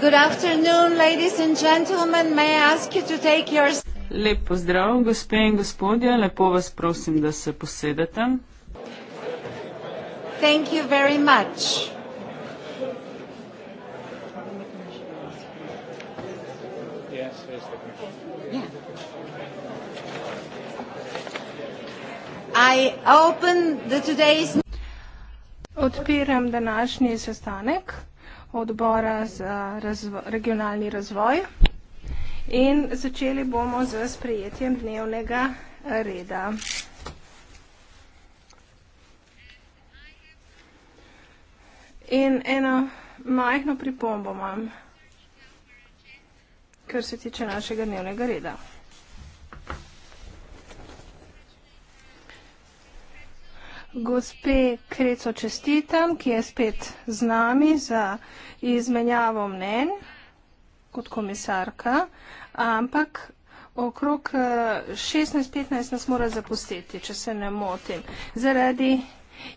Good afternoon, ladies and gentlemen. May I ask you to take your. Lep pozdrav, gospe in gospodje. Lepo vas prosim, da se posedete. Thank you very much. I open the today's Odpiram današnji sestanek odbora za razvo regionalni razvoj in začeli bomo z sprejetjem dnevnega reda. In eno majhno pripombo imam, kar se tiče našega dnevnega reda. gospe Kreco čestitam, ki je spet z nami za izmenjavo mnen kot komisarka, ampak okrog 16.15 eh, nas mora zapustiti, če se ne motim, zaradi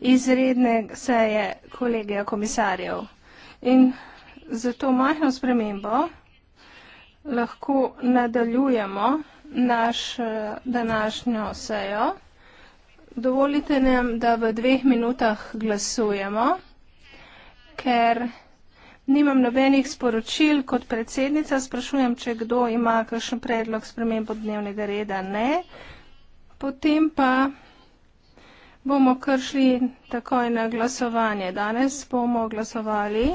izredne seje kolegija komisarjev. In za to majhno spremembo lahko nadaljujemo naš eh, današnjo sejo. Dovolite nam, da v dveh minutah glasujemo, ker nimam nobenih sporočil kot predsednica. Sprašujem, če kdo ima kakšen predlog spremembo dnevnega reda. Ne. Potem pa bomo kršli takoj na glasovanje. Danes bomo glasovali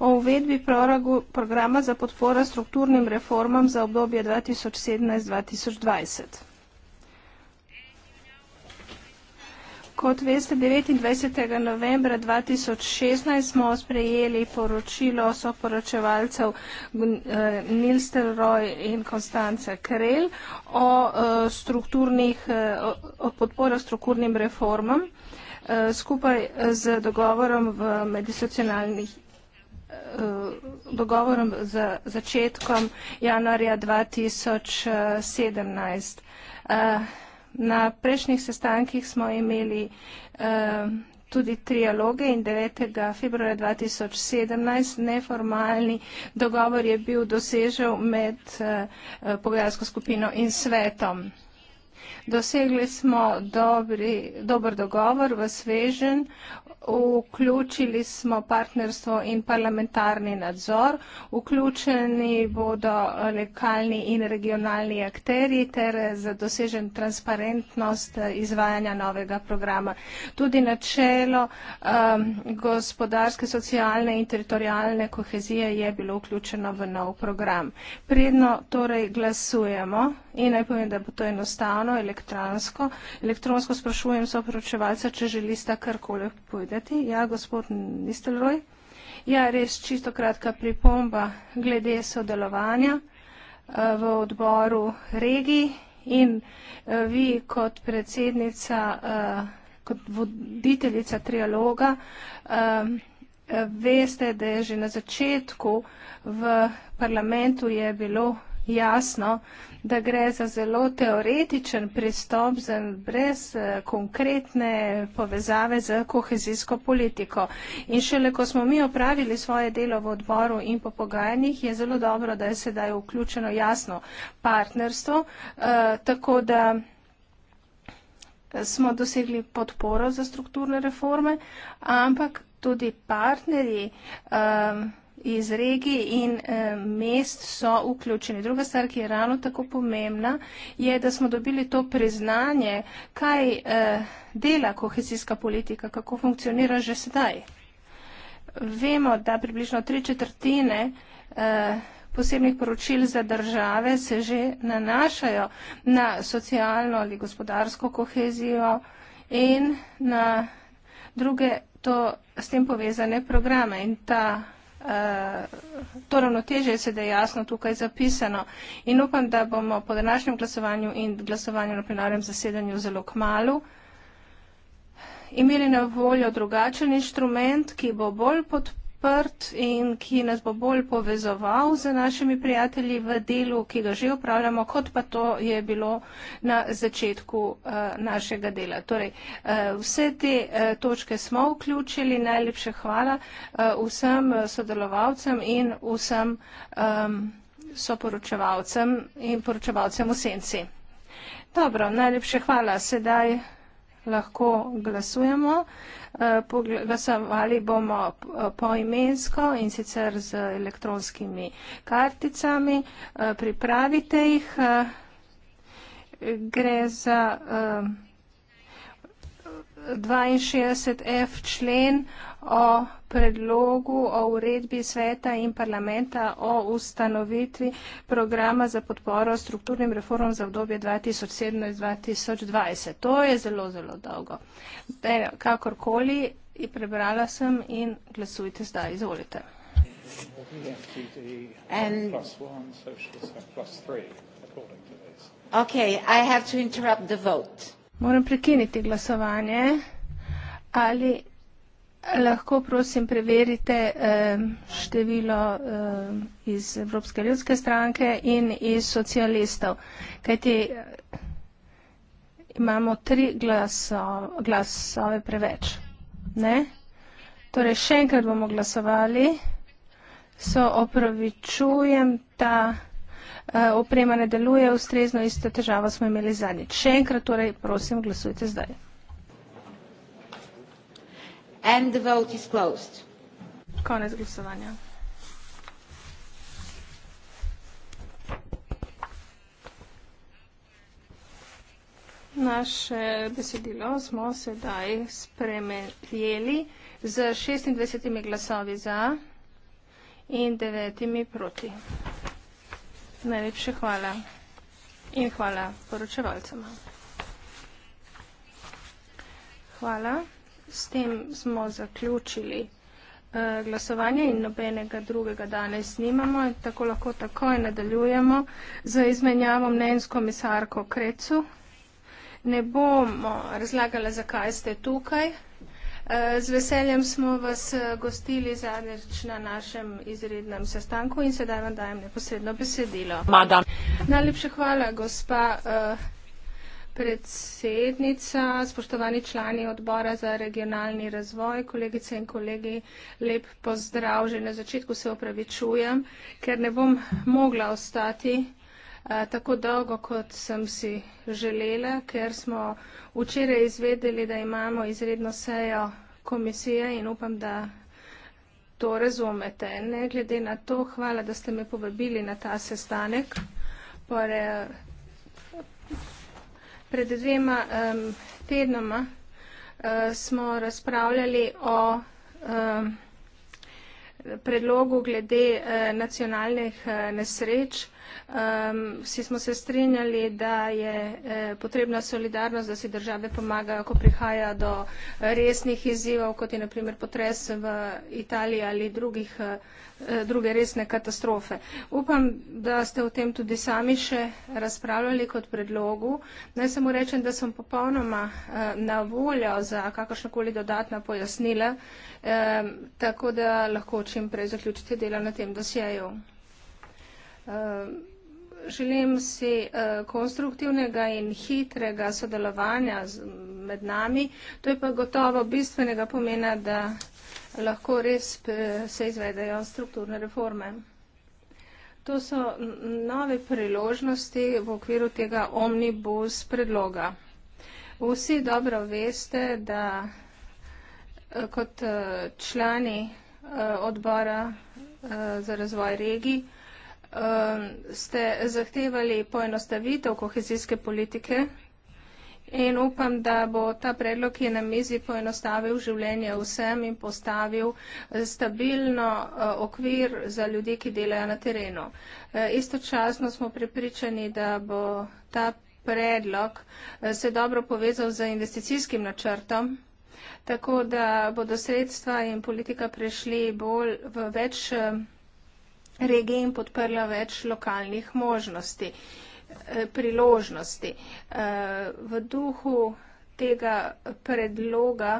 o uvedbi proragu, programa za podporo strukturnim reformam za obdobje 2017-2020. Kot veste, 29. novembra 2016 smo sprejeli poročilo soporočevalcev hm, eh, Nils Roy in Konstance Krel o, eh, strukturnih, eh, o podporo strukturnim reformam skupaj z dogovorom v medisocionalnih dogovorom z začetkom januarja 2017. Na prejšnjih sestankih smo imeli eh, tudi trialoge in 9. februarja 2017 neformalni dogovor je bil dosežen med eh, pogajalsko skupino in svetom. Dosegli smo dobri, dober dogovor v svežen, vključili smo partnerstvo in parlamentarni nadzor, vključeni bodo lokalni in regionalni akteri ter za dosežen transparentnost izvajanja novega programa. Tudi načelo um, gospodarske, socialne in teritorijalne kohezije je bilo vključeno v nov program. Predno torej glasujemo in naj povem, da bo to enostavno, elektransko. Elektronsko sprašujem so poročevalca, če želi sta karkoli povedati. Ja, gospod Nisteloj. Ja, res čisto kratka pripomba glede sodelovanja eh, v odboru regij in eh, vi kot predsednica, eh, kot voditeljica trialoga, veste, da je že na začetku v parlamentu je bilo jasno, da gre za zelo teoretičen pristop brez eh, konkretne povezave z kohezijsko politiko. In šele, ko smo mi opravili svoje delo v odboru in po pogajanjih, je zelo dobro, da je sedaj vključeno jasno partnerstvo, eh, tako da smo dosegli podporo za strukturne reforme, ampak tudi partnerji um, iz regij in eh, mest so vključeni. Druga stvar, ki je ravno tako pomembna, je, da smo dobili to priznanje, kaj eh, dela kohezijska politika, kako funkcionira že sedaj. Vemo, da približno tri četrtine eh, posebnih poročil za države se že nanašajo na socialno ali gospodarsko kohezijo in na druge to s tem povezane programe. In ta Eh, to ravnotežje je sedaj jasno tukaj zapisano in upam, da bomo po današnjem glasovanju in glasovanju na plenarnem zasedanju zelo k malu imeli na voljo drugačen inštrument, ki bo bolj podporen odprt in ki nas bo bolj povezoval z našimi prijatelji v delu, ki ga že upravljamo, kot pa to je bilo na začetku eh, našega dela. Torej, eh, vse te eh, točke smo vključili. Najlepše hvala vsem sodelovalcem in vsem ehm, soporočevalcem in poročevalcem v senci. Dobro, najlepše hvala. Sedaj lahko glasujemo. Eh, glasovali bomo eh, poimensko in sicer z elektronskimi karticami. Eh, pripravite jih. Gre za. Uh, 62F člen o predlogu o uredbi sveta in parlamenta o ustanovitvi programa za podporo strukturnim reformom za obdobje 2017-2020. To je zelo, zelo dolgo. E, kakorkoli, prebrala sem in glasujte zdaj, izvolite. And plus one, plus three, to this. Okay, I have to interrupt the vote. Moram prekiniti glasovanje. Ali lahko, prosim, preverite eh, število eh, iz Evropske ljudske stranke in iz socialistov? Kajti eh, imamo tri glaso, glasove preveč. Ne? Torej, še enkrat bomo glasovali. So opravičujem ta. Eh, oprema ne deluje ustrezno, isto težavo smo imeli zadnji. Še enkrat torej, prosim, glasujte zdaj. And the vote is closed. Konec glasovanja. Naše besedilo smo sedaj spremenjeli z 26 glasovi za in 9 proti. Najlepša hvala in hvala poročevalcem. Hvala. S tem smo zaključili e, glasovanje in nobenega drugega danes nimamo. Tako lahko takoj nadaljujemo z izmenjavo mnen s komisarko Krecu. Ne bomo eh, razlagala, zakaj ste tukaj. Eh, z veseljem smo vas eh, gostili zadnjič na našem izrednem sestanku in sedaj vam dajem neposredno besedilo. Madam. Najlepša hvala, gospa eh, predsednica, spoštovani člani odbora za regionalni razvoj, kolegice in kolegi, lep pozdrav. Že na začetku se opravičujem, ker ne bom mogla ostati. Eh, tako dolgo, kot sem si želela, ker smo včeraj izvedeli, da imamo izredno sejo komisije in upam, da to razumete. Ne glede na to, hvala, da ste me povabili na ta sestanek. Pore, pred dvema um, tednoma uh, smo razpravljali o um, predlogu glede uh, nacionalnih uh, nesreč. Um, vsi smo se strinjali, da je eh, potrebna solidarnost, da si države pomagajo, ko prihaja do resnih izzivov, kot je naprimer potres v Italiji ali drugih, eh, druge resne katastrofe. Upam, da ste o tem tudi sami še razpravljali kot predlogu. Naj samo rečem, da sem popolnoma eh, na voljo za kakršnakoli dodatna pojasnila, eh, tako da lahko čim prej zaključite delo na tem dosjeju. Eh, želim si eh, konstruktivnega in hitrega sodelovanja med nami. To je pa gotovo bistvenega pomena, da lahko res se izvedejo strukturne reforme. To so nove priložnosti v okviru tega omnibus predloga. Vsi dobro veste, da eh, kot člani odbora za razvoj regij, Ehm, ste zahtevali poenostavitev kohezijske politike in upam, da bo ta predlog, ki je na mizi, poenostavil življenje vsem in postavil eh, stabilno eh, okvir za ljudi, ki delajo na terenu. Eh, istočasno smo prepričani, da bo ta predlog se dobro povezal z investicijskim načrtom, tako da bodo sredstva in politika prišli bolj v več regije in podprla več lokalnih možnosti, eh, priložnosti. Eh, v duhu tega predloga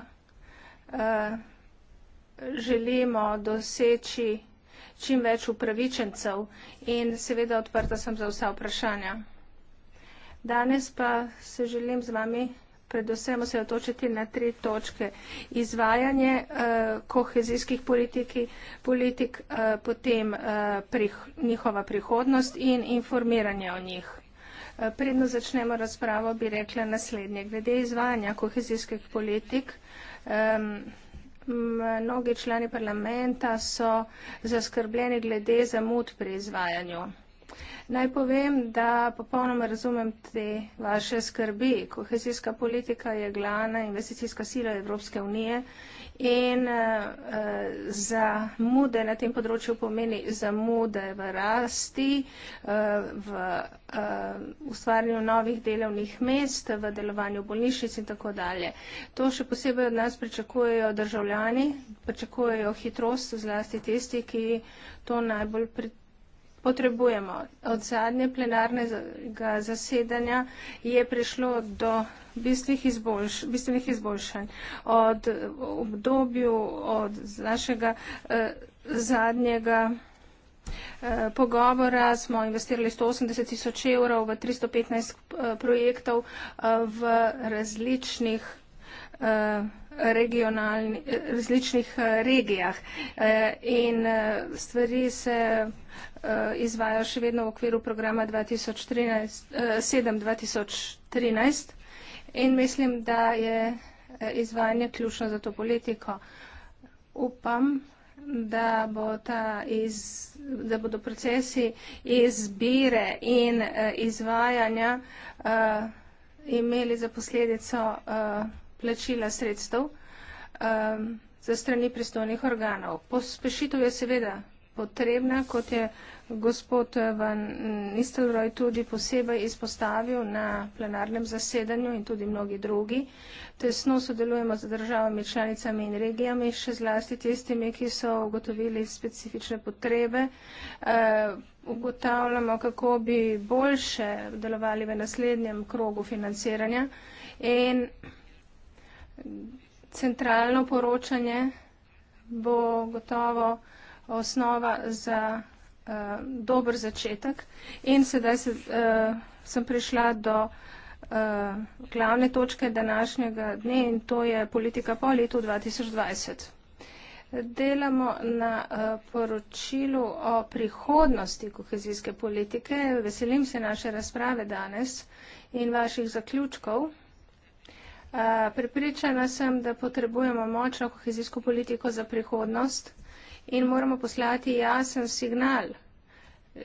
eh, želimo doseči čim več upravičencev in seveda odprta sem za vsa vprašanja. Danes pa se želim z vami predvsem osredotočiti na tri točke. Izvajanje eh, kohezijskih politiki, politik, eh, potem eh, prih, njihova prihodnost in informiranje o njih. Eh, predno začnemo razpravo, bi rekla naslednje. Glede izvajanja kohezijskih politik. Eh, Mnogi člani parlamenta so zaskrbljeni glede zamud pri izvajanju. Naj povem, da popolnoma razumem te vaše skrbi. Kohezijska politika je glavna investicijska sila Evropske unije in uh, eh, za mude na tem področju pomeni za mude v rasti, uh, v uh, ustvarjanju novih delovnih mest, v delovanju bolnišnic in tako dalje. To še posebej od nas pričakujejo državljani, pričakujejo hitrost, zlasti tisti, ki to najbolj pričakujejo potrebujemo. Od zadnje plenarnega zasedanja je prišlo do bistvenih, izboljš bistvenih izboljšanj. Od obdobju, od našega eh, zadnjega eh, pogovora smo investirali 180 tisoč evrov v 315 eh, projektov eh, v različnih eh, regionalni, eh, različnih eh, regijah. Eh, in stvari se izvajajo še vedno v okviru programa 2007-2013 in mislim, da je izvajanje ključno za to politiko. Upam, Da, bo iz, da bodo procesi izbire in izvajanja uh, imeli za posledico uh, plačila sredstev um, za strani pristojnih organov. Pospešitev je seveda potrebna, kot je gospod Van Nistelrooy tudi posebej izpostavil na plenarnem zasedanju in tudi mnogi drugi. Tesno sodelujemo z državami, članicami in regijami, še zlasti tistimi, ki so ugotovili specifične potrebe. Uh, ugotavljamo, kako bi boljše delovali v naslednjem krogu financiranja. In centralno poročanje bo gotovo osnova za uh, dober začetek. In sedaj se, uh, sem prišla do uh, glavne točke današnjega dne in to je politika po letu 2020. Delamo na uh, poročilu o prihodnosti kohezijske politike. Veselim se naše razprave danes in vaših zaključkov. Eh, Pripričana sem, da potrebujemo močno kohezijsko politiko za prihodnost in moramo poslati jasen signal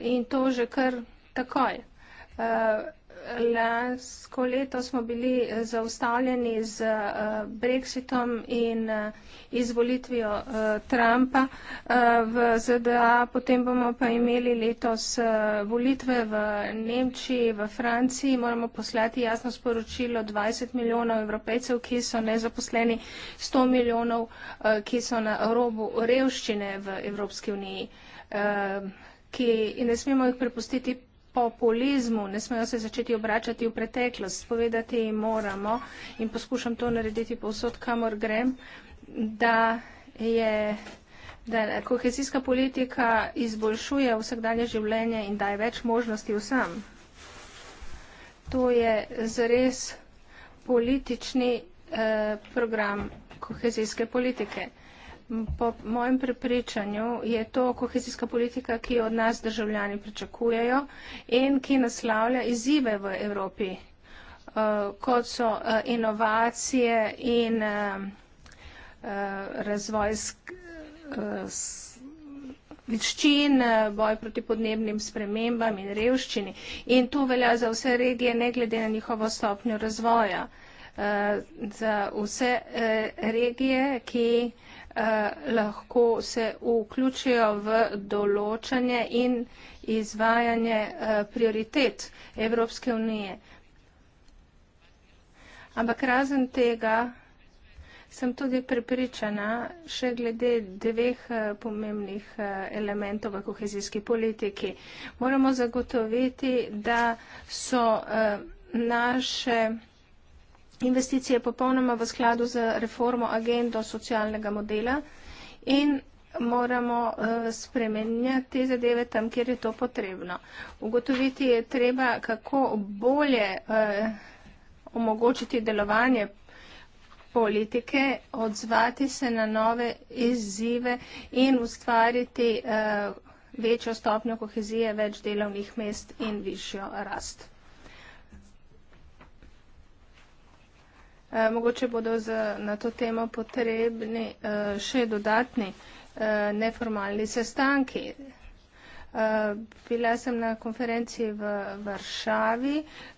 in to že kar takoj. Eh, lansko leto smo bili eh, zaustavljeni z eh, Brexitom in eh, izvolitvijo Trumpa v ZDA, potem bomo pa imeli letos volitve v Nemčiji, v Franciji, moramo poslati jasno sporočilo 20 milijonov evropejcev, ki so nezaposleni, 100 milijonov, ki so na robu revščine v Evropski uniji, ki ne smemo jih prepustiti populizmu, ne smejo se začeti obračati v preteklost, povedati jim moramo in poskušam to narediti povsod, kamor grem, da je da kohezijska politika izboljšuje vsakdanje življenje in daje več možnosti vsem. To je zares politični eh, program kohezijske politike po mojem prepričanju je to kohezijska politika, ki jo od nas državljani pričakujejo in ki naslavlja izzive v Evropi, eh, kot so eh, inovacije in eh, razvoj viščin, boj proti podnebnim spremembam in revščini. In to velja za vse regije, ne glede na njihovo stopnjo razvoja. Za vse regije, ki Eh, lahko se vključijo v določanje in izvajanje eh, prioritet Evropske unije. Ampak razen tega sem tudi prepričana še glede dveh eh, pomembnih elementov v kohezijski politiki. Moramo zagotoviti, da so naše investicije popolnoma v skladu z reformo agendo socialnega modela in moramo eh, spremenjati te zadeve tam, kjer je to potrebno. Ugotoviti je treba, kako bolje eh, omogočiti delovanje politike, odzvati se na nove izzive in ustvariti eh, večjo stopnjo kohezije, več delovnih mest in višjo rast. Eh, mogoče bodo za, na to temo potrebni uh, še dodatni uh, neformalni sestanki. Uh, bila sem na konferenci v Varšavi,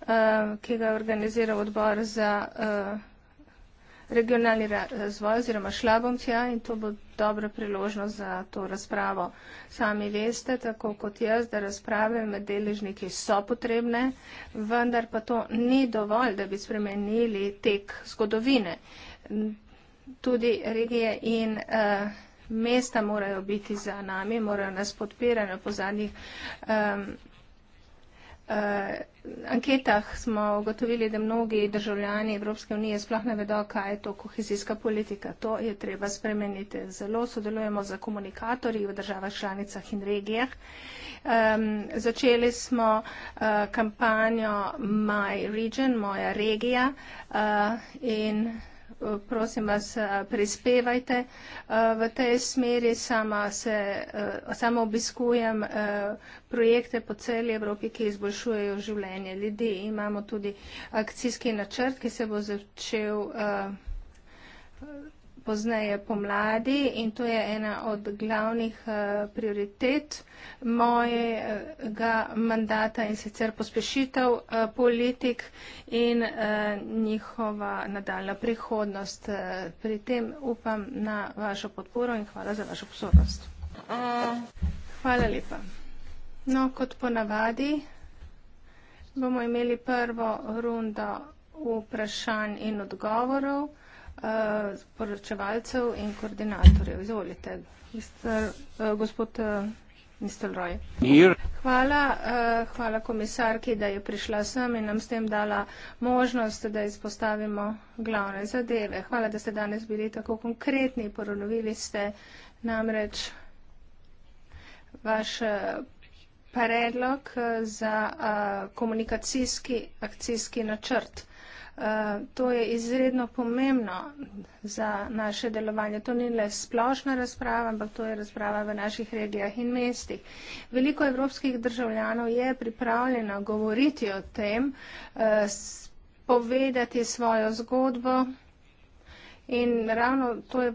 uh, ki ga je organiziral odbor za uh, regionalni razvoj oziroma šlabom tja in to bo dobra priložnost za to razpravo. Sami veste, tako kot jaz, da razprave med deležniki so potrebne, vendar pa to ni dovolj, da bi spremenili tek zgodovine. Tudi regije in uh, mesta morajo biti za nami, morajo nas podpirati po zadnjih. Um, Eh, anketah smo ugotovili, da mnogi državljani Evropske unije sploh ne vedo, kaj je to kohezijska politika. To je treba spremeniti. Zelo sodelujemo za komunikatorji v državah, članicah in regijah. Um, začeli smo uh, kampanjo My Region, moja regija uh, in prosim vas, eh, prispevajte eh, v tej smeri. Sama, se, eh, sama obiskujem projekte po celi Evropi, ki izboljšujejo življenje ljudi. Imamo tudi akcijski načrt, ki se bo začel pozneje pomladi in to je ena od glavnih eh, prioritet mojega mandata in sicer pospešitev eh, politik in eh, njihova nadaljna prihodnost. Pri tem upam na vašo podporo in hvala za vašo pozornost. Hvala lepa. No, kot ponavadi bomo imeli prvo rundo vprašanj in odgovorov uh, poročevalcev in koordinatorjev. Izvolite, mister, uh, gospod uh, eh, Mr. Roy. Hvala, uh, hvala komisarki, da je prišla sem in nam s tem dala možnost, da izpostavimo glavne zadeve. Hvala, da ste danes bili tako konkretni, poronovili ste namreč vaš. Uh, predlog za uh, komunikacijski akcijski načrt. Uh, Eh, to je izredno pomembno za naše delovanje. To ni le splošna razprava, ampak to je razprava v naših regijah in mestih. Veliko evropskih državljanov je pripravljeno govoriti o tem, eh, povedati svojo zgodbo in ravno to je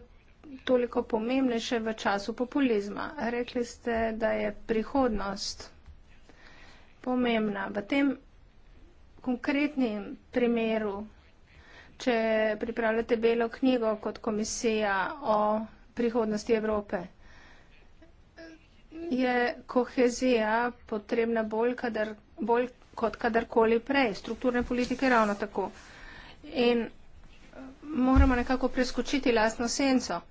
toliko pomembnejše v času populizma. Rekli ste, da je prihodnost pomembna. V tem konkretnem primeru, če pripravljate belo knjigo kot komisija o prihodnosti Evrope, je kohezija potrebna bolj, kadar, bolj kot kadarkoli prej, strukturne politike ravno tako. In moramo nekako preskočiti lastno senco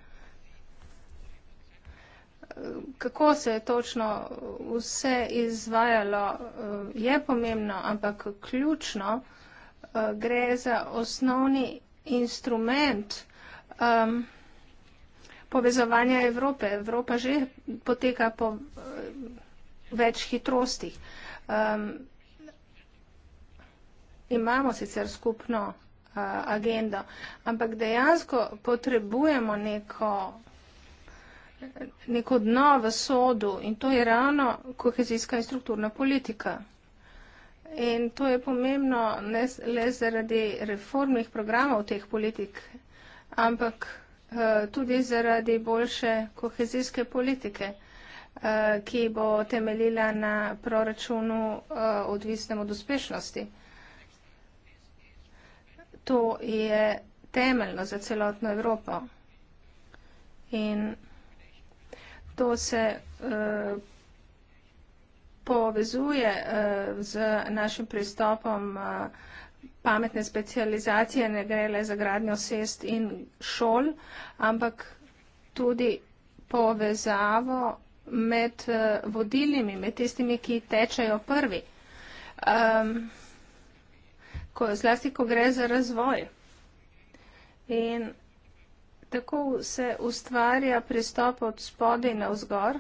kako se je točno vse izvajalo, eh, je pomembno, ampak ključno eh, gre za osnovni instrument um, povezovanja Evrope. Evropa že poteka po eh, več hitrostih. Um, imamo sicer skupno uh, agendo, ampak dejansko potrebujemo neko neko dno v sodu in to je ravno kohezijska in strukturna politika. In to je pomembno ne le zaradi reformnih programov teh politik, ampak eh, tudi zaradi boljše kohezijske politike, eh, ki bo temeljila na proračunu eh, odvisnem od uspešnosti. To je temeljno za celotno Evropo. In to se eh, povezuje eh, z našim pristopom eh, pametne specializacije, ne gre le za gradnjo sest in šol, ampak tudi povezavo med vodilnimi, med tistimi, ki tečejo prvi. Um, ko, zlasti, ko gre za razvoj. In tako se ustvarja pristop od spodaj na vzgor.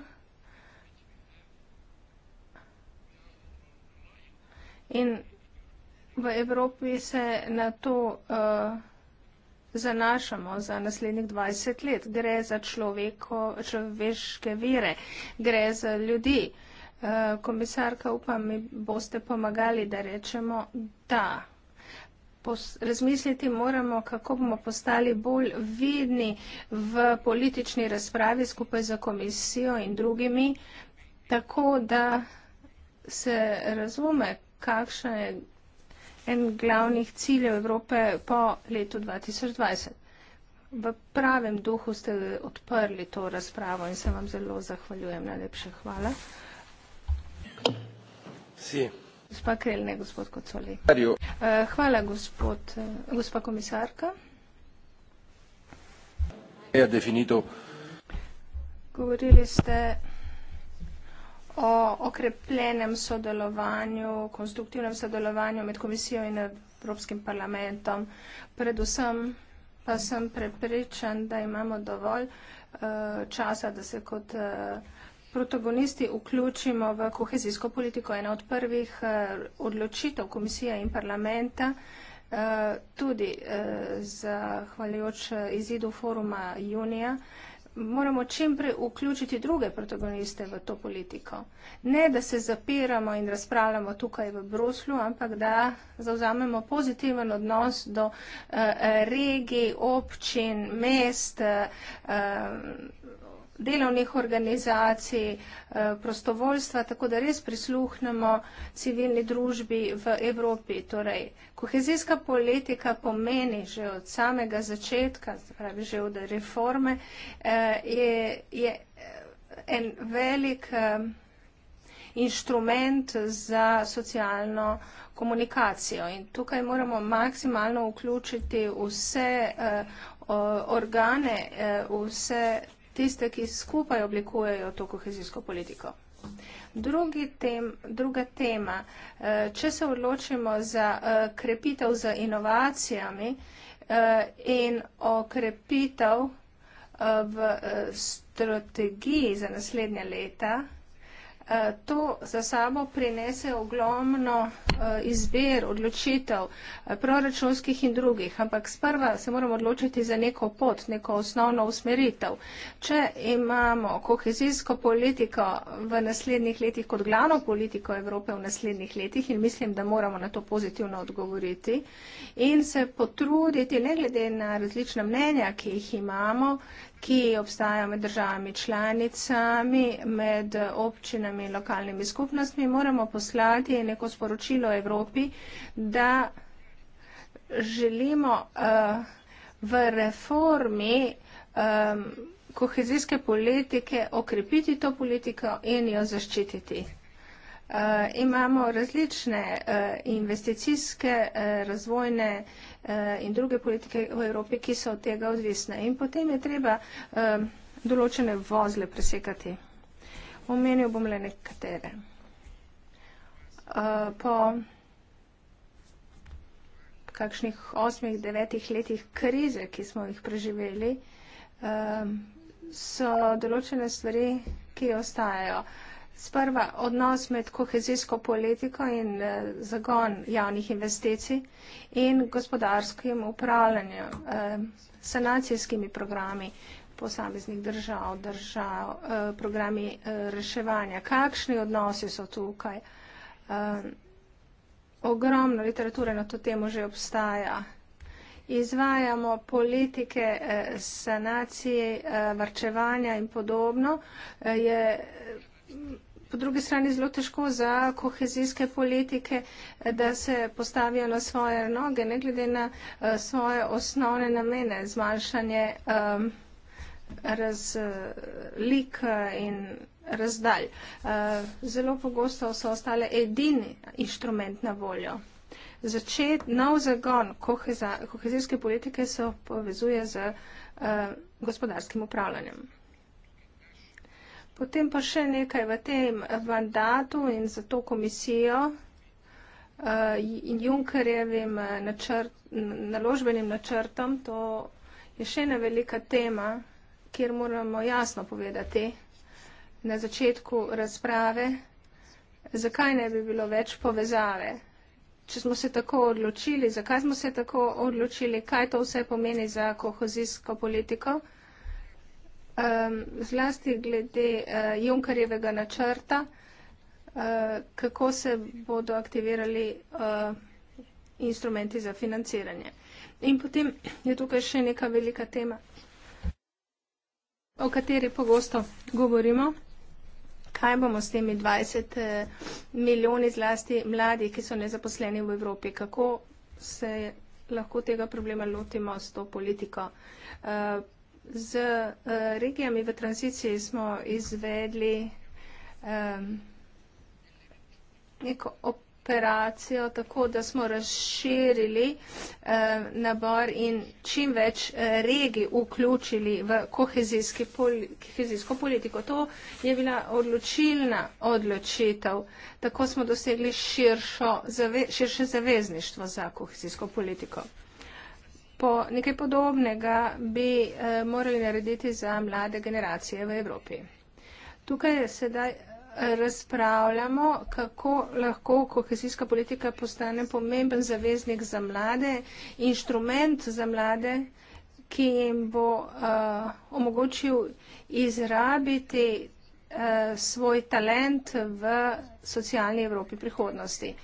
In v Evropi se na to uh, zanašamo za naslednjih 20 let. Gre za človeko, človeške vire, gre za ljudi. Uh, komisarka, upam, mi boste pomagali, da rečemo da razmisliti moramo, kako bomo postali bolj vidni v politični razpravi skupaj za komisijo in drugimi, tako da se razume, kakšen je en glavnih ciljev Evrope po letu 2020. V pravem duhu ste odprli to razpravo in se vam zelo zahvaljujem. Najlepša hvala. Sí. Gospa Krel, ne gospod Kocoli. Eh, hvala, gospod, eh, gospa komisarka. Ja, definitiv. Govorili ste o okrepljenem sodelovanju, konstruktivnem sodelovanju med komisijo in Evropskim parlamentom. Predvsem pa sem prepričan, da imamo dovolj uh, časa, da se kot uh, protagonisti vključimo v kohezijsko politiko. Ena od prvih eh, odločitev komisije in parlamenta, eh, tudi eh, zahvaljujoč izidu foruma junija, moramo čim prej vključiti druge protagoniste v to politiko. Ne, da se zapiramo in razpravljamo tukaj v Bruslju, ampak da zauzamemo pozitiven odnos do regij, občin, mest, delovnih organizacij, eh, prostovoljstva, tako da res prisluhnemo civilni družbi v Evropi. Torej, kohezijska politika pomeni že od samega začetka, pravi že od reforme, eh, je, je eh, en velik inštrument za socialno komunikacijo in tukaj moramo maksimalno vključiti vse organe, vse tiste, ki skupaj oblikujejo to kohezijsko politiko. Drugi tem, druga tema, eh, če se odločimo za eh, krepitev z inovacijami eh, in okrepitev v strategiji za naslednje leta, Eh, to za sabo prinese ogromno eh, izbir, odločitev, eh, proračunskih in drugih, ampak sprva se moramo odločiti za neko pot, neko osnovno usmeritev. Če imamo kohezijsko politiko v naslednjih letih kot glavno politiko Evrope v naslednjih letih in mislim, da moramo na to pozitivno odgovoriti in se potruditi, ne glede na različna mnenja, ki jih imamo, ki obstaja med državami članicami, med občinami in lokalnimi skupnostmi, moramo poslati neko sporočilo Evropi, da želimo eh, v reformi eh, kohezijske politike okrepiti to politiko in jo zaščititi. Uh, imamo različne uh, investicijske, uh, razvojne uh, Eh, in druge politike v Evropi, ki so od tega odvisne. In potem je treba eh, določene vozle presekati. Omenil bom le nekatere. Eh, po kakšnih osmih, devetih letih krize, ki smo jih preživeli, so določene stvari, ki ostajajo. Sprva odnos med kohezijsko politiko in eh, zagon javnih investicij in gospodarskim upravljanjem, eh, sanacijskimi programi posameznih držav, držav, eh, programi reševanja. Kakšni odnosi so tukaj? Ogromno literature na to temo že obstaja. Izvajamo politike sanacije, varčevanja in podobno. Je po drugi strani zelo težko za kohezijske politike, eh, da se postavijo na svoje noge, ne glede na uh, svoje osnovne namene, zmanjšanje um, razlik eh, in razdalj. Uh, zelo pogosto so ostale edini inštrument na voljo. Začet nov zagon koheza, kohezijske politike se povezuje z uh, gospodarskim upravljanjem. Potem pa še nekaj v tem mandatu in za to komisijo in eh, Junkerjevim eh, načrt, naložbenim načrtom. To je še ena velika tema, kjer moramo jasno povedati na začetku razprave, zakaj ne bi bilo več povezave. Če smo se tako odločili, zakaj smo se tako odločili, kaj to vse pomeni za kohozijsko politiko um, zlasti glede uh, Junkarjevega načrta, uh, kako se bodo aktivirali uh, instrumenti za financiranje. In potem je tukaj še neka velika tema, o kateri pogosto govorimo. Kaj bomo s temi 20 milijoni zlasti mladi, ki so nezaposleni v Evropi? Kako se lahko tega problema lotimo s to politiko? Uh, Z eh, regijami v tranziciji smo izvedli neko operacijo, tako da smo razširili nabor in čim več eh, regij vključili v kohezijsko politiko. To je bila odločilna odločitev. Tako smo dosegli širše zavezništvo za kohezijsko politiko. Po nekaj podobnega bi eh, morali narediti za mlade generacije v Evropi. Tukaj sedaj razpravljamo, kako lahko kohezijska politika postane pomemben zaveznik za mlade, inštrument za mlade, ki jim bo uh, omogočil izrabiti uh, svoj talent v socialni Evropi prihodnosti.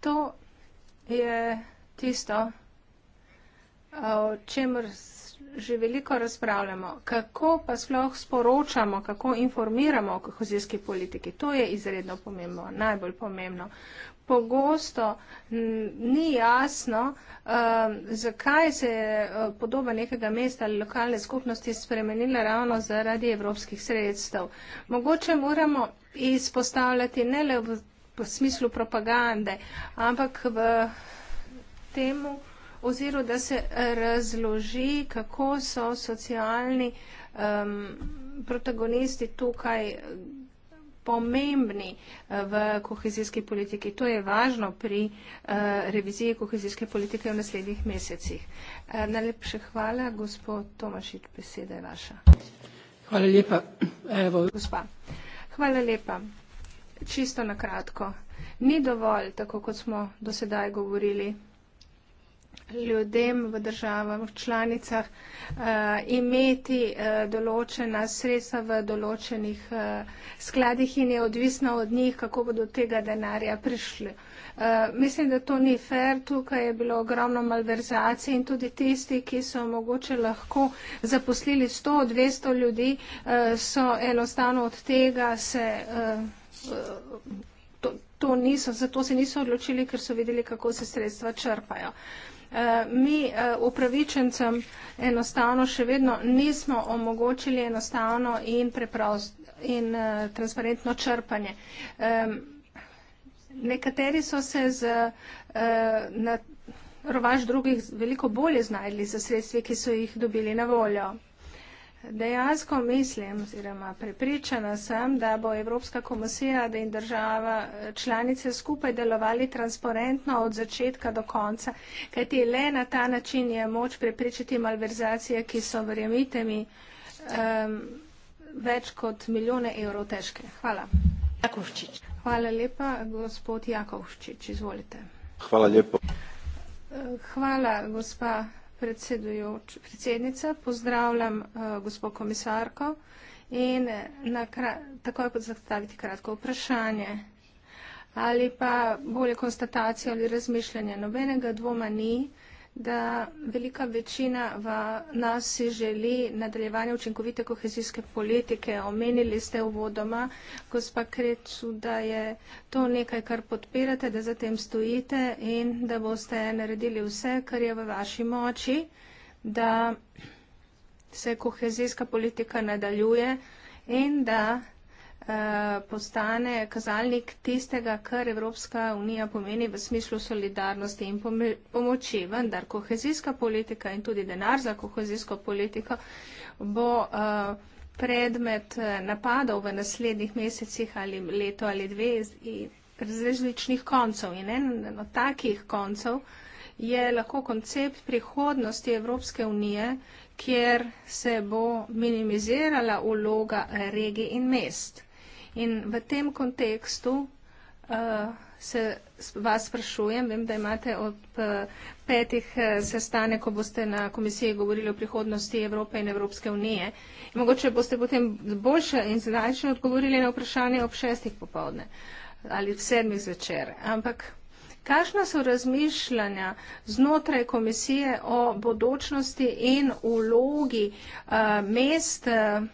To je tisto, Eh, o čemer že veliko razpravljamo, kako pa sploh sporočamo, kako informiramo o kohezijski politiki. To je izredno pomembno, najbolj pomembno. Pogosto ni jasno, eh, zakaj se je eh, podoba nekega mesta ali lokalne skupnosti spremenila ravno zaradi evropskih sredstev. Mogoče moramo izpostavljati ne le v smislu propagande, ampak v temu, oziroma da se razloži, kako so socialni um, protagonisti tukaj pomembni uh, v kohezijski politiki. To je važno pri uh, reviziji kohezijske politike v naslednjih mesecih. Uh, najlepše hvala, gospod Tomašič, beseda je vaša. Hvala lepa. Evo. Gospa, hvala lepa. Čisto na kratko. Ni dovolj, tako kot smo do sedaj govorili, ljudem v državah, članicah uh, imeti uh, določena sredstva v določenih uh, skladih in je odvisno od njih, kako bodo tega denarja prišli. Uh, mislim, da to ni fair. Tukaj je bilo ogromno malverzacij in tudi tisti, ki so mogoče lahko zaposlili 100-200 ljudi, uh, so enostavno od tega se. Uh, uh, To niso, zato se niso odločili, ker so videli, kako se sredstva črpajo. Uh, Eh, mi eh, upravičencem enostavno še vedno nismo omogočili enostavno in preprost in eh, transparentno črpanje. Nekateri so se z, na rovaž drugih veliko bolje znajdli za sredstvi, ki so jih dobili na voljo dejansko mislim oziroma prepričana sem, da bo Evropska komisija in država eh, članice skupaj delovali transparentno od začetka do konca, kajti le na ta način je moč prepričati malverzacije, ki so, verjemite mi, um, več kot milijone evrov težke. Hvala. Jakovščič. Hvala lepa, gospod Jakovščič. Izvolite. Hvala lepo. Eh, hvala, gospa predsednica, pozdravljam uh, eh, gospod komisarko in eh, takoj pod zastaviti kratko vprašanje ali pa bolje konstatacijo ali razmišljanje. Nobenega dvoma ni, da velika večina v nas si želi nadaljevanje učinkovite kohezijske politike. Omenili ste v vodoma, gospa Kreču, da je to nekaj, kar podpirate, da zatem stojite in da boste naredili vse, kar je v vaši moči, da se kohezijska politika nadaljuje in da Eh, postane kazalnik tistega, kar Evropska unija pomeni v smislu solidarnosti in pomoči. Vendar kohezijska politika in tudi denar za kohezijsko politiko bo eh, predmet eh, napadov v naslednjih mesecih ali leto ali dve iz različnih koncev. In eno takih koncev je lahko koncept prihodnosti Evropske unije, kjer se bo minimizirala uloga regij in mest. In v tem kontekstu uh, se vas sprašujem, vem, da imate od eh, petih eh, sestane, ko boste na komisiji govorili o prihodnosti Evrope in Evropske unije. In mogoče boste potem boljše in zdaljše odgovorili na vprašanje ob šestih popovdne ali v sedmih zvečer. Ampak kakšna so razmišljanja znotraj komisije o bodočnosti in ulogi uh, mest, uh,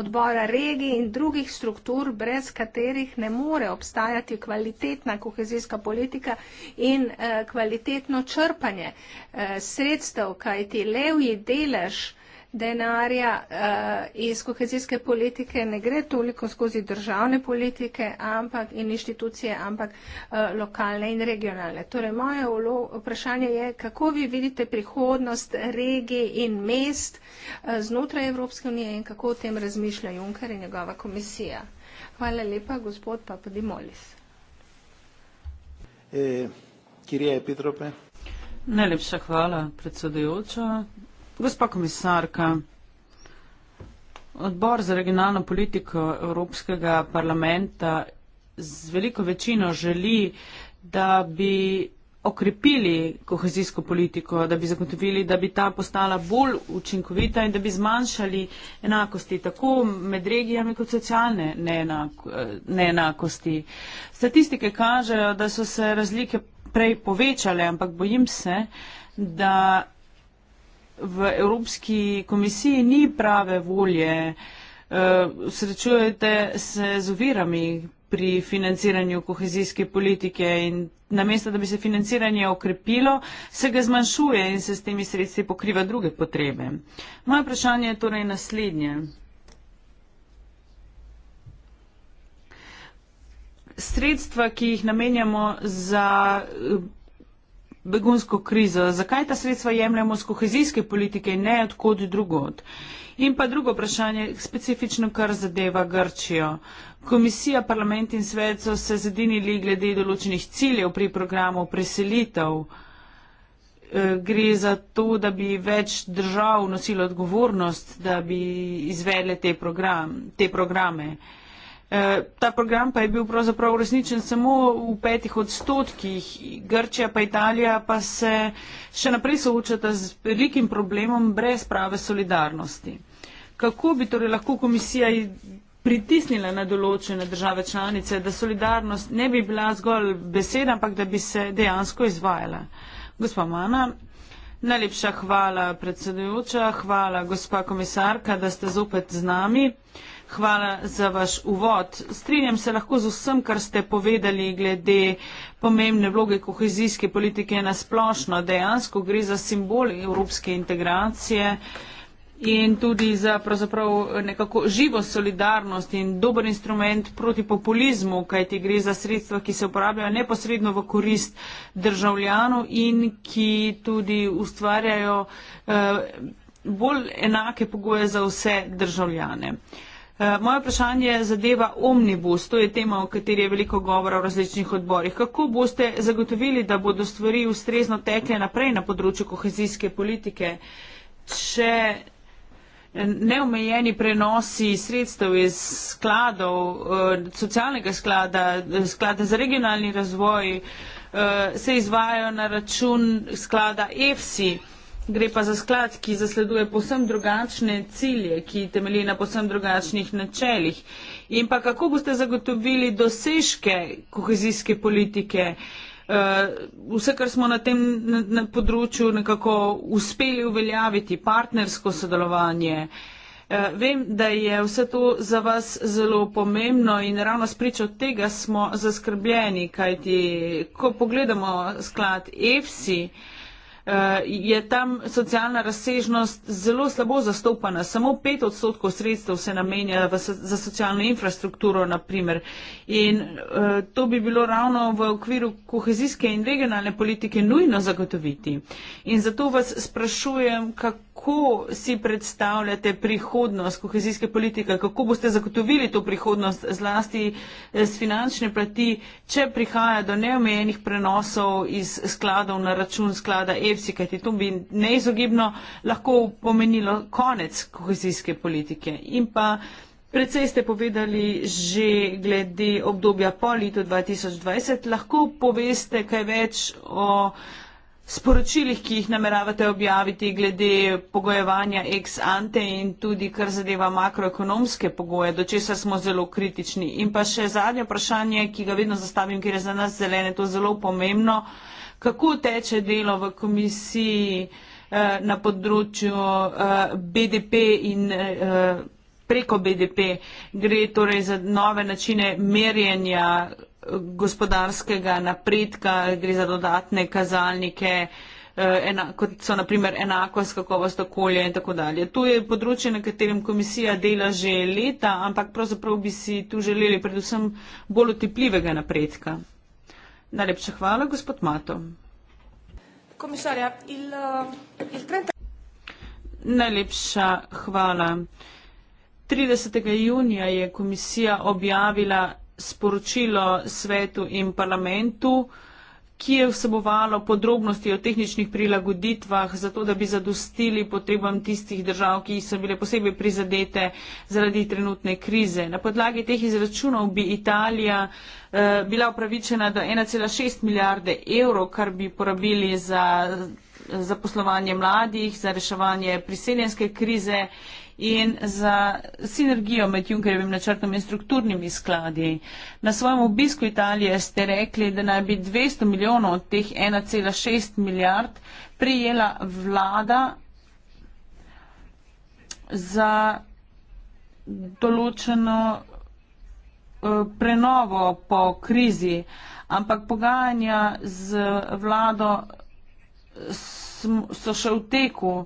odbora regij in drugih struktur, brez katerih ne more obstajati kvalitetna kohezijska politika in eh, kvalitetno črpanje eh, sredstev, kajti levji delež denarja uh, iz kohezijske politike ne gre toliko skozi državne politike ampak, in inštitucije, ampak uh, lokalne in regionalne. Torej, moje vprašanje je, kako vi vidite prihodnost regij in mest uh, znotraj Evropske unije in kako o tem razmišlja Juncker in njegova komisija. Hvala lepa, gospod Papadi Molis. E, Kirija Epitrope. Najlepša hvala, predsedujoča. Gospa komisarka, odbor za regionalno politiko Evropskega parlamenta z veliko večino želi, da bi okrepili kohezijsko politiko, da bi zagotovili, da bi ta postala bolj učinkovita in da bi zmanjšali enakosti tako med regijami kot socialne neenakosti. Statistike kažejo, da so se razlike prej povečale, ampak bojim se, da v Evropski komisiji ni prave volje. Eh, srečujete se z ovirami pri financiranju kohezijske politike in namesto, da bi se financiranje okrepilo, se ga zmanjšuje in se s temi sredstvi pokriva druge potrebe. Moje vprašanje je torej naslednje. Sredstva, ki jih namenjamo za eh, begunsko krizo, zakaj ta sredstva jemljamo z kohezijske politike in ne odkud drugod. In pa drugo vprašanje, specifično kar zadeva Grčijo. Komisija, parlament in svet so se zedinili glede določenih ciljev pri programu preselitev. E, gre za to, da bi več držav nosilo odgovornost, da bi izvedle te, program, te programe. Eh, ta program pa je bil pravzaprav uresničen samo v petih odstotkih. Grčija pa Italija pa se še naprej soočata z velikim problemom brez prave solidarnosti. Kako bi torej lahko komisija pritisnila na določene države članice, da solidarnost ne bi bila zgolj beseda, ampak da bi se dejansko izvajala? Gospa Mana. Najlepša hvala predsedujoča, hvala gospa komisarka, da ste zopet z nami. Uh, hvala za vaš uvod. Strinjam se lahko z vsem, kar ste povedali glede pomembne vloge kohezijske politike na splošno. Dejansko gre za simbol evropske integracije in tudi za pravzaprav nekako živo solidarnost in dober instrument proti populizmu, kajti gre za sredstva, ki se uporabljajo neposredno v korist državljanov in ki tudi ustvarjajo eh, bolj enake pogoje za vse državljane. Eh, Eh, moje vprašanje zadeva omnibus, to je tema, o kateri je veliko govora v različnih odborih. Kako boste zagotovili, da bodo stvari ustrezno tekle naprej na področju kohezijske politike, če neomejeni prenosi sredstev iz skladov, eh, socialnega sklada, sklada za regionalni razvoj, eh, se izvajajo na račun sklada EFSI? Gre pa za sklad, ki zasleduje posem drugačne cilje, ki temelji na posem drugačnih načeljih. In pa kako boste zagotovili dosežke kohezijske politike? Eh, vse, kar smo na tem na, na področju nekako uspeli uveljaviti, partnersko sodelovanje. Eh, vem, da je vse to za vas zelo pomembno in ravno spričo tega smo zaskrbljeni, kajti ko pogledamo sklad EFSI, Eh, je tam socialna razsežnost zelo slabo zastopana. Samo pet odstotkov sredstev se namenja za socialno infrastrukturo, naprimer. In eh, to bi bilo ravno v okviru kohezijske in regionalne politike nujno zagotoviti. In zato vas sprašujem, kako si predstavljate prihodnost kohezijske politike, kako boste zagotovili to prihodnost zlasti z eh, finančne plati, če prihaja do neomejenih prenosov iz skladov na račun sklada EF. Švedski, kajti to bi neizogibno lahko pomenilo konec kohezijske politike. In pa predvsej ste povedali že glede obdobja po letu 2020, lahko poveste kaj več o sporočilih, ki jih nameravate objaviti glede pogojevanja ex ante in tudi kar zadeva makroekonomske pogoje, do česar smo zelo kritični. In pa še zadnje vprašanje, ki ga vedno zastavim, ker je za nas zelene to zelo pomembno kako teče delo v komisiji eh, na področju eh, BDP in eh, preko BDP. Gre torej za nove načine merjenja eh, gospodarskega napredka, gre za dodatne kazalnike, eh, kot so naprimer enakost, kakovost okolja in tako dalje. To je področje, na katerem komisija dela že leta, ampak pravzaprav bi si tu želeli predvsem bolj otepljivega napredka. Najlepša hvala, gospod Mato. Komisarja, il, eh, il 30... Najlepša hvala. 30. junija je komisija objavila sporočilo svetu in parlamentu, ki je vsebovalo podrobnosti o tehničnih prilagoditvah, zato da bi zadostili potrebam tistih držav, ki so bile posebej prizadete zaradi trenutne krize. Na podlagi teh izračunov bi Italija eh, bila upravičena do 1,6 milijarde evrov, kar bi porabili za zaposlovanje mladih, za reševanje priseljenske krize in za sinergijo med Junkerjevim načrtom in strukturnimi skladi. Na svojem obisku Italije ste rekli, da naj bi 200 milijonov od teh 1,6 milijard prijela vlada za določeno eh, prenovo po krizi, ampak pogajanja z vlado so še v teku.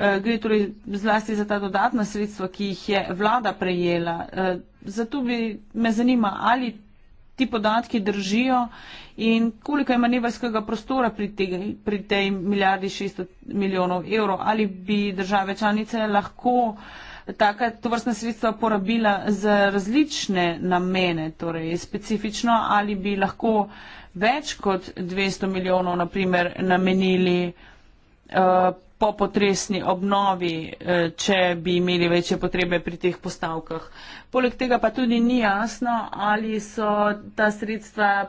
Eh, gre torej zlasti za ta dodatna sredstva, ki jih je vlada prejela. Eh, zato bi me zanima, ali ti podatki držijo in koliko je manevrskega prostora pri tej, pri tej milijardi 600 milijonov evrov, ali bi države članice lahko taka, to vrstna sredstva porabila za različne namene, torej specifično, ali bi lahko več kot 200 milijonov, naprimer, namenili uh, po potresni obnovi, eh, če bi imeli večje potrebe pri teh postavkah. Poleg tega pa tudi ni jasno, ali so ta sredstva eh,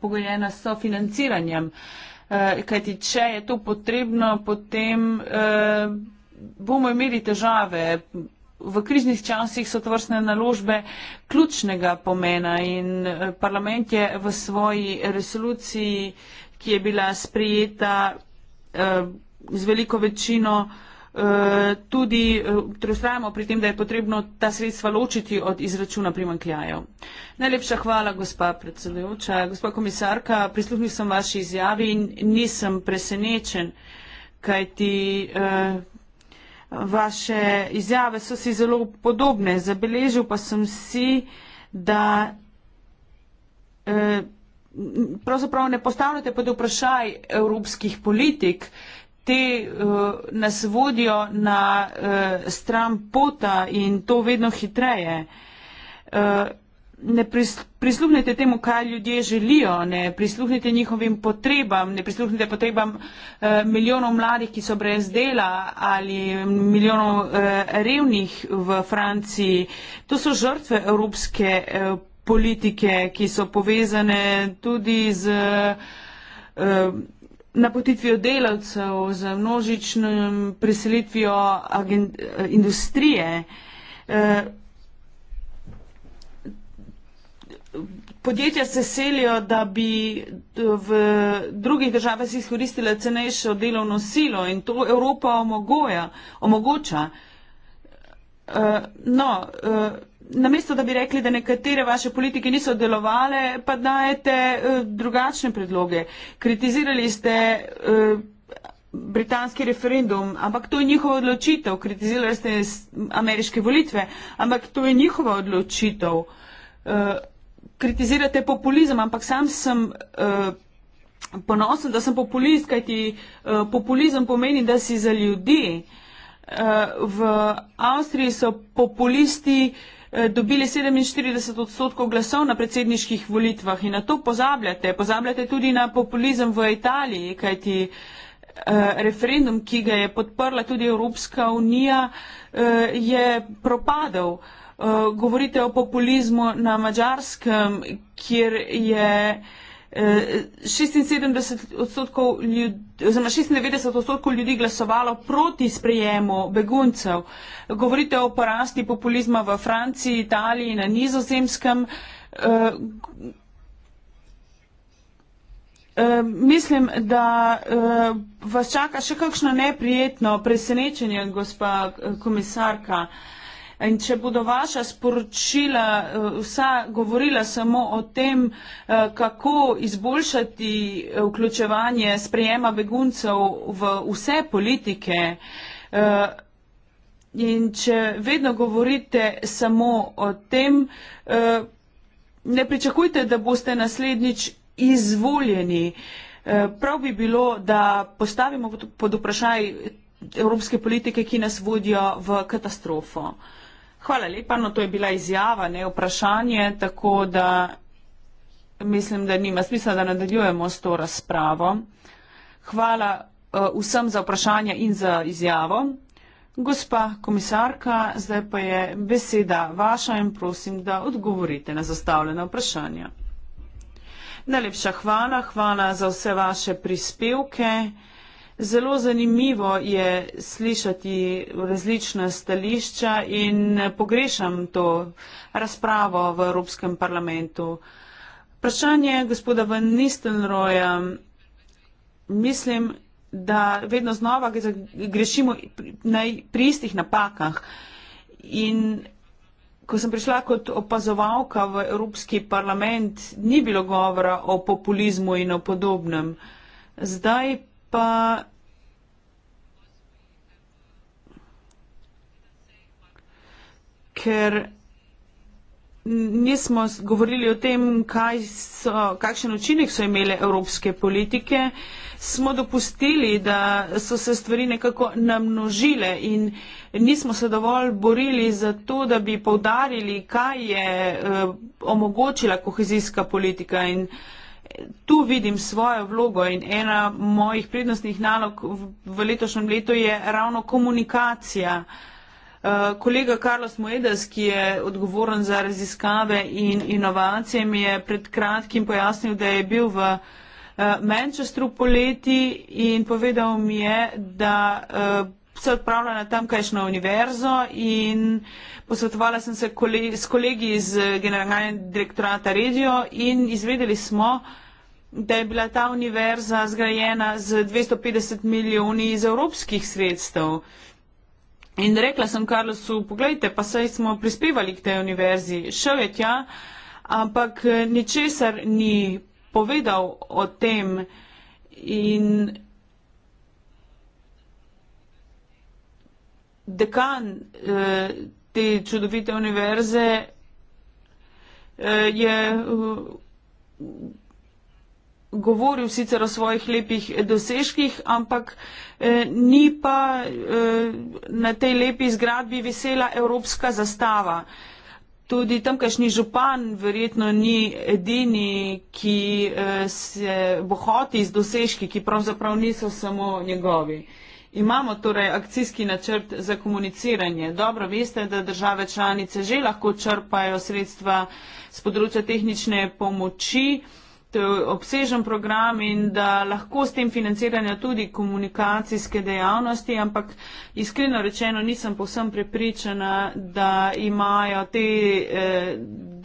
pogojena s sofinanciranjem. Eh, kajti, če je to potrebno, potem bomo imeli težave. V kriznih časih so tvrstne naložbe ključnega pomena in parlament je v svoji resoluciji, ki je bila sprijeta, z veliko večino eh, tudi, eh, torej ustrajamo pri tem, da je potrebno ta sredstva ločiti od izračuna primankljajev. Najlepša hvala, gospa predsedujoča. Gospa komisarka, prisluhnil sem vaši izjavi in nisem presenečen, kajti eh, vaše izjave so si zelo podobne. Zabeležil pa sem si, da pravzaprav ne postavljate pod vprašaj evropskih politik, te uh, nas vodijo na uh, stran pota in to vedno hitreje. Uh, Ne prisluhnite temu, kaj ljudje želijo, ne prisluhnite njihovim potrebam, ne prisluhnite potrebam eh, milijonov mladih, ki so brez dela ali milijonov eh, revnih v Franciji. To so žrtve evropske eh, politike, ki so povezane tudi z. Eh, napotitvijo delavcev, z množičnim preselitvijo industrije. Eh, podjetja se selijo, da bi v drugih državah si izkoristile cenejšo delovno silo in to Evropa omogoja, omogoča. Eh, no, eh, namesto da bi rekli, da nekatere vaše politike niso delovale, pa dajete eh, drugačne predloge. Kritizirali ste eh, britanski referendum, ampak to je njihova odločitev. Kritizirali ste ameriške volitve, ampak to je njihova odločitev. Eh, kritizirate populizem, ampak sam sem ponosen, da sem populist, kajti populizem pomeni, da si za ljudi. V Avstriji so populisti uh, Eh, dobili 47 odstotkov glasov na predsedniških volitvah in na to pozabljate. Pozabljate tudi na populizem v Italiji, kajti eh, referendum, ki ga je podprla tudi Evropska unija, eh, je propadel. Govorite o populizmu na Mačarskem, kjer je 76 eh, odstotkov ljudi, oziroma 96 odstotkov ljudi glasovalo proti sprejemu beguncev. Govorite o porasti populizma v Franciji, Italiji in na nizozemskem. Eh, eh, mislim, da vas čaka še kakšno neprijetno presenečenje, gospa komisarka. In če bodo vaša sporočila eh, vsa govorila samo o tem, eh, kako izboljšati eh, vključevanje sprejema beguncev v vse politike, in če vedno govorite samo o tem, ne pričakujte, da boste naslednjič izvoljeni. Prav bi bilo, da postavimo pod vprašaj evropske politike, ki nas vodijo v katastrofo. Hvala lepa, no to je bila izjava, ne vprašanje, tako da mislim, da nima smisla, da nadaljujemo s to razpravo. Hvala uh, vsem za vprašanje in za izjavo. Gospa komisarka, zdaj pa je beseda vaša in prosim, da odgovorite na zastavljena vprašanja. Najlepša hvala, hvala za vse vaše prispevke. Zelo zanimivo je slišati različna stališča in pogrešam to razpravo v Evropskem parlamentu. Vprašanje gospoda Van Nistenroja, mislim, da vedno znova grešimo pri istih napakah. In ko sem prišla kot opazovalka v Evropski parlament, ni bilo govora o populizmu in o podobnem. Zdaj pa. Ker nismo govorili o tem, so, kakšen učinek so imele evropske politike, smo dopustili, da so se stvari nekako namnožile in nismo se dovolj borili za to, da bi povdarili, kaj je eh, omogočila kohezijska politika. In, eh, Tu vidim svojo vlogo in ena mojih prednostnih nalog v letošnjem letu je ravno komunikacija. Eh, kolega Carlos Moedas, ki je odgovoren za raziskave in inovacije, mi je pred kratkim pojasnil, da je bil v eh, Manchesteru poleti in povedal mi je, da eh, se odpravila na tamkajšnjo univerzo in posvetovala sem se kolegi, s kolegi iz eh, generalnega direktorata Regio in izvedeli smo, da je bila ta univerza zgrajena z 250 milijoni iz evropskih sredstev. In rekla sem Karlosu, pogledajte, pa saj smo prispevali k tej univerzi, šel je tja, ampak eh, ničesar ni povedal o tem. In dekan eh, te čudovite univerze eh, je eh, govoril sicer o svojih lepih dosežkih, ampak ni pa na tej lepi zgradbi vesela evropska zastava. Tudi tamkajšnji župan verjetno ni edini, ki se bohoti z dosežki, ki pravzaprav niso samo njegovi. Imamo torej akcijski načrt za komuniciranje. Dobro veste, da države članice že lahko črpajo sredstva z področja tehnične pomoči, to je obsežen program in da lahko s tem financiranja tudi komunikacijske dejavnosti, ampak iskreno rečeno nisem povsem prepričana, da imajo te eh,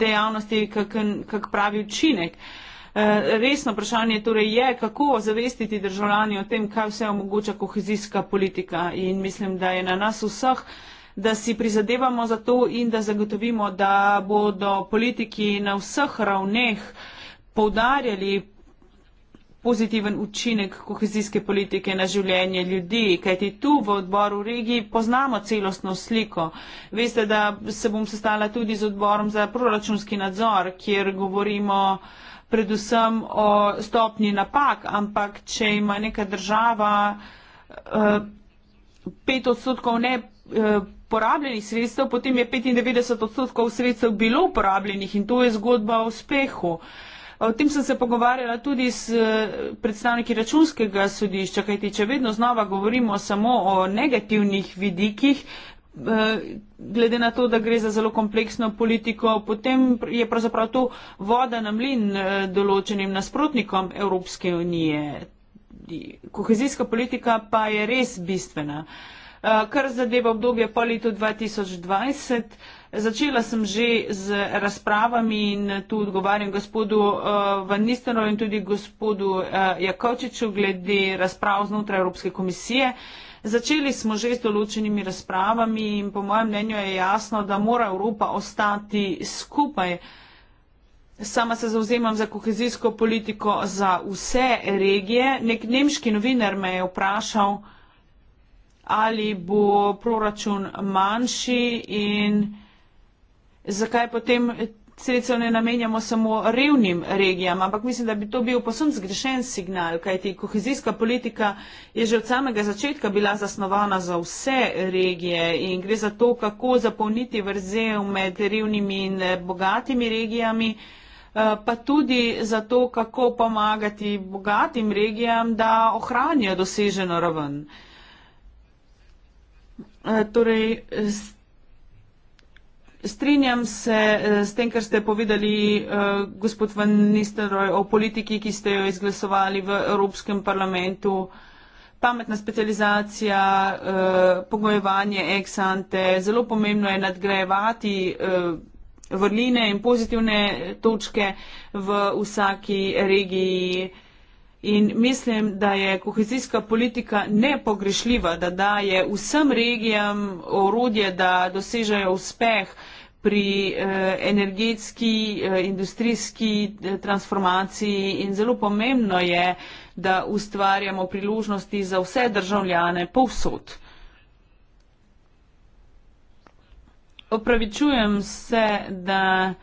dejavnosti kak, kak pravi učinek. Eh, Eh, resno vprašanje torej je, kako zavestiti državljani o tem, kaj vse omogoča kohezijska politika. In mislim, da je na nas vseh, da si prizadevamo za to in da zagotovimo, da bodo politiki na vseh ravneh poudarjali pozitiven učinek kohezijske politike na življenje ljudi, kajti tu v odboru regiji poznamo celostno sliko. Veste, da se bom sestala tudi z odborom za proračunski nadzor, kjer govorimo uh, predvsem o stopnji napak, ampak če ima neka država eh, pet odstotkov ne eh, porabljenih sredstev, potem je 95 odstotkov sredstev bilo uporabljenih in to je zgodba o uspehu. O tem sem se pogovarjala tudi s eh, predstavniki računskega sodišča, kajti če vedno znova govorimo samo o negativnih vidikih, Eh, glede na to, da gre za zelo kompleksno politiko, potem je pravzaprav to voda na mlin eh, določenim nasprotnikom Evropske unije. Kohezijska politika pa je res bistvena. Eh, kar zadeva obdobje po letu 2020, začela sem že z razpravami in tu odgovarjam gospodu Van Nistenovi in tudi gospodu Jakovčiču glede razprav znotraj Evropske komisije. Začeli smo že z določenimi razpravami in po mojem mnenju je jasno, da mora Evropa ostati skupaj. Sama se zauzemam za kohezijsko politiko za vse regije. Nek nemški novinar me je vprašal, ali bo proračun manjši in zakaj potem sredstev ne namenjamo samo revnim regijam, ampak mislim, da bi to bil posem zgrešen signal, kajti kohezijska politika je že od samega začetka bila zasnovana za vse regije in gre za to, kako zapolniti vrzel med revnimi in eh, bogatimi regijami, eh, pa tudi za to, kako pomagati bogatim regijam, da ohranijo doseženo raven. Eh, torej, Strinjam se eh, s tem, kar ste povedali, eh, gospod Van Nistelrooy, o politiki, ki ste jo izglasovali v Evropskem parlamentu. Pametna specializacija, eh, pogojevanje ex ante, zelo pomembno je nadgrajevati vrline in pozitivne točke v vsaki regiji. In mislim, da je kohezijska politika nepogrešljiva, da daje vsem regijam orodje, da dosežejo uspeh pri eh, energetski, eh, industrijski eh, transformaciji in zelo pomembno je, da ustvarjamo priložnosti za vse državljane povsod. Opravičujem se, da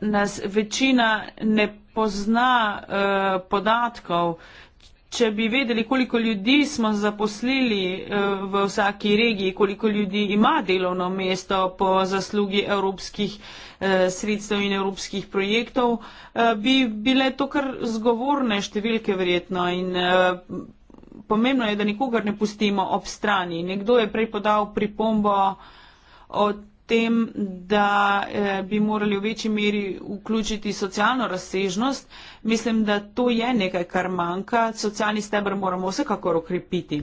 nas večina ne pozna eh, podatkov, eh, če bi vedeli, koliko ljudi smo zaposlili eh, v vsaki regiji, koliko ljudi ima delovno mesto po zaslugi evropskih eh, sredstev in evropskih projektov, eh, bi bile to kar zgovorne številke verjetno. In pomembno je, da nikogar ne pustimo ob strani. Nekdo je prej podal pripombo od tem, da eh, bi morali v večji meri vključiti socialno razsežnost. Mislim, da to je nekaj, kar manjka. Socialni stebr moramo vsekakor okrepiti.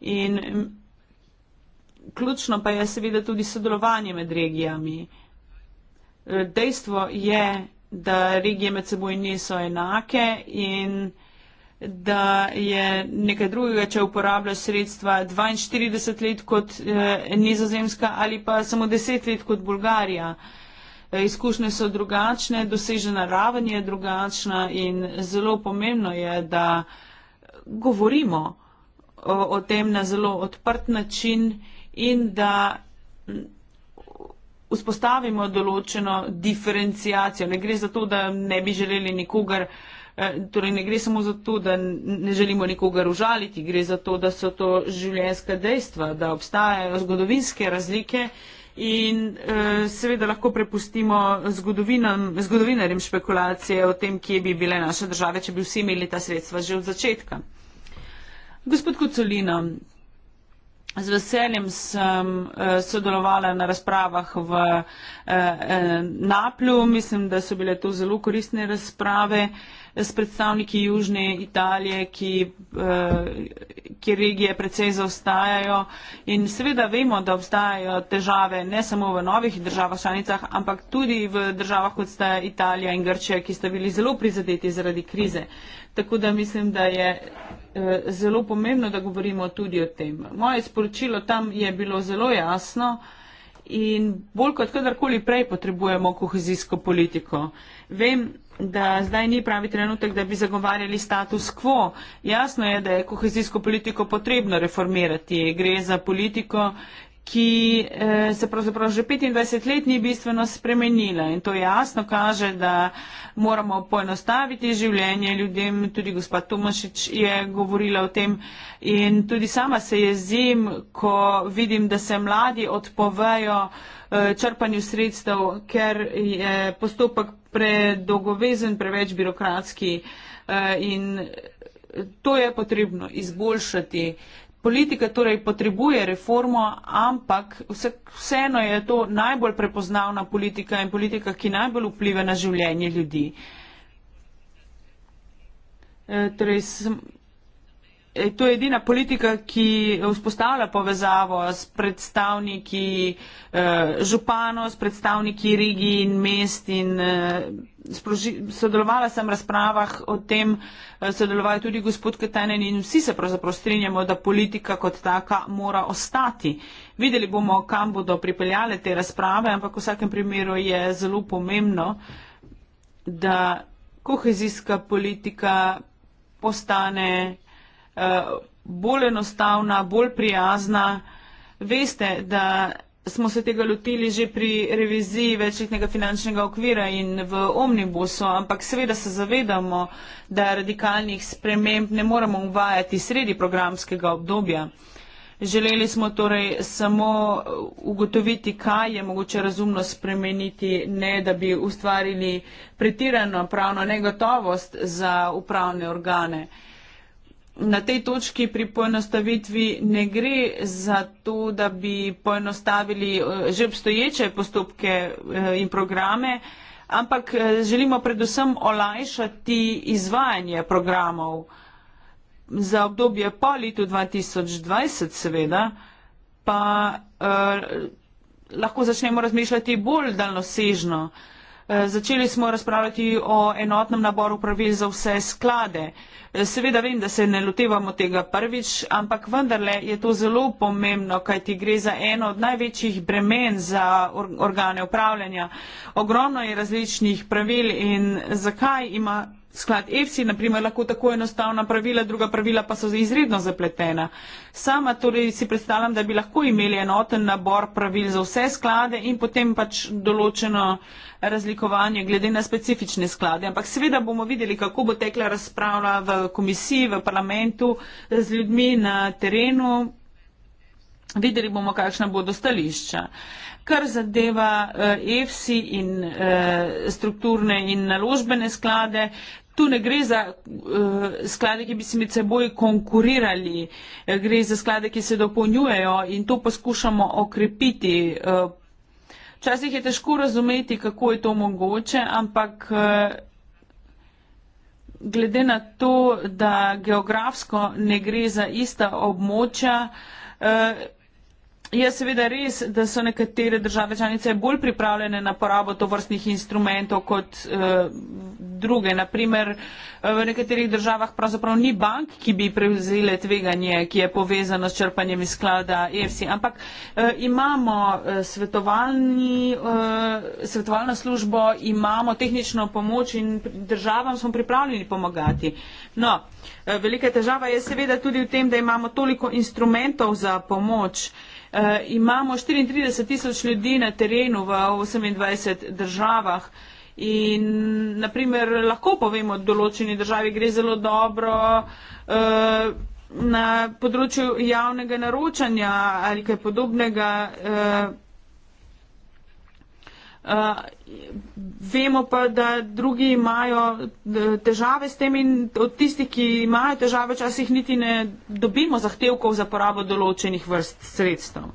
In mm, ključno pa je seveda tudi sodelovanje med regijami. Eh, dejstvo je, da regije med seboj niso enake in da je nekaj drugega, če uporabljaš sredstva 42 let kot eh, nizozemska ali pa samo 10 let kot Bulgarija. Eh, izkušnje so drugačne, dosežena raven je drugačna in zelo pomembno je, da govorimo o, o tem na zelo odprt način in da vzpostavimo določeno diferencijacijo. Ne gre za to, da ne bi želeli nikogar Eh, torej ne gre samo za to, da ne želimo nikogar užaliti, gre za to, da so to življenjska dejstva, da obstajajo zgodovinske razlike in eh, seveda lahko prepustimo zgodovinarjem špekulacije o tem, kje bi bile naše države, če bi vsi imeli ta sredstva že od začetka. Gospod Kocolino, z veseljem sem eh, sodelovala na razpravah v Naplju. Mislim, da so bile to zelo koristne razprave s predstavniki Južne Italije, ki, eh, ki regije predvsej zaostajajo. In seveda vemo, da obstajajo težave ne samo v novih državah članicah, ampak tudi v državah, kot sta Italija in Grčija, ki sta bili zelo prizadeti zaradi krize. Tako da mislim, da je eh, zelo pomembno, da govorimo tudi o tem. Moje sporočilo tam je bilo zelo jasno. In bolj kot kadarkoli prej potrebujemo kohezijsko politiko. Vem, da zdaj ni pravi trenutek, da bi zagovarjali status quo. Jasno je, da je kohezijsko politiko potrebno reformirati. Gre za politiko, ki eh, se pravzaprav že 25 let ni bistveno spremenila in to jasno kaže, da moramo poenostaviti življenje ljudem. Tudi gospod Tumošič je govorila o tem in tudi sama se jezim, ko vidim, da se mladi odpovejo eh, črpanju sredstev, ker je eh, postopek predolgovezen, preveč birokratski eh, in to je potrebno izboljšati. Politika torej potrebuje reformo, ampak vse, vseeno je to najbolj prepoznavna politika in politika, ki najbolj vpliva na življenje ljudi. E, torej, sem, E, to je edina politika, ki eh, vzpostavlja povezavo s predstavniki eh, županov, s predstavniki regij in mest in eh, sodelovala sem v razpravah o tem, sodelovali tudi gospod Katanen in vsi se pravzaprav strinjamo, da politika kot taka mora ostati. Videli bomo, kam bodo pripeljale te razprave, ampak v vsakem primeru je zelo pomembno, da kohezijska politika postane Eh, bolj enostavna, bolj prijazna. Veste, da smo se tega lotili že pri reviziji večletnega finančnega okvira in v omnibusu, ampak seveda se zavedamo, da radikalnih sprememb ne moremo uvajati sredi programskega obdobja. Želeli smo torej samo ugotoviti, kaj je mogoče razumno spremeniti, ne da bi ustvarili pretirano pravno negotovost za upravne organe. Uh, na tej točki pri poenostavitvi ne gre za to, da bi poenostavili eh, že obstoječe postopke eh, in programe, ampak eh, želimo predvsem olajšati izvajanje programov za obdobje po letu 2020 seveda, pa eh, lahko začnemo razmišljati bolj daljnosežno. Eh, Eh, začeli smo razpravljati o enotnem naboru pravil za vse sklade. Eh, seveda vem, da se ne lotevamo tega prvič, ampak vendarle je to zelo pomembno, kaj ti gre za eno od največjih bremen za organe upravljanja. Ogromno je različnih pravil in zakaj ima Sklad EFSI, naprimer, lahko tako enostavna pravila, druga pravila pa so izredno zapletena. Sama torej si predstavljam, da bi lahko imeli enoten nabor pravil za vse sklade in potem pač določeno razlikovanje glede na specifične sklade. Ampak seveda bomo videli, kako bo tekla razprava v komisiji, v parlamentu, z ljudmi na terenu. Videli bomo, kakšna bodo stališča. Kar zadeva eh, EFSI in eh, strukturne in naložbene sklade, tu ne gre za uh, sklade, ki bi si med seboj konkurirali, eh, gre za sklade, ki se dopolnjujejo in to poskušamo okrepiti. Eh, včasih uh, je težko razumeti, kako je to mogoče, ampak. Uh, Glede na to, da geografsko ne gre za ista območja, Je seveda res, da so nekatere države članice bolj pripravljene na porabo tovrstnih instrumentov kot eh, druge. Naprimer, eh, v nekaterih državah pravzaprav ni bank, ki bi prevzele tveganje, ki je povezano s črpanjem iz sklada EFSI, ampak eh, imamo eh, svetovalni, eh, svetovalno službo, imamo tehnično pomoč in državam smo pripravljeni pomagati. No, eh, velika težava je seveda tudi v tem, da imamo toliko instrumentov za pomoč. Uh, imamo 34 tisoč ljudi na terenu v 28 državah. In, naprimer, lahko povemo, da določeni državi gre zelo dobro uh, na področju javnega naročanja ali kaj podobnega. Uh, Eh, vemo pa, da drugi imajo eh, težave s tem in od tistih, ki imajo težave, včasih niti ne dobimo zahtevkov za porabo določenih vrst sredstev.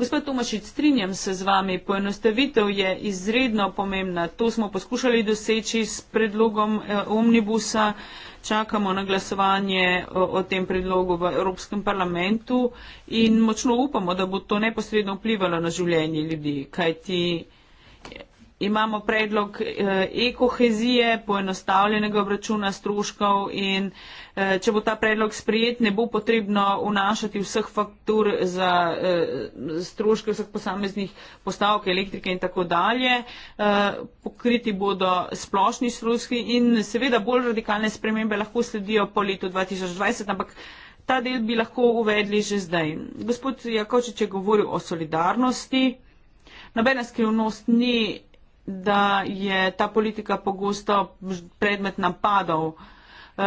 Gospod Tomašič, strinjam se z vami, poenostavitev je izredno pomembna. To smo poskušali doseči s predlogom eh, omnibusa. Čakamo na glasovanje o, o tem predlogu v Evropskem parlamentu in močno upamo, da bo to neposredno vplivalo na življenje ljudi, kajti imamo predlog eh, ekohezije, poenostavljenega obračuna stroškov in eh, če bo ta predlog sprijet, ne bo potrebno vnašati vseh faktur za eh, stroške vseh posameznih postavk elektrike in tako dalje. Pokriti bodo splošni stroški in seveda bolj radikalne spremembe lahko sledijo po letu 2020, ampak ta del bi lahko uvedli že zdaj. Gospod Jakočič je govoril o solidarnosti. Nobena skrivnost ni da je ta politika pogosto predmet napadov. Eh,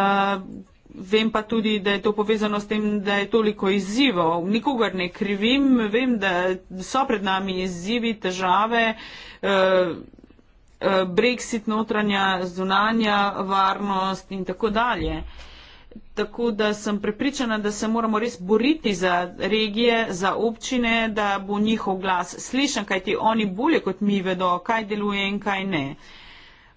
vem pa tudi, da je to povezano s tem, da je toliko izzivov. Nikogar ne krivim, vem, da so pred nami izzivi, težave, eh, eh, Brexit, notranja, zunanja, varnost in tako dalje. Tako da sem prepričana, da se moramo res boriti za regije, za občine, da bo njihov glas slišen, kajti oni bolje kot mi vedo, kaj deluje in kaj ne.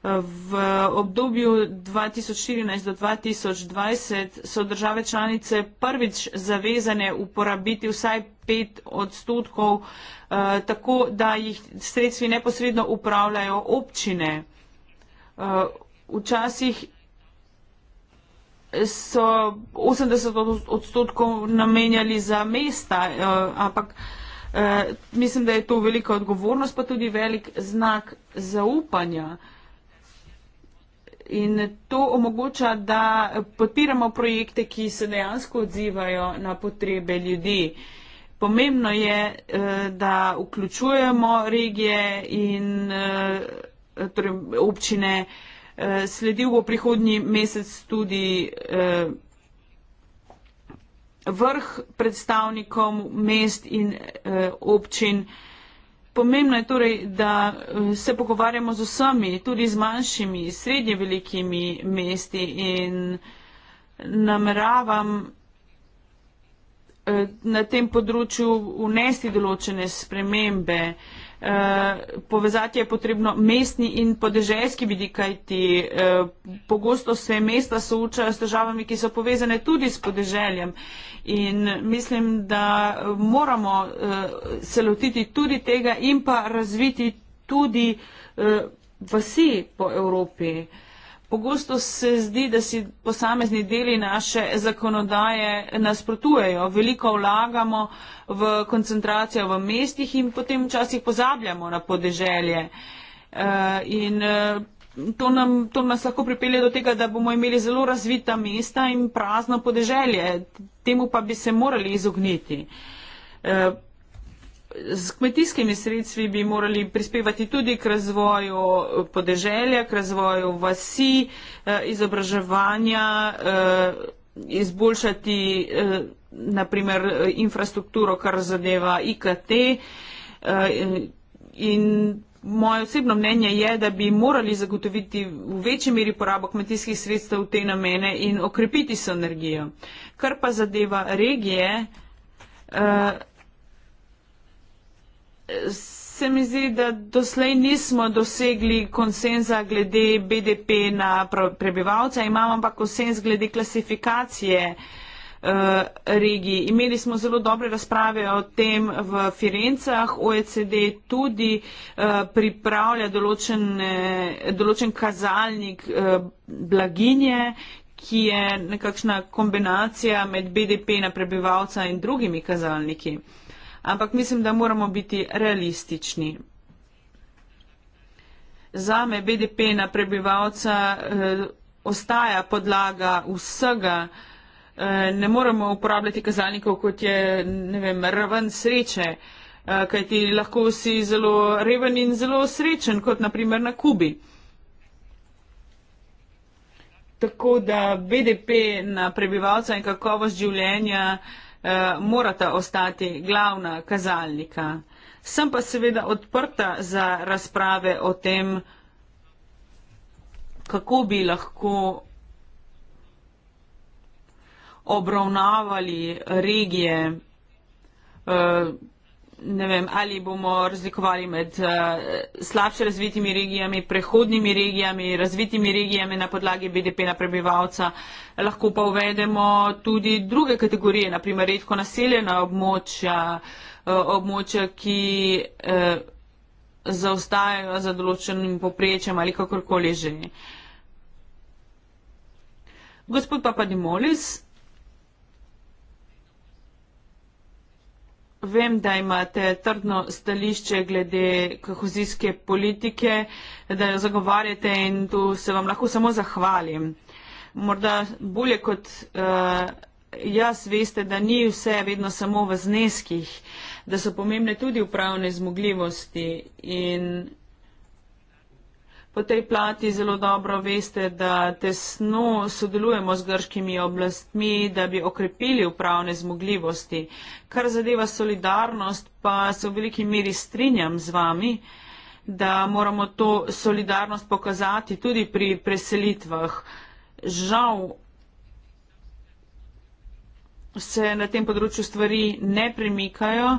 V obdobju 2014 do 2020 so države članice prvič zavezane uporabiti vsaj 5 odstotkov, eh, tako da jih sredstvi neposredno upravljajo občine. Eh, včasih so 80 odstotkov namenjali za mesta, eh, ampak eh, mislim, da je to velika odgovornost, pa tudi velik znak zaupanja. In to omogoča, da podpiramo projekte, ki se dejansko odzivajo na potrebe ljudi. Pomembno je, eh, da vključujemo regije in torej, občine, Eh, sledil bo prihodnji mesec tudi eh, vrh predstavnikov mest in eh, občin. Pomembno je torej, da se pogovarjamo z vsemi, tudi z manjšimi, srednje velikimi mesti in nameravam na tem področju unesti določene spremembe. Eh, povezati je potrebno mestni in podeželjski vidik, kajti eh, pogosto se mesta soočajo s težavami, ki so povezane tudi s podeželjem. In mislim, da moramo eh, se lotiti tudi tega in pa razviti tudi vasi po Evropi. Pogosto se zdi, da si posamezni deli naše zakonodaje nasprotujejo. Veliko vlagamo v koncentracijo v mestih in potem včasih pozabljamo na podeželje. Eh, in eh, to, nam, to nas lahko pripelje do tega, da bomo imeli zelo razvita mesta in prazno podeželje. Temu pa bi se morali izogniti. Eh, s kmetijskimi sredstvi bi morali prispevati tudi k razvoju podeželja, k razvoju vasi, eh, izobraževanja, eh, izboljšati eh, naprimer infrastrukturo, kar zadeva IKT. In moje osebno mnenje je, da bi morali zagotoviti v večji meri porabo kmetijskih sredstev v te namene in okrepiti sinergijo. Kar pa zadeva regije, uh, se mi zdi, da doslej nismo dosegli konsenza glede BDP na prebivalca, imamo pa konsens glede klasifikacije eh, regiji. Imeli smo zelo dobre razprave o tem v Firencah. OECD tudi eh, pripravlja določen, določen kazalnik eh, blaginje, ki je nekakšna kombinacija med BDP na prebivalca in drugimi kazalniki ampak mislim, da moramo biti realistični. Za me BDP na prebivalca eh, ostaja podlaga vsega. Eh, ne moremo uporabljati kazalnikov, kot je ne vem, raven sreče, eh, kajti lahko si zelo reven in zelo srečen, kot naprimer na Kubi. Tako da BDP na prebivalca in kakovost življenja eh, eh, morata ostati glavna kazalnika. Sem pa seveda odprta za razprave o tem, kako bi lahko obravnavali regije. Eh, ne vem, ali bomo razlikovali med uh, slabše razvitimi regijami, prehodnimi regijami, razvitimi regijami na podlagi BDP na prebivalca. Lahko pa uvedemo tudi druge kategorije, naprimer redko naseljena območja, uh, območja, ki uh, zaostajajo za določenim poprečjem ali kakorkoli že. Gospod Papadimolis, Vem, da imate trdno stališče glede kohozijske politike, da jo zagovarjate in tu se vam lahko samo zahvalim. Morda bolje kot uh, jaz veste, da ni vse vedno samo v zneskih, da so pomembne tudi upravne zmogljivosti in po tej plati zelo dobro veste, da tesno sodelujemo z grškimi oblastmi, da bi okrepili upravne zmogljivosti. Kar zadeva solidarnost, pa se v veliki meri strinjam z vami, da moramo to solidarnost pokazati tudi pri preselitvah. Žal se na tem področju stvari ne premikajo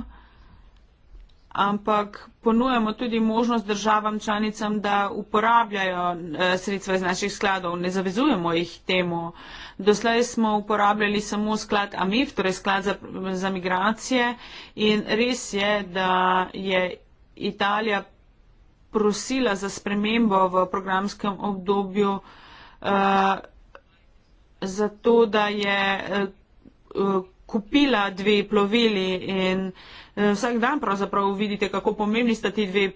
ampak ponujamo tudi možnost državam članicam, da uporabljajo eh, sredstva iz naših skladov. Ne zavezujemo jih temu. Doslej smo uporabljali samo sklad AMIF, torej sklad za, za migracije in res je, da je Italija prosila za spremembo v programskem obdobju uh, zato, da je uh, kupila dve plovili in eh, vsak dan pravzaprav vidite, kako pomembni sta ti dve eh,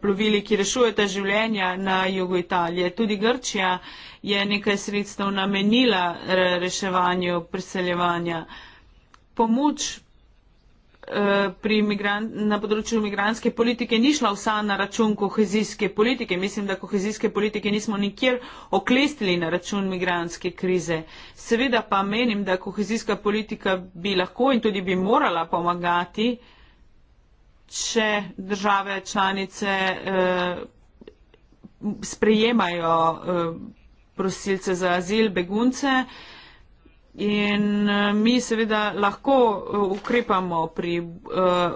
plovili, ki rešujete življenja na jugu Italije. Tudi Grčija je nekaj sredstev namenila eh, reševanju priseljevanja. Pomoč Eh, pri na področju imigranske politike ni šla vsa na račun kohezijske politike. Mislim, da kohezijske politike nismo nikjer oklestili na račun imigranske krize. Seveda pa menim, da kohezijska politika bi lahko in tudi bi morala pomagati, če države članice eh, sprejemajo eh, prosilce za azil, begunce. Eh, In eh, mi seveda lahko eh, ukrepamo pri eh,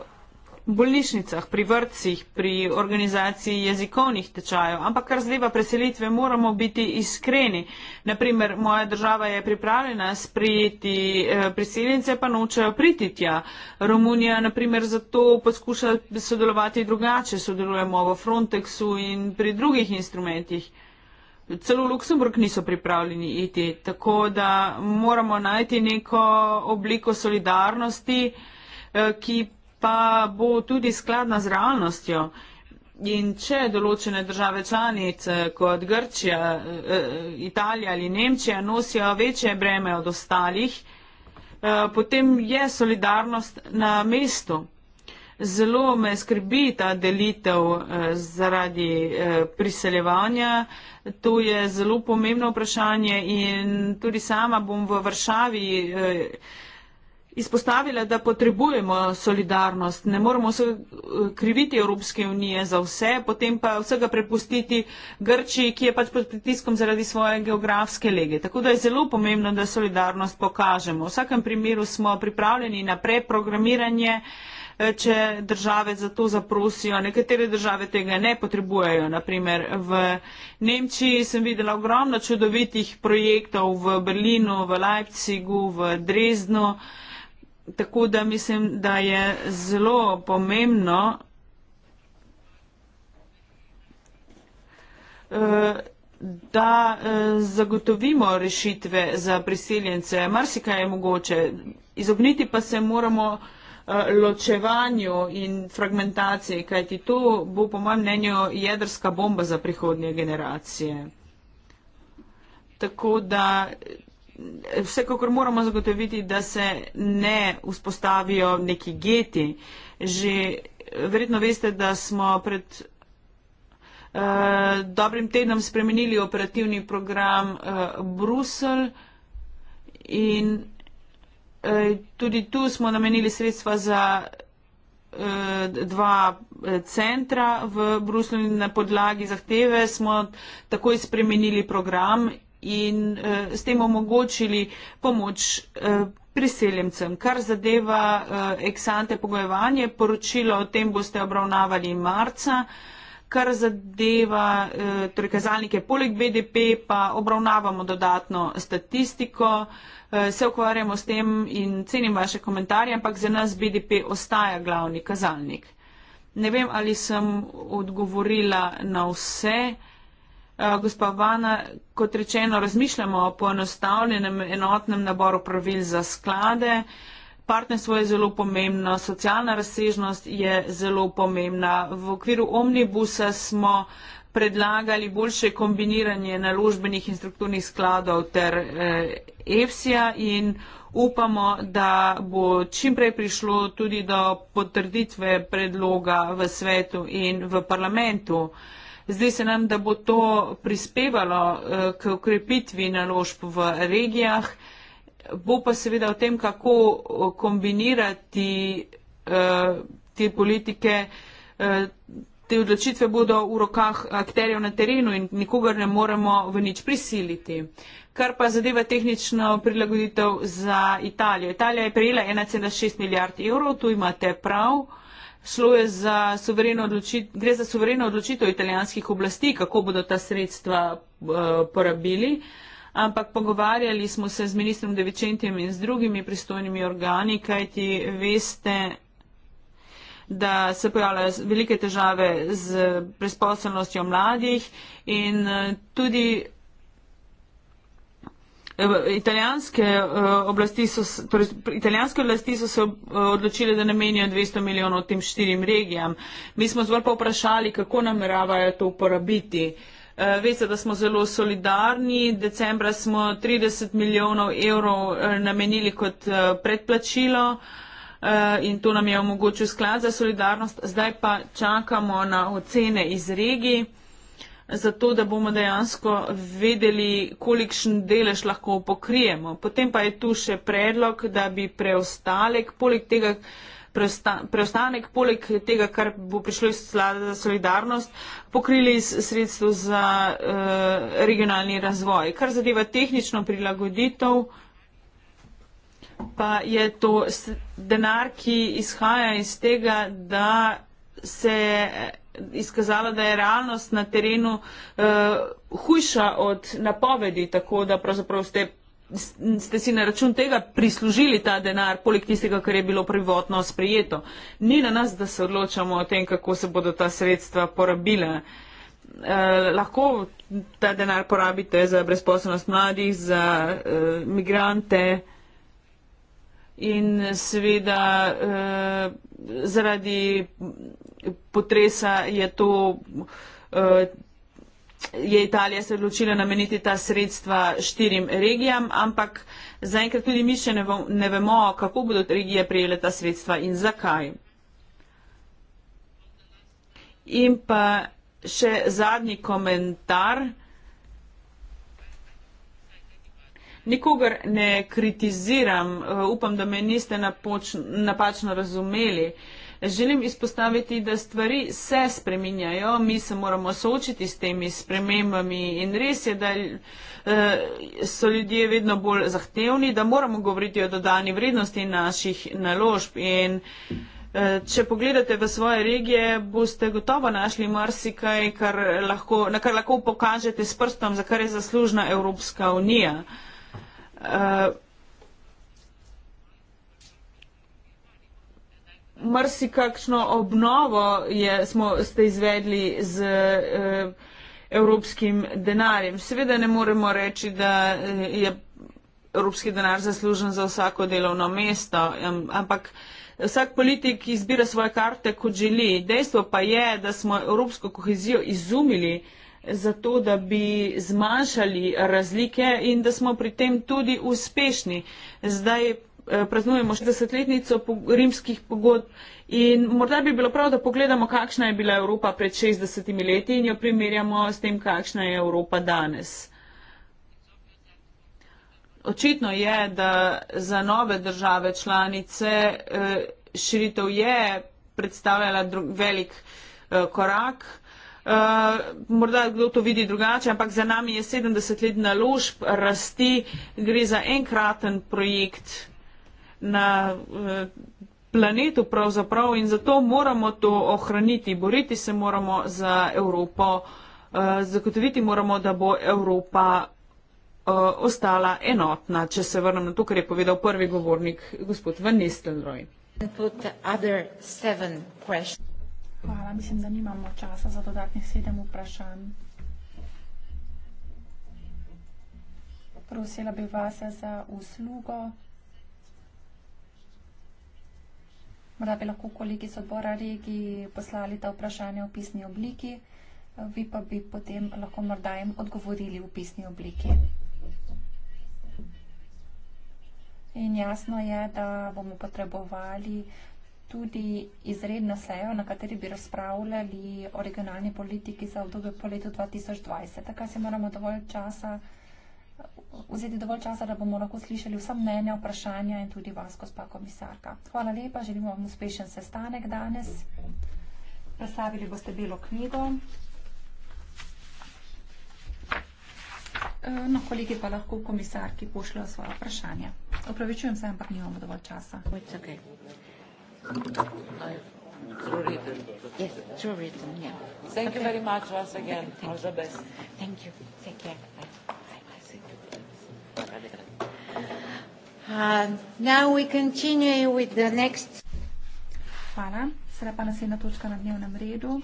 bolnišnicah, pri vrtcih, pri organizaciji jezikovnih tečajev, ampak kar zadeva preselitve, moramo biti iskreni. Naprimer, moja država je pripravljena sprejeti priseljence, pa nočejo priti tja. Romunija, naprimer, zato poskuša sodelovati drugače, sodelujemo v Frontexu in pri drugih instrumentih celo Luksemburg niso pripravljeni iti. Tako da moramo najti neko obliko solidarnosti, eh, ki pa bo tudi skladna z realnostjo. In če določene države članice kot Grčija, eh, eh, Italija ali Nemčija nosijo večje breme od ostalih, potem je solidarnost na mestu. Zelo me skrbi ta delitev eh, zaradi eh, priseljevanja. To je zelo pomembno vprašanje in tudi sama bom v Varšavi eh, izpostavila, da potrebujemo solidarnost. Ne moramo se kriviti Evropske unije za vse, potem pa vsega prepustiti Grčiji, ki je pač pod pritiskom zaradi svoje geografske lege. Tako da je zelo pomembno, da solidarnost pokažemo. V vsakem primeru smo pripravljeni na preprogramiranje če države za to zaprosijo. Nekatere države tega ne potrebujejo. Naprimer v Nemčiji sem videla ogromno čudovitih projektov v Berlinu, v Leipzigu, v Dreznu. Tako da mislim, da je zelo pomembno, eh, da eh, zagotovimo rešitve za priseljence. Marsika je mogoče. Izogniti pa se moramo uh, Eh, ločevanju in fragmentaciji, kajti to bo po mojem mnenju jedrska bomba za prihodnje generacije. Tako da eh, vsekakor moramo zagotoviti, da se ne vzpostavijo neki geti. Že eh, verjetno veste, da smo pred eh, dobrim tednom spremenili operativni program eh, Brusel in Eh, tudi tu smo namenili sredstva za eh, dva eh, centra v Bruslju in na podlagi zahteve smo takoj spremenili program in s tem omogočili pomoč priseljemcem. Kar zadeva eksante pogojevanje, poročilo o tem boste obravnavali marca kar zadeva eh, torej kazalnike poleg BDP, pa obravnavamo dodatno statistiko, eh, se ukvarjamo s tem in cenim vaše komentarje, ampak za nas BDP ostaja glavni kazalnik. Ne vem, ali sem odgovorila na vse. Eh, gospa Vana, kot rečeno, razmišljamo o poenostavljenem enotnem naboru pravil za sklade partnerstvo je zelo pomembno, socialna razsežnost je zelo pomembna. V okviru omnibusa smo predlagali boljše kombiniranje naložbenih in strukturnih skladov ter EFSI-ja eh, in upamo, da bo čimprej prišlo tudi do potrditve predloga v svetu in v parlamentu. Zdi se nam, da bo to prispevalo eh, k ukrepitvi naložb v regijah bo pa seveda o tem, kako kombinirati eh, te politike. Eh, Te odločitve bodo v rokah akterjev na terenu in nikogar ne moremo v nič prisiliti. Kar pa zadeva tehnično prilagoditev za Italijo. Italija je prejela 1,6 milijard evrov, tu imate prav. Šlo je za suvereno odločitev, gre za suvereno odločitev italijanskih oblasti, kako bodo ta sredstva uh, porabili. Uh, ampak pogovarjali smo se z ministrom Devičentjem in z drugimi pristojnimi organi, kajti veste, da se pojavljajo velike težave z presposobnostjo mladih in eh, tudi eh, Italijanske eh, oblasti, so, torej, italijanske oblasti so se odločile, da namenijo 200 milijonov tem štirim regijam. Mi smo zgolj pa vprašali, kako nameravajo to uporabiti. Uh, Eh, veste, da smo zelo solidarni. Decembra smo 30 milijonov evrov eh, namenili kot eh, predplačilo in to nam je omogočil sklad za solidarnost. Zdaj pa čakamo na ocene iz regij, zato da bomo dejansko vedeli, kolikšen delež lahko pokrijemo. Potem pa je tu še predlog, da bi preostalek, poleg tega, preostanek, poleg tega, kar bo prišlo iz sklada za solidarnost, pokrili iz sredstv za eh, regionalni razvoj. Kar zadeva tehnično prilagoditev, pa je to denar, ki izhaja iz tega, da se je eh, izkazalo, da je realnost na terenu uh, hujša od napovedi, tako da pravzaprav ste ste si na račun tega prislužili ta denar, poleg tistega, kar je bilo prvotno sprejeto. Ni na nas, da se odločamo o tem, kako se bodo ta sredstva porabile. Eh, lahko ta denar porabite za brezposobnost mladih, za eh, migrante in seveda eh, zaradi potresa je to. Eh, je Italija se odločila nameniti ta sredstva štirim regijam, ampak zaenkrat tudi mi še ne vemo, kako bodo regije prijele ta sredstva in zakaj. In pa še zadnji komentar. Nikogar ne kritiziram, uh, upam, da me niste napačno razumeli. Uh, Želim izpostaviti, da stvari se spreminjajo, mi se moramo soočiti s temi spremembami in res je, da eh, so ljudje vedno bolj zahtevni, da moramo govoriti o dodani vrednosti naših naložb. In eh, če pogledate v svoje regije, boste gotovo našli marsikaj, kar lahko, na kar lahko pokažete s prstom, za kar je zaslužna Evropska unija. Uh, marsikakšno obnovo je, smo, ste izvedli z eh, evropskim denarjem. Seveda ne moremo reči, da eh, je evropski denar zaslužen za vsako delovno mesto, ampak vsak politik izbira svoje karte, kot želi. Dejstvo pa je, da smo evropsko kohezijo izumili zato, da bi zmanjšali razlike in da smo pri tem tudi uspešni. Zdaj Eh, praznujemo 60-letnico rimskih pogodb in morda bi bilo prav, da pogledamo, kakšna je bila Evropa pred 60 leti in jo primerjamo s tem, kakšna je Evropa danes. Očitno je, da za nove države članice eh, širitev je predstavljala velik eh, korak. Morda kdo to vidi drugače, ampak za nami je 70 let naložb rasti, gre za enkraten projekt na eh, planetu pravzaprav in zato moramo to ohraniti, boriti se moramo za Evropo, eh, zagotoviti moramo, da bo Evropa eh, ostala enotna, če se vrnem na to, kar je povedal prvi govornik, gospod Van Nistelrooy. Hvala, mislim, da nimamo časa za dodatnih sedem vprašanj. Prosila bi vas za uslugo. Morda bi lahko kolegi iz odbora regiji poslali ta vprašanja v pisni obliki, vi pa bi potem lahko morda jim odgovorili v pisni obliki. In jasno je, da bomo potrebovali tudi izredno sejo, na kateri bi razpravljali o regionalni politiki za obdobje po letu 2020. Takrat si moramo dovolj časa vzeti dovolj časa, da bomo lahko slišali vsa mnenja, vprašanja in tudi vas, gospa komisarka. Hvala lepa, želim vam uspešen sestanek danes. Predstavili boste belo knjigo. Eh, no, kolegi pa lahko komisarki pošljajo svoje vprašanje. Opravičujem se, ampak nimamo dovolj časa. It's okay. Yes, written, yeah. Thank okay. you very much once again. Thank All you. the best. Thank you. Take care. Bye. Uh, Hvala. Sedaj pa naslednja točka na dnevnem redu.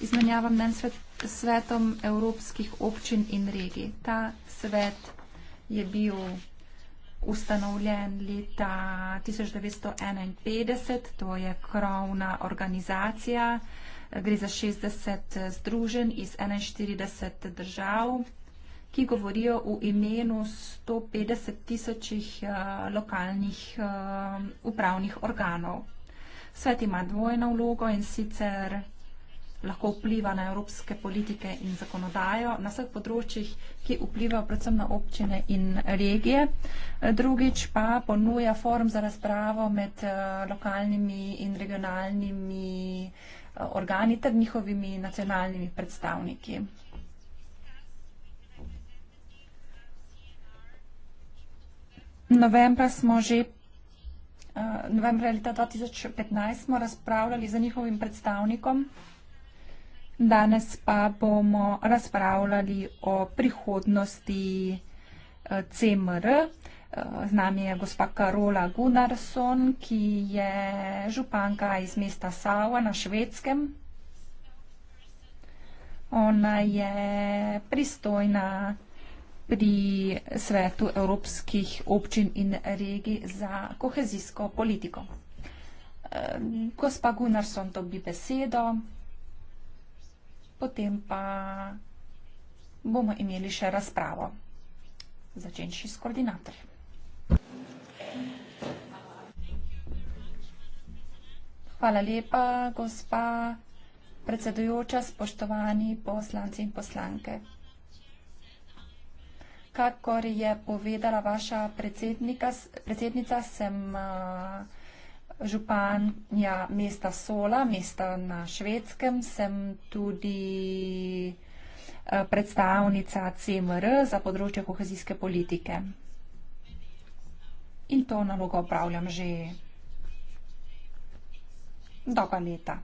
Izmenjava mnenj s Svetom evropskih občin in regij. Ta svet je bil ustanovljen leta 1951, to je krovna organizacija. Gre za 60 eh, združenj iz 41 držav, ki govorijo v imenu 150 tisočih eh, lokalnih eh, upravnih organov. Svet ima dvojno vlogo in sicer lahko vpliva na evropske politike in zakonodajo na vseh področjih, ki vplivajo predvsem na občine in regije. Drugič pa ponuja forum za razpravo med lokalnimi in regionalnimi uh, Eh, organi ter njihovimi nacionalnimi predstavniki. Novembra smo že, eh, novembra leta 2015 smo razpravljali za njihovim predstavnikom, danes pa bomo razpravljali o prihodnosti eh, CMR. Z nami je gospa Karola Gunnarsson, ki je županka iz mesta Sava na švedskem. Ona je pristojna pri svetu evropskih občin in regij za kohezijsko politiko. Gospa Gunnarsson dobi besedo, potem pa bomo imeli še razpravo. Začenši s koordinatorjem. Hvala lepa, gospa predsedujoča, spoštovani poslanci in poslanke. Kakor je povedala vaša predsednica, sem županja mesta Sola, mesta na Švedskem, sem tudi predstavnica CMR za področje kohezijske politike in to nalogo opravljam že dolga leta.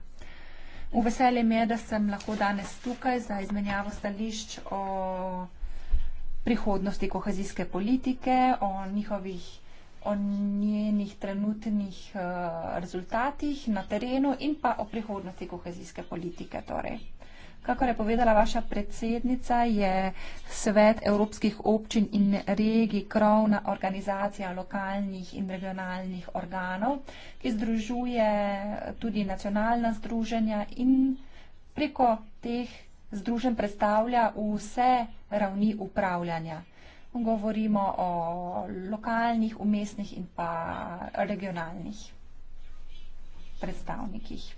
V veselje mi je, da sem lahko danes tukaj za izmenjavo stališč o prihodnosti kohezijske politike, o njihovih o njenih trenutnih uh, rezultatih na terenu in pa o prihodnosti kohezijske politike. Torej. Kakor je povedala vaša predsednica, je Svet evropskih občin in regij krovna organizacija lokalnih in regionalnih organov, ki združuje tudi nacionalna združenja in preko teh združen predstavlja vse ravni upravljanja. Govorimo o lokalnih, umestnih in pa regionalnih predstavnikih.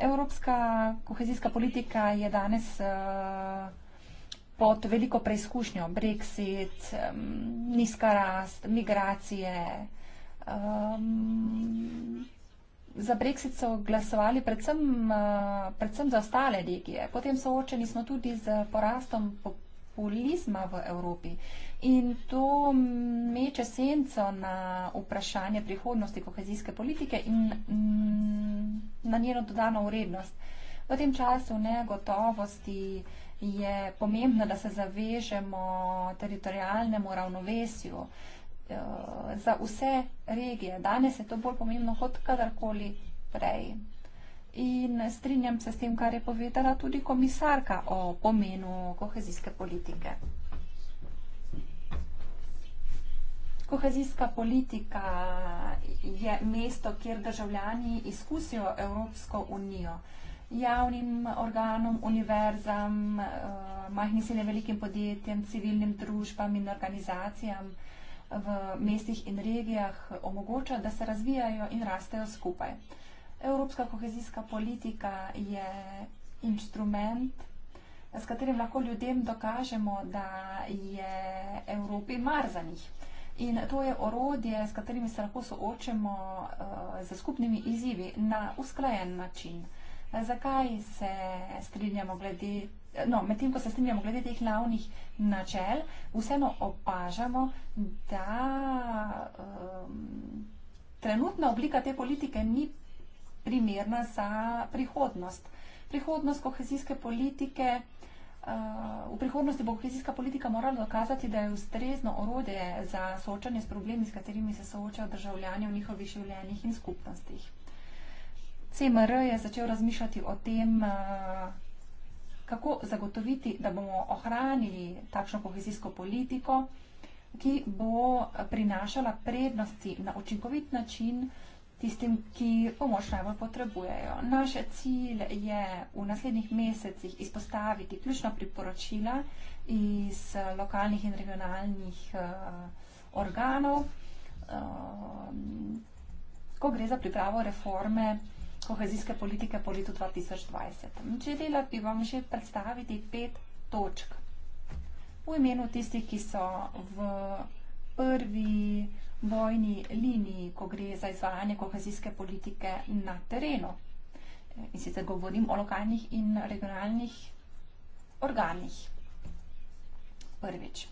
Evropska kohezijska politika je danes eh, pod veliko preizkušnjo. Brexit, nizka rast, migracije. Za Brexit so glasovali predvsem, eh, predvsem za ostale regije. Potem soočeni smo tudi z porastom. Po populizma v Evropi. In to meče senco na vprašanje prihodnosti kohezijske politike in mm, na njeno dodano vrednost. V tem času negotovosti je pomembno, da se zavežemo teritorijalnemu ravnovesju eh, za vse regije. Danes je to bolj pomembno kot kadarkoli prej in strinjam se s tem, kar je povedala tudi komisarka o pomenu kohezijske politike. Kohezijska politika je mesto, kjer državljani izkusijo Evropsko unijo javnim organom, univerzam, eh, majhnim in velikim podjetjem, civilnim družbam in organizacijam v mestih in regijah omogoča, da se razvijajo in rastejo skupaj. Evropska kohezijska politika je instrument, s katerim lahko ljudem dokažemo, da je Evropi mar za njih. In to je orodje, s katerimi se lahko soočamo uh, eh, z skupnimi izzivi na usklajen način. Zakaj se strinjamo glede, no, medtem ko se strinjamo glede teh glavnih načel, vseeno opažamo, da um, trenutna oblika te politike ni primerna za prihodnost. Prihodnost kohezijske politike, eh, v prihodnosti bo kohezijska politika morala dokazati, da je ustrezno orodje za soočanje s problemi, s katerimi se soočajo državljani v njihovih življenjih in skupnostih. CMR je začel razmišljati o tem, eh, kako zagotoviti, da bomo ohranili takšno kohezijsko politiko, ki bo prinašala prednosti na učinkovit način uh, tistim, ki pomoč najbolj potrebujejo. Naš cilj je v naslednjih mesecih izpostaviti ključno priporočila iz eh, lokalnih in regionalnih uh, organov, uh, ko gre za pripravo reforme kohezijske politike po letu 2020. Želela bi vam še predstaviti pet točk. V imenu tistih, ki so v prvi vojni liniji, ko gre za izvajanje kohezijske politike na terenu. In sicer govorim o lokalnih in regionalnih organih. Prvič.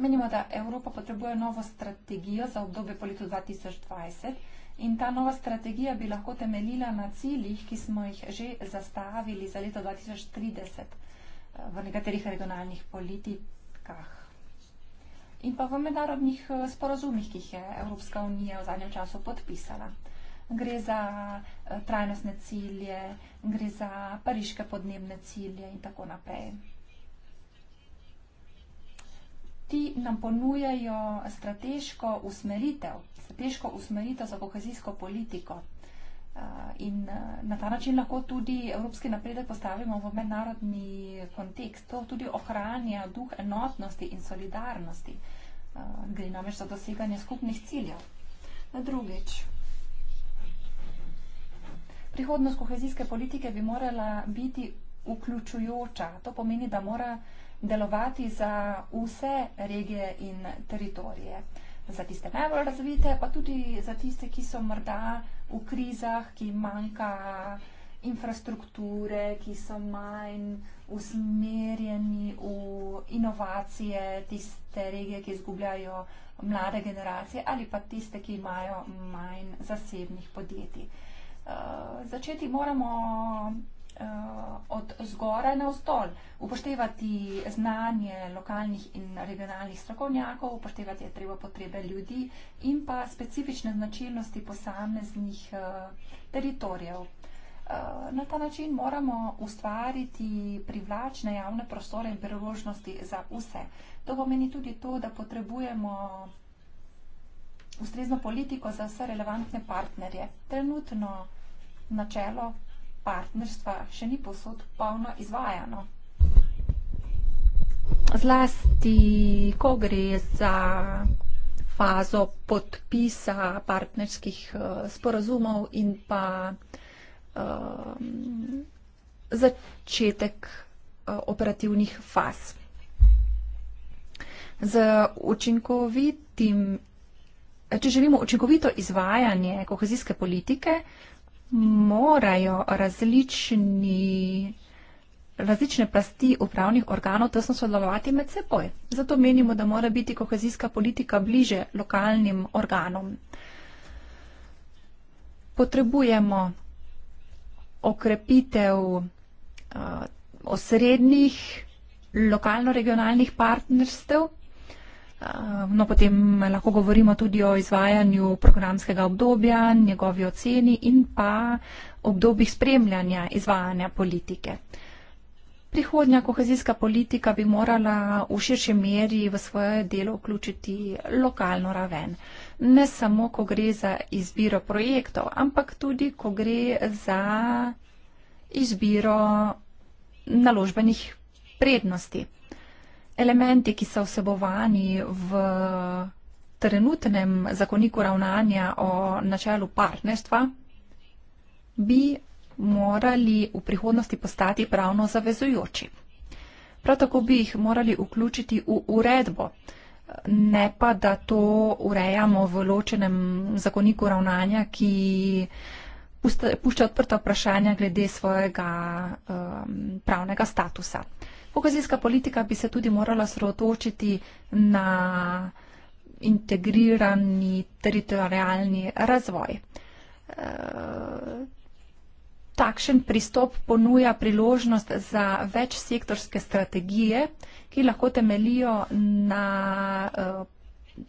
Menimo, da Evropa potrebuje novo strategijo za obdobje po letu 2020 in ta nova strategija bi lahko temeljila na ciljih, ki smo jih že zastavili za leto 2030 v nekaterih regionalnih politikah in pa v mednarodnih eh, sporozumih, ki jih je Evropska unija v zadnjem času podpisala. Gre za eh, trajnostne cilje, gre za pariške podnebne cilje in tako naprej. Ti nam ponujajo strateško usmeritev, strateško usmeritev za kohezijsko politiko 2021-2027. Eh, in eh, na ta način lahko tudi evropski napredek postavimo v mednarodni kontekst. To tudi ohranja duh enotnosti in solidarnosti. Eh, gre namreč za doseganje skupnih ciljev. Drugič. Prihodnost kohezijske politike bi morala biti vključujoča. To pomeni, da mora delovati za vse regije in teritorije. Za tiste najbolj razvite, pa tudi za tiste, ki so morda v krizah, ki manjka infrastrukture, ki so manj usmerjeni v inovacije tiste regije, ki izgubljajo mlade generacije ali pa tiste, ki imajo manj zasebnih podjetij. Uh, začeti moramo uh, od zgoraj na vzdolj, upoštevati znanje lokalnih in regionalnih strokovnjakov, upoštevati je treba potrebe ljudi in pa specifične značilnosti posameznih uh, teritorijev. Eh, na ta način moramo ustvariti privlačne javne prostore in priložnosti za vse. To pomeni tudi to, da potrebujemo ustrezno politiko za vse relevantne partnerje. Trenutno načelo partnerstva še ni posod polno izvajano. Zlasti, ko gre za fazo podpisa partnerskih uh, sporazumov in pa uh, začetek uh, operativnih faz. Z učinkovitim, če želimo učinkovito izvajanje kohezijske politike, morajo različni, različne plasti upravnih organov tesno sodelovati med seboj. Zato menimo, da mora biti kohezijska politika bliže lokalnim organom. Potrebujemo okrepitev uh, osrednjih lokalno-regionalnih partnerstev Eh, no, potem lahko govorimo tudi o izvajanju programskega obdobja, njegovi oceni in pa obdobjih spremljanja izvajanja politike. Prihodnja kohezijska politika bi morala v širši meri v svoje delo vključiti lokalno raven. Ne samo, ko gre za izbiro projektov, ampak tudi, ko gre za izbiro naložbenih prednosti elementi, ki so vsebovani v trenutnem zakoniku ravnanja o načelu partnerstva, bi morali v prihodnosti postati pravno zavezujoči. Prav tako bi jih morali vključiti v uredbo, ne pa da to urejamo v ločenem zakoniku ravnanja, ki pušča odprta vprašanja glede svojega um, pravnega statusa. Kohezijska politika bi se tudi morala sredotočiti na integrirani teritorijalni razvoj. Eh, takšen pristop ponuja priložnost za več sektorske strategije, ki lahko temelijo na eh,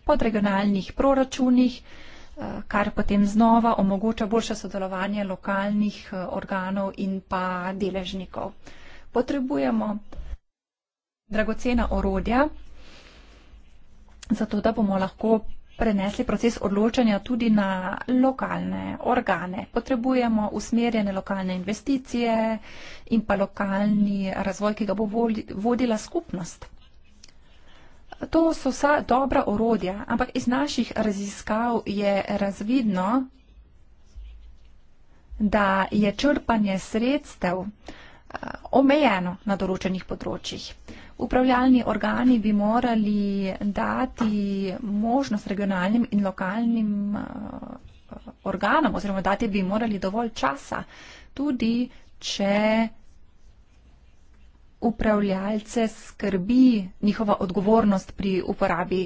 podregionalnih proračunih, eh, kar potem znova omogoča boljše sodelovanje lokalnih organov in pa deležnikov. Potrebujemo dragocena orodja, zato da bomo lahko prenesli proces odločanja tudi na lokalne organe. Potrebujemo usmerjene lokalne investicije in pa lokalni razvoj, ki ga bo vodila skupnost. To so vsa dobra orodja, ampak iz naših raziskav je razvidno, da je črpanje sredstev eh, omejeno na določenih področjih. Upravljalni organi bi morali dati možnost regionalnim in lokalnim eh, organom oziroma dati bi morali dovolj časa, tudi če upravljalce skrbi njihova odgovornost pri uporabi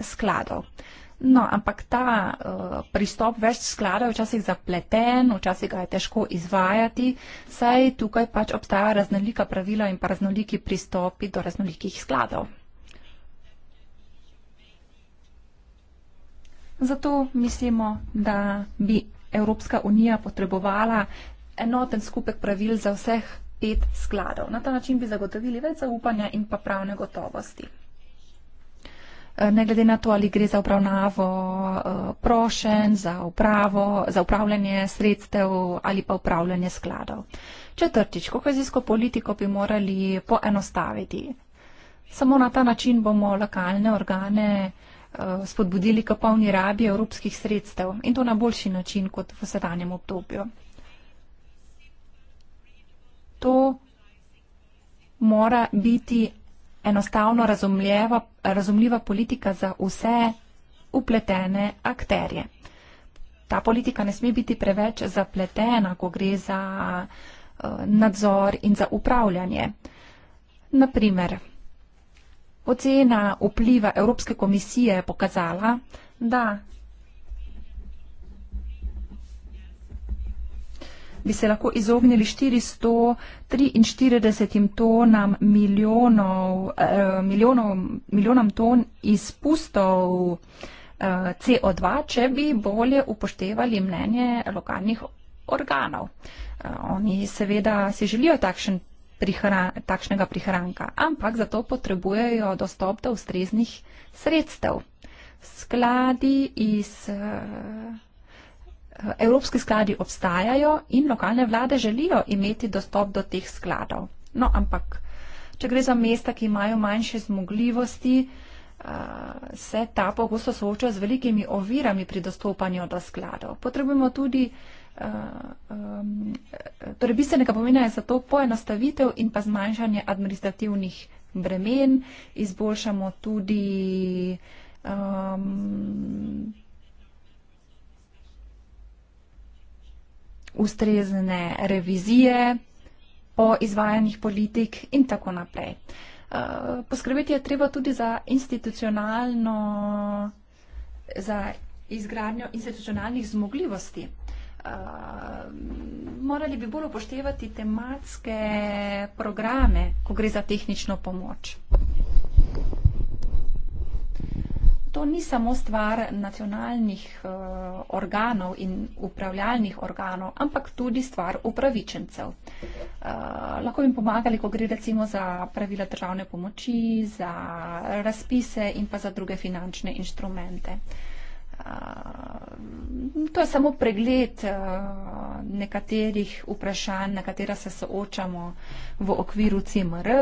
skladov. Uh, No, ampak ta uh, pristop več skladov je včasih zapleten, včasih ga je težko izvajati, saj tukaj pač obstaja raznolika pravila in pa raznoliki pristopi do raznolikih skladov. Zato mislimo, da bi Evropska unija potrebovala enoten skupek pravil za vseh pet skladov. Na ta način bi zagotovili več zaupanja in pa pravne gotovosti. Eh, ne glede na to, ali gre za obravnavo eh, prošen, za, upravo, za upravljanje sredstev ali pa upravljanje skladov. Četrtič, kohezijsko politiko bi morali poenostaviti. Samo na ta način bomo lokalne organe eh, spodbudili k polni rabi evropskih sredstev in to na boljši način kot v sedanjem obdobju. To mora biti enostavno razumljiva, razumljiva politika za vse upletene akterje. Ta politika ne sme biti preveč zapletena, ko gre za eh, nadzor in za upravljanje. Naprimer, ocena vpliva Evropske komisije je pokazala, da bi se lahko izognili 443 tonam milijonov, eh, milijonov, milijonom ton izpustov eh, CO2, če bi bolje upoštevali mnenje lokalnih organov. Eh, oni seveda si želijo takšen. Prihran, takšnega prihranka, ampak zato potrebujejo dostop do ustreznih sredstev. Skladi iz. Uh... Evropski skladi obstajajo in lokalne vlade želijo imeti dostop do teh skladov. No, ampak, če gre za mesta, ki imajo manjše zmogljivosti, eh, se ta pogosto sooča z velikimi ovirami pri dostopanju do skladov. Potrebujemo tudi, eh, eh, torej bistvenega pomena je zato poenostavitev in pa zmanjšanje administrativnih bremen, izboljšamo tudi. Um, ustrezne revizije po izvajanjih politik in tako naprej. Eh, poskrbeti je treba tudi za institucionalno, za izgradnjo institucionalnih zmogljivosti. Eh, morali bi bolj upoštevati tematske programe, ko gre za tehnično pomoč to ni samo stvar nacionalnih eh, organov in upravljalnih organov, ampak tudi stvar upravičencev. Eh, lahko bi jim pomagali, ko gre recimo za pravila državne pomoči, za razpise in pa za druge finančne inštrumente. Eh, to je samo pregled nekaterih vprašanj, na katera se soočamo v okviru CMR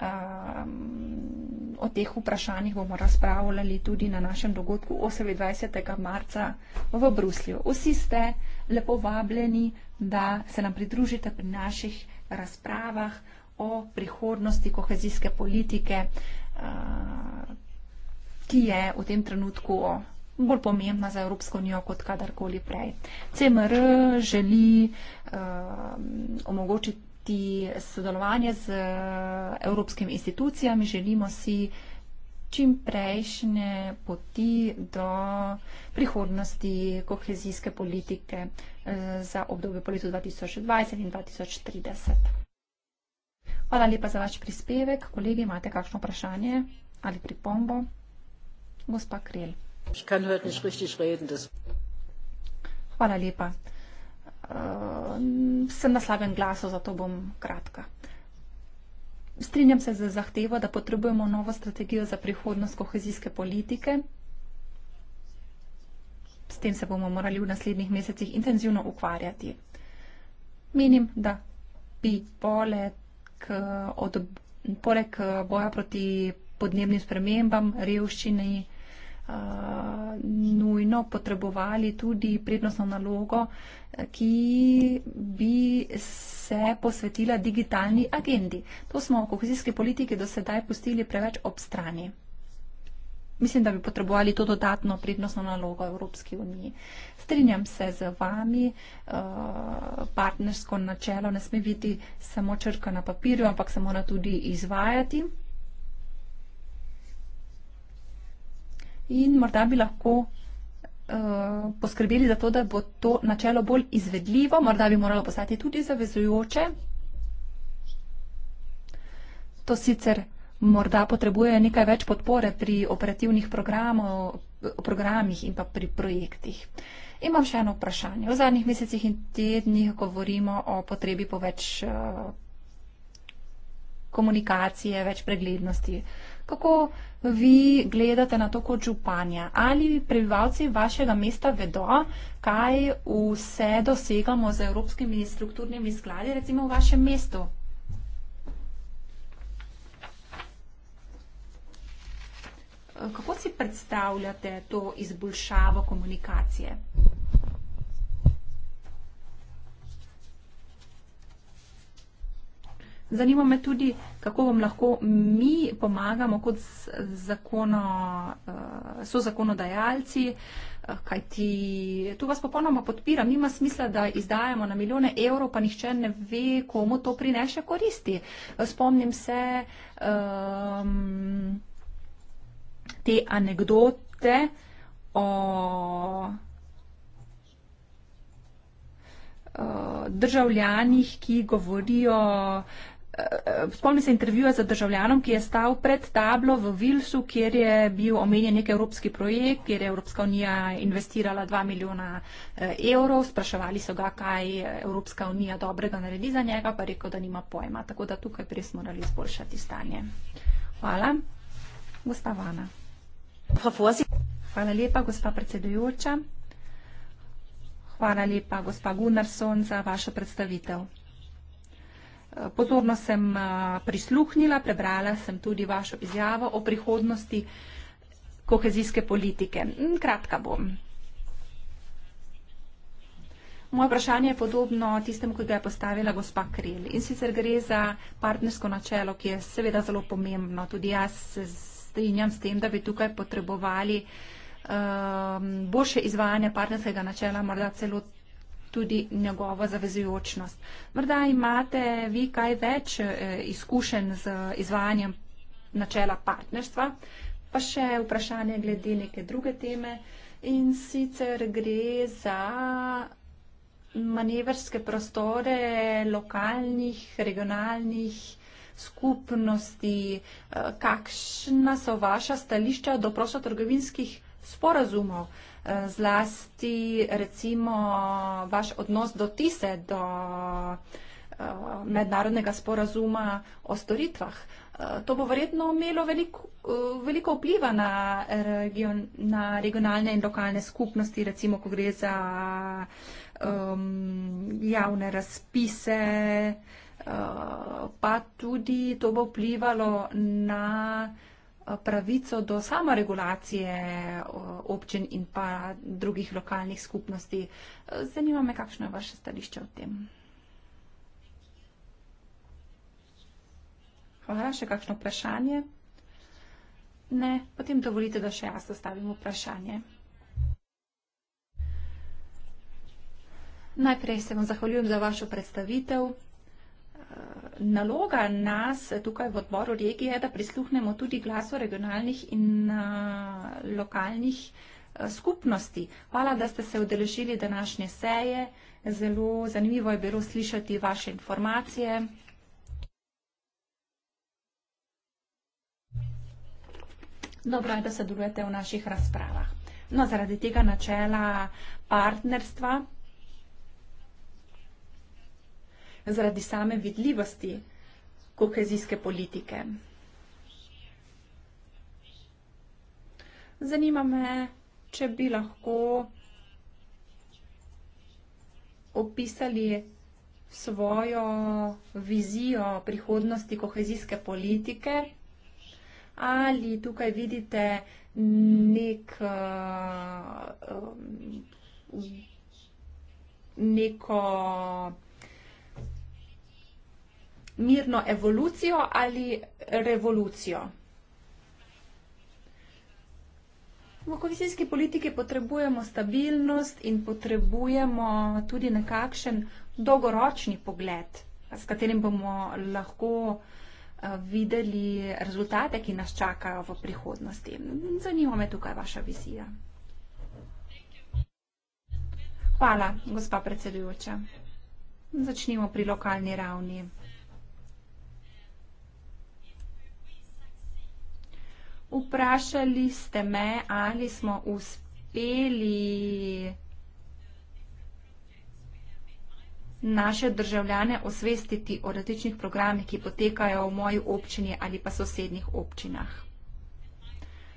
um, o teh vprašanjih bomo razpravljali tudi na našem dogodku 28. marca v Bruslju. Vsi ste lepo vabljeni, da se nam pridružite pri naših razpravah o prihodnosti kohezijske politike, uh, ki je v tem trenutku bolj pomembna za Evropsko unijo kot kadarkoli prej. CMR želi uh, omogočiti ti sodelovanje z eh, evropskimi institucijami, želimo si čim prejšnje poti do prihodnosti kohezijske politike eh, za obdobje po letu 2020 in 2030. Hvala lepa za vaš prispevek. Kolegi, imate kakšno vprašanje ali pripombo? Gospa Krel. Hvala lepa uh, sem na slabem glasu, zato bom kratka. Strinjam se z zahtevo, da potrebujemo novo strategijo za prihodnost kohezijske politike. S tem se bomo morali v naslednjih mesecih intenzivno ukvarjati. Menim, da bi poleg, eh, od, poleg eh, boja proti podnebnim spremembam, revščini, Eh, nujno potrebovali tudi prednostno nalogo, eh, ki bi se posvetila digitalni agendi. To smo v kohezijski politiki do sedaj pustili preveč ob strani. Mislim, da bi potrebovali to dodatno prednostno nalogo Evropski uniji. Strinjam se z vami, eh, partnersko načelo ne sme biti samo črka na papirju, ampak se mora tudi izvajati. in morda bi lahko eh, poskrbeli za to, da bo to načelo bolj izvedljivo, morda bi moralo postati tudi zavezujoče. To sicer morda potrebuje nekaj več podpore pri operativnih programov, programih in pa pri projektih. Imam še eno vprašanje. V zadnjih mesecih in tednih govorimo o potrebi po več eh, komunikacije, več preglednosti, kako vi gledate na to kot županja? Ali prebivalci vašega mesta vedo, kaj vse dosegamo z evropskimi strukturnimi skladi, recimo v vašem mestu? Kako si predstavljate to izboljšavo komunikacije? Zanima me tudi, kako vam lahko mi pomagamo kot zakono, eh, so zakonodajalci, eh, kajti tu vas popolnoma podpiram. Nima smisla, da izdajamo na milijone evrov, pa nihče ne ve, komu to prineše koristi. Eh, spomnim se um, te anegdote o. Državljanih, ki govorijo, uh, Spomnim se intervjuja z državljanom, ki je stal pred tablo v Vilsu, kjer je bil omenjen nek evropski projekt, kjer je Evropska unija investirala 2 milijona eh, evrov. Spraševali so ga, kaj Evropska unija dobrega naredi za njega, pa rekel, da nima pojma. Tako da tukaj res morali izboljšati stanje. Hvala. Gospa Vana. Hvala lepa, gospa predsedujoča. Hvala lepa, gospa Gunnarsson, za vašo predstavitev. Pozorno sem eh, prisluhnila, prebrala sem tudi vašo izjavo o prihodnosti kohezijske politike. Kratka bom. Moje vprašanje je podobno tistemu, ki ga je postavila gospa Kril. In sicer gre za partnersko načelo, ki je seveda zelo pomembno. Tudi jaz se strinjam s tem, da bi tukaj potrebovali um, boljše izvajanje partnerskega načela, morda celo tudi njegovo zavezujočnost. Morda imate vi kaj več eh, izkušenj z izvajanjem načela partnerstva, pa še vprašanje glede neke druge teme in sicer gre za manevrske prostore lokalnih, regionalnih skupnosti. Eh, kakšna so vaša stališča do prostotrgovinskih sporazumov? zlasti recimo vaš odnos do tise, do eh, mednarodnega sporazuma o storitvah. Eh, to bo verjetno imelo veliko, eh, veliko vpliva na, region, na regionalne in lokalne skupnosti, recimo, ko gre za um, javne razpise, uh, pa tudi to bo vplivalo na uh, pravico do samoregulacije občin in pa drugih lokalnih skupnosti. Zanima me, kakšno je vaše stališče o tem. Hvala, še kakšno vprašanje? Ne, potem dovolite, da še jaz zastavim vprašanje. Najprej se vam zahvaljujem za vašo predstavitev naloga nas tukaj v odboru regije je, da prisluhnemo tudi glasu regionalnih in lokalnih skupnosti. Hvala, da ste se odeležili današnje seje. Zelo zanimivo je bilo slišati vaše informacije. Dobro je, da sodelujete v naših razpravah. No, zaradi tega načela partnerstva zaradi same vidljivosti kohezijske politike. Zanima me, če bi lahko opisali svojo vizijo prihodnosti kohezijske politike. Ali tukaj vidite nek, uh, um, neko mirno evolucijo ali revolucijo. V kohezijski politiki potrebujemo stabilnost in potrebujemo tudi nekakšen dolgoročni pogled, s katerim bomo lahko eh, videli rezultate, ki nas čakajo v prihodnosti. Zanima me tukaj vaša vizija. Hvala, gospa predsedujoča. Začnimo pri lokalni ravni. Vprašali ste me, ali smo uspeli naše državljane osvestiti o različnih programih, ki potekajo v moji občini ali pa sosednjih občinah.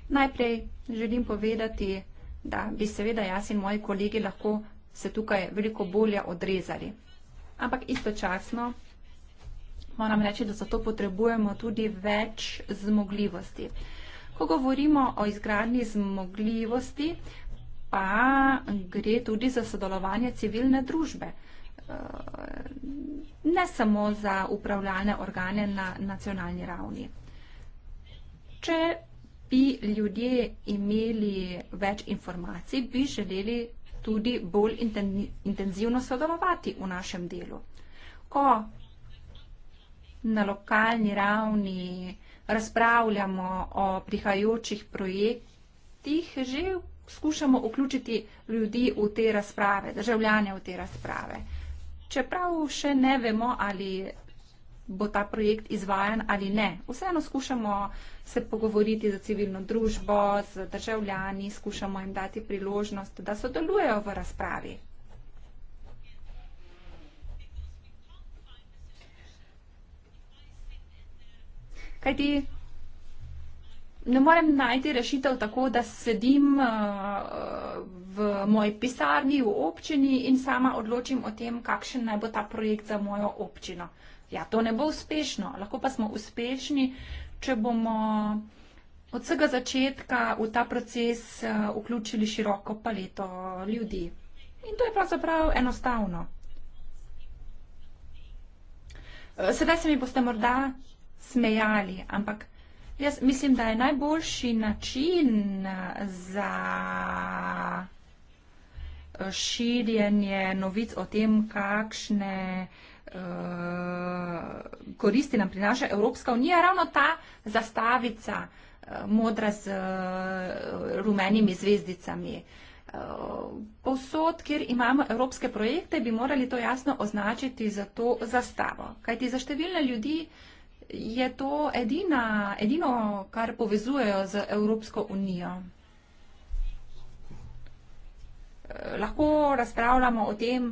Najprej želim povedati, da bi seveda jaz in moji kolegi lahko se tukaj veliko bolje odrezali. Ampak istočasno moram reči, da za to potrebujemo tudi več zmogljivosti. Ko govorimo o izgradnji zmogljivosti, pa gre tudi za sodelovanje civilne družbe. Eh, ne samo za upravljalne organe na nacionalni ravni. Če bi ljudje imeli več informacij, bi želeli tudi bolj intenzivno sodelovati v našem delu. Ko na lokalni ravni razpravljamo o prihajajočih projektih, že skušamo vključiti ljudi v te razprave, državljane v te razprave. Čeprav še ne vemo, ali bo ta projekt izvajan ali ne. Vseeno skušamo se pogovoriti z civilno družbo, z državljani, skušamo jim dati priložnost, da sodelujejo v razpravi. kajti ne morem najti rešitev tako, da sedim uh, v moji pisarni v občini in sama odločim o tem, kakšen naj bo ta projekt za mojo občino. Ja, to ne bo uspešno, lahko pa smo uspešni, če bomo od vsega začetka v ta proces uh, vključili široko paleto ljudi. In to je pravzaprav enostavno. Uh, sedaj se mi boste morda smejali. Ampak jaz mislim, da je najboljši način eh, za eh, širjenje novic o tem, kakšne uh, koristi nam prinaša Evropska unija, ravno ta zastavica modra z rumenimi zvezdicami. Posod, kjer imamo evropske projekte, bi morali to jasno označiti za to zastavo. Kajti za številne ljudi uh, je to edina, edino, kar povezujejo z Evropsko unijo. Lahko razpravljamo o tem,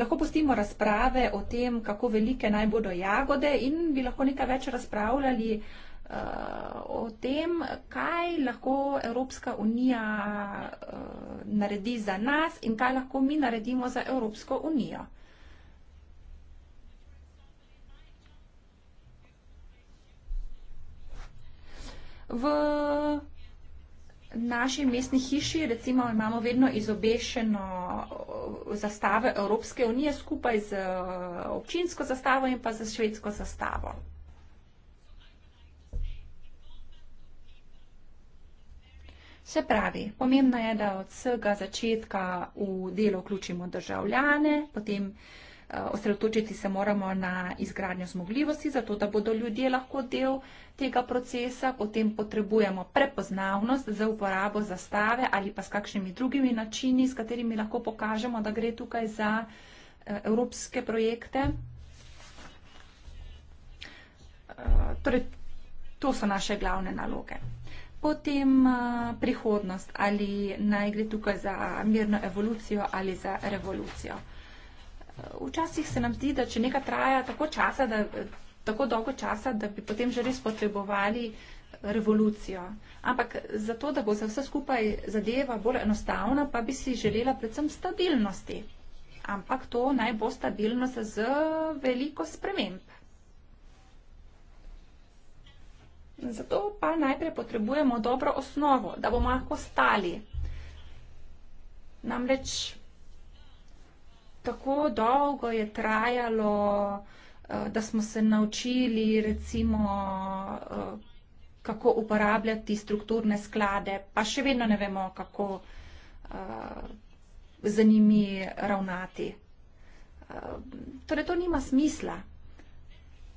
lahko postimo razprave o tem, kako velike naj bodo jagode in bi lahko nekaj več razpravljali eh, o tem, kaj lahko Evropska unija eh, naredi za nas in kaj lahko mi naredimo za Evropsko unijo. v naši mestni hiši, recimo imamo vedno izobešeno uh, zastave Evropske unije skupaj z uh, občinsko zastavo in pa z švedsko zastavo. Se pravi, pomembno je, da od vsega začetka v delo vključimo državljane, potem eh, Eh, osredotočiti se moramo na izgradnjo zmogljivosti, zato da bodo ljudje lahko del tega procesa, potem potrebujemo prepoznavnost za uporabo zastave ali pa s kakšnimi drugimi načini, s katerimi lahko pokažemo, da gre tukaj za eh, evropske projekte. Eh, torej, to so naše glavne naloge. Potem prihodnost, ali naj gre tukaj za mirno evolucijo ali za revolucijo včasih se nam zdi, da če nekaj traja tako, časa, da, tako dolgo časa, da bi potem že res potrebovali eh, revolucijo. Ampak zato, da bo za vse skupaj zadeva bolj enostavna, pa bi si želela predvsem stabilnosti. Ampak to naj bo stabilnost z veliko sprememb. Zato pa najprej potrebujemo dobro osnovo, da bomo lahko stali. Namreč tako dolgo je trajalo, eh, da smo se naučili, recimo, eh, kako uporabljati strukturne sklade, pa še vedno ne vemo, kako eh, z njimi ravnati. Torej, to nima smisla.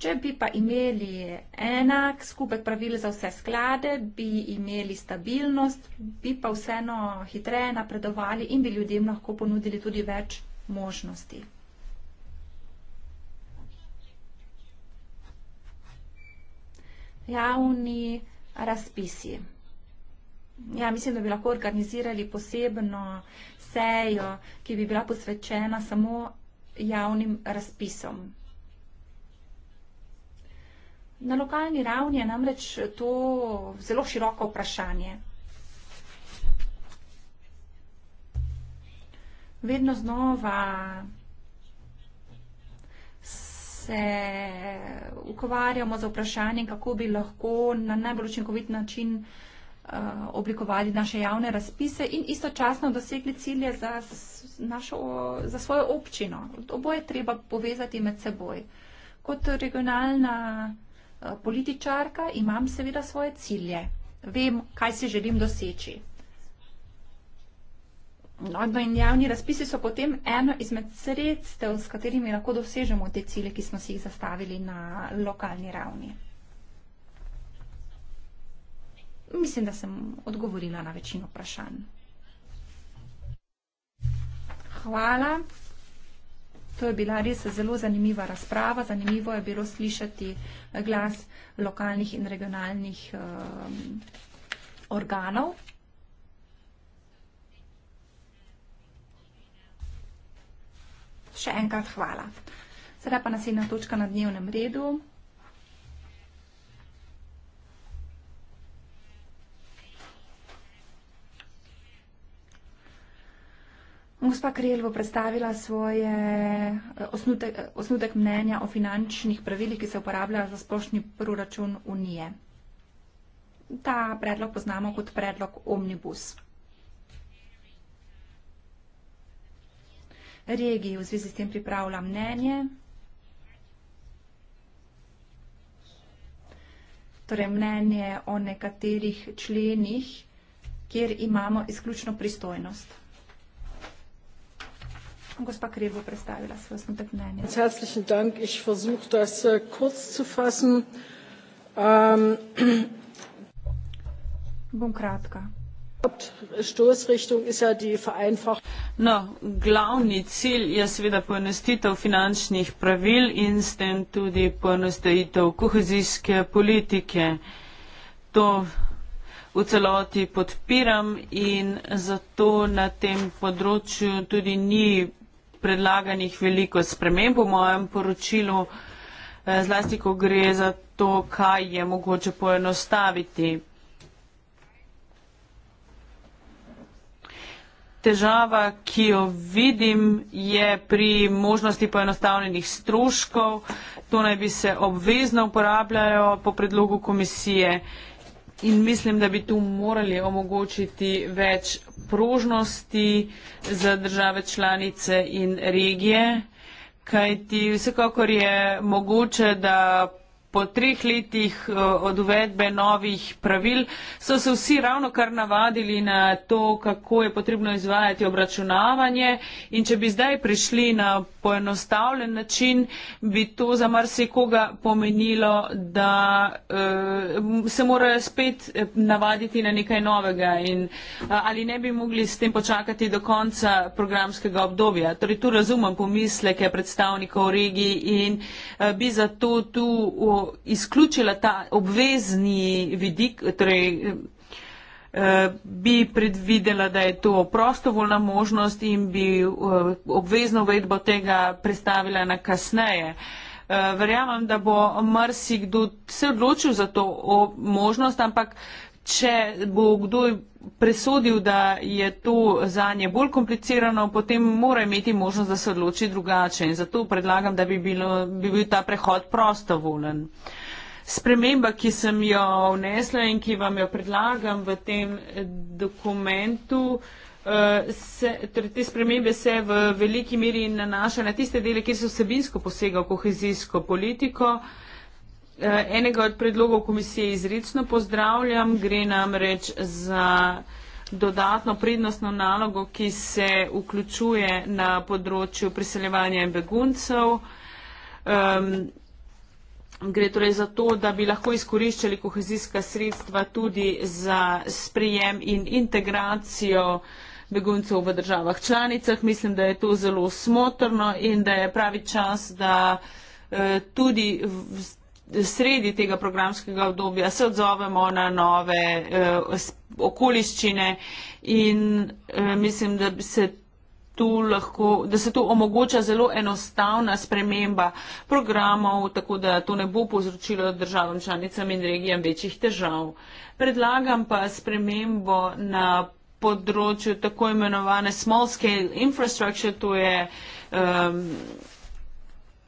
Če bi pa imeli enak skupek pravil za vse sklade, bi imeli stabilnost, bi pa vseeno hitreje napredovali in bi ljudem lahko ponudili tudi več možnosti. Javni razpisi. Ja, mislim, da bi lahko organizirali posebno sejo, ki bi bila posvečena samo javnim razpisom. Na lokalni ravni je namreč to zelo široko vprašanje. vedno znova se ukvarjamo z vprašanjem, kako bi lahko na najbolj učinkovit način eh, oblikovali naše javne razpise in istočasno dosegli cilje za, našo, za svojo občino. Oboje treba povezati med seboj. Kot regionalna eh, političarka imam seveda svoje cilje. Vem, kaj si želim doseči. No, no, in javni razpisi so potem eno izmed sredstev, s katerimi lahko dosežemo te cilje, ki smo si jih zastavili na lokalni ravni. Mislim, da sem odgovorila na večino vprašanj. Hvala. To je bila res zelo zanimiva razprava. Zanimivo je bilo slišati glas lokalnih in regionalnih um, organov. še enkrat hvala. Sedaj pa naslednja točka na dnevnem redu. Gospa Krel bo predstavila svoje eh, osnutek, eh, osnutek mnenja o finančnih pravilih, ki se uporabljajo za splošni proračun Unije. Ta predlog poznamo kot predlog omnibus. regiji v zvezi s tem pripravila mnenje. Torej mnenje o nekaterih členih, kjer imamo izključno pristojnost. Gospa Krev bo predstavila svoj osnutek mnenja. Herzlichen Dank, ich versuch das äh, kurz zu fassen. Um... Bom kratka. Hauptstoßrichtung ist ja die Vereinfachung. No, glavni cilj je seveda poenostitev finančnih pravil in s tem tudi poenostitev kohezijske politike. To v celoti podpiram in zato na tem področju tudi ni predlaganih veliko sprememb v mojem poročilu, eh, zlasti ko gre za to, kaj je mogoče poenostaviti. težava, ki jo vidim, je pri možnosti poenostavljenih stroškov. To naj bi se obvezno uporabljalo po predlogu komisije in mislim, da bi tu morali omogočiti več prožnosti za države članice in regije, kajti vsekakor je mogoče, da po treh letih eh, od uvedbe novih pravil so se vsi ravno kar navadili na to, kako je potrebno izvajati obračunavanje in če bi zdaj prišli na poenostavljen način, bi to za marsikoga pomenilo, da eh, se morajo spet eh, navaditi na nekaj novega in ali ne bi mogli s tem počakati do konca programskega obdobja. Torej tu razumem pomisleke predstavnikov regij in bi zato tu v izključila ta obvezni vidik, torej eh, bi predvidela, da je to prostovoljna možnost in bi eh, obvezno vedbo tega predstavila na kasneje. Eh, verjamem, da bo marsikdo se odločil za to možnost, ampak če bo kdo presodil, da je to za nje bolj komplicirano, potem mora imeti možnost, da se odloči drugače. In zato predlagam, da bi, bilo, bi bil ta prehod prostovolen. Sprememba, ki sem jo vnesla in ki vam jo predlagam v tem dokumentu, eh, se, torej te spremembe se v veliki meri nanašajo na tiste dele, kjer so sebinsko posegal kohezijsko politiko. Eh, enega od predlogov komisije izredno pozdravljam, gre namreč za dodatno prednostno nalogo, ki se vključuje na področju priseljevanja in beguncev. Um, gre torej za to, da bi lahko izkoriščali kohezijska sredstva tudi za sprijem in integracijo beguncev v državah članicah. Mislim, da je to zelo smotrno in da je pravi čas, da uh, tudi v, sredi tega programskega obdobja se odzovemo na nove eh, okoliščine in eh, mislim, da bi se. Tu lahko, da se tu omogoča zelo enostavna sprememba programov, tako da to ne bo povzročilo državam članicam in regijam večjih težav. Predlagam pa spremembo na področju tako imenovane small scale infrastructure, to je um,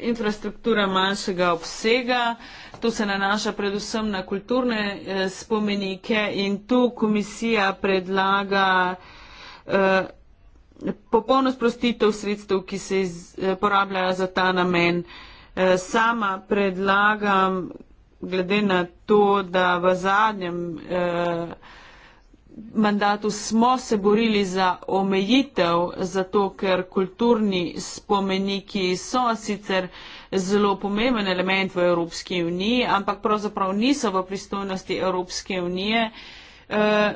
infrastruktura manjšega obsega. To se nanaša predvsem na kulturne eh, spomenike in tu komisija predlaga eh, popolno sprostitev sredstev, ki se eh, porabljajo za ta namen. Sama predlagam, glede na to, da v zadnjem eh, mandatu smo se borili za omejitev, zato ker kulturni spomeniki so sicer zelo pomemben element v Evropski uniji, ampak pravzaprav niso v pristojnosti Evropske unije. E,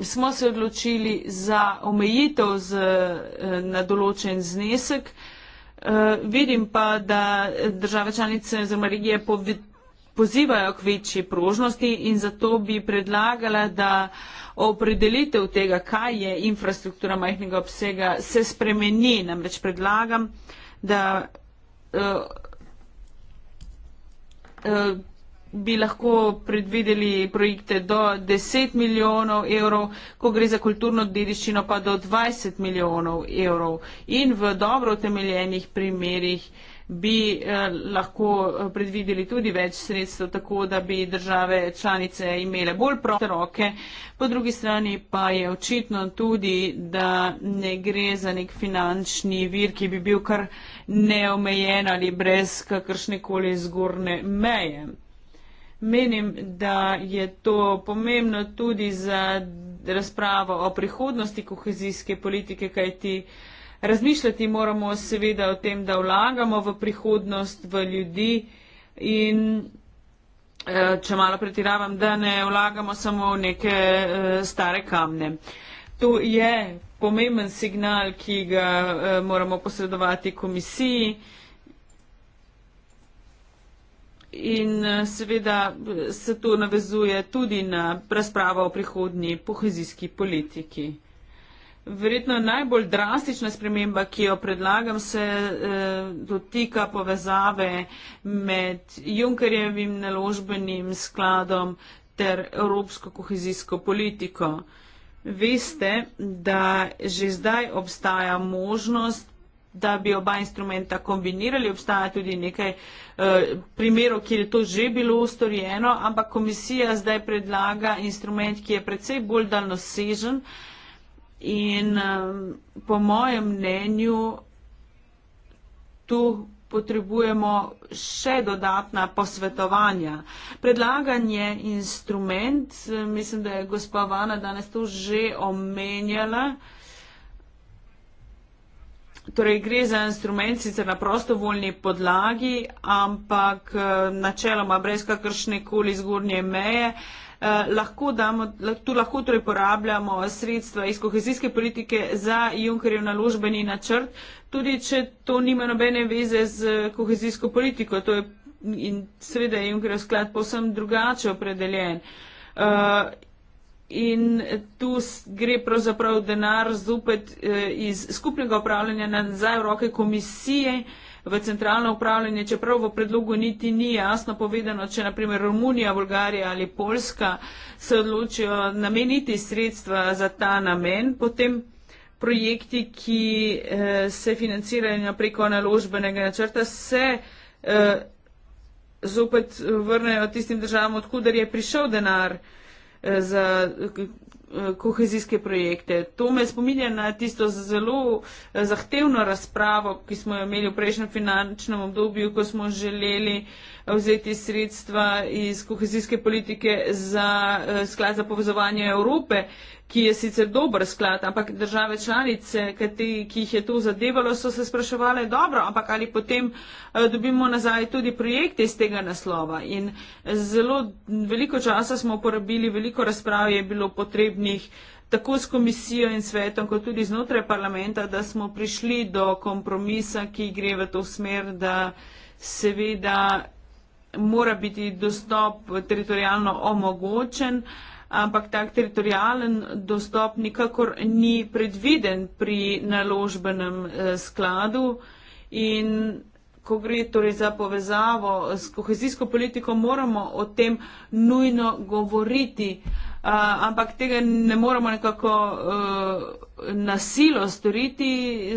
smo se odločili za omejitev z, eh, na določen znesek. E, vidim pa, da države članice oziroma regije povedo, pozivajo k večji prožnosti in zato bi predlagala, da opredelitev tega, kaj je infrastruktura majhnega obsega, se spremeni. Namreč predlagam, da uh, uh, bi lahko predvideli projekte do 10 milijonov evrov, ko gre za kulturno dediščino pa do 20 milijonov evrov in v dobro utemeljenih primerjih uh, bi eh, lahko eh, predvideli tudi več sredstev, tako da bi države članice imele bolj proste roke. Po drugi strani pa je očitno tudi, da ne gre za nek finančni vir, ki bi bil kar neomejen ali brez kakršne koli zgorne meje. Menim, da je to pomembno tudi za razpravo o prihodnosti kohezijske politike, kajti eh, razmišljati moramo seveda o tem, da vlagamo v prihodnost, v ljudi in eh, če malo pretiravam, da ne vlagamo samo v neke eh, stare kamne. To je pomemben signal, ki ga eh, moramo posredovati komisiji. In seveda se to navezuje tudi na razpravo o prihodnji pohezijski politiki. Verjetno najbolj drastična sprememba, ki jo predlagam, se eh, dotika povezave med Junkerjevim naložbenim skladom ter Evropsko kohezijsko politiko. Veste, da že zdaj obstaja možnost, da bi oba instrumenta kombinirali. Obstaja tudi nekaj eh, primerov, kjer je to že bilo ustorjeno, ampak komisija zdaj predlaga instrument, ki je predvsej bolj daljnosežen. Eh, In um, po mojem mnenju tu potrebujemo še dodatna posvetovanja. Predlagan je instrument, mislim, da je gospa Vana danes to že omenjala. Torej, gre za instrument sicer na prostovoljni podlagi, ampak eh, načeloma brez kakršne koli zgornje meje. Uh, Eh, lahko damo, tu lahko torej porabljamo sredstva iz kohezijske politike za Junkerjev naložbeni načrt, tudi če to nima nobene veze z kohezijsko politiko. To je in seveda je Junkerjev sklad povsem drugače opredeljen. Uh, In tu gre pravzaprav denar zopet eh, iz skupnega upravljanja nazaj v roke komisije, uh, v centralno upravljanje, čeprav v predlogu niti ni jasno povedano, če naprimer Romunija, Bolgarija ali Poljska se odločijo nameniti sredstva za ta namen, potem projekti, ki eh, se financirajo preko naložbenega načrta, se eh, zopet vrnejo tistim državam, odkuder je prišel denar eh, za. Eh, Eh, kohezijske projekte. To me spominja na tisto zelo eh, zahtevno razpravo, ki smo jo imeli v prejšnjem finančnem obdobju, ko smo želeli uh, vzeti sredstva iz kohezijske politike za eh, sklad za povezovanje Evrope, ki je sicer dober sklad, ampak države članice, ki jih je to zadevalo, so se spraševali dobro, ampak ali potem eh, dobimo nazaj tudi projekte iz tega naslova. In zelo veliko časa smo uporabili, veliko razprav je bilo potrebnih tako s komisijo in svetom, kot tudi znotraj parlamenta, da smo prišli do kompromisa, ki gre v to smer, da seveda mora biti dostop teritorijalno omogočen, ampak tak teritorijalen dostop nikakor ni predviden pri naložbenem eh, skladu. In ko gre torej za povezavo s kohezijsko politiko, moramo o tem nujno govoriti, eh, ampak tega ne moramo nekako eh, nasilo storiti.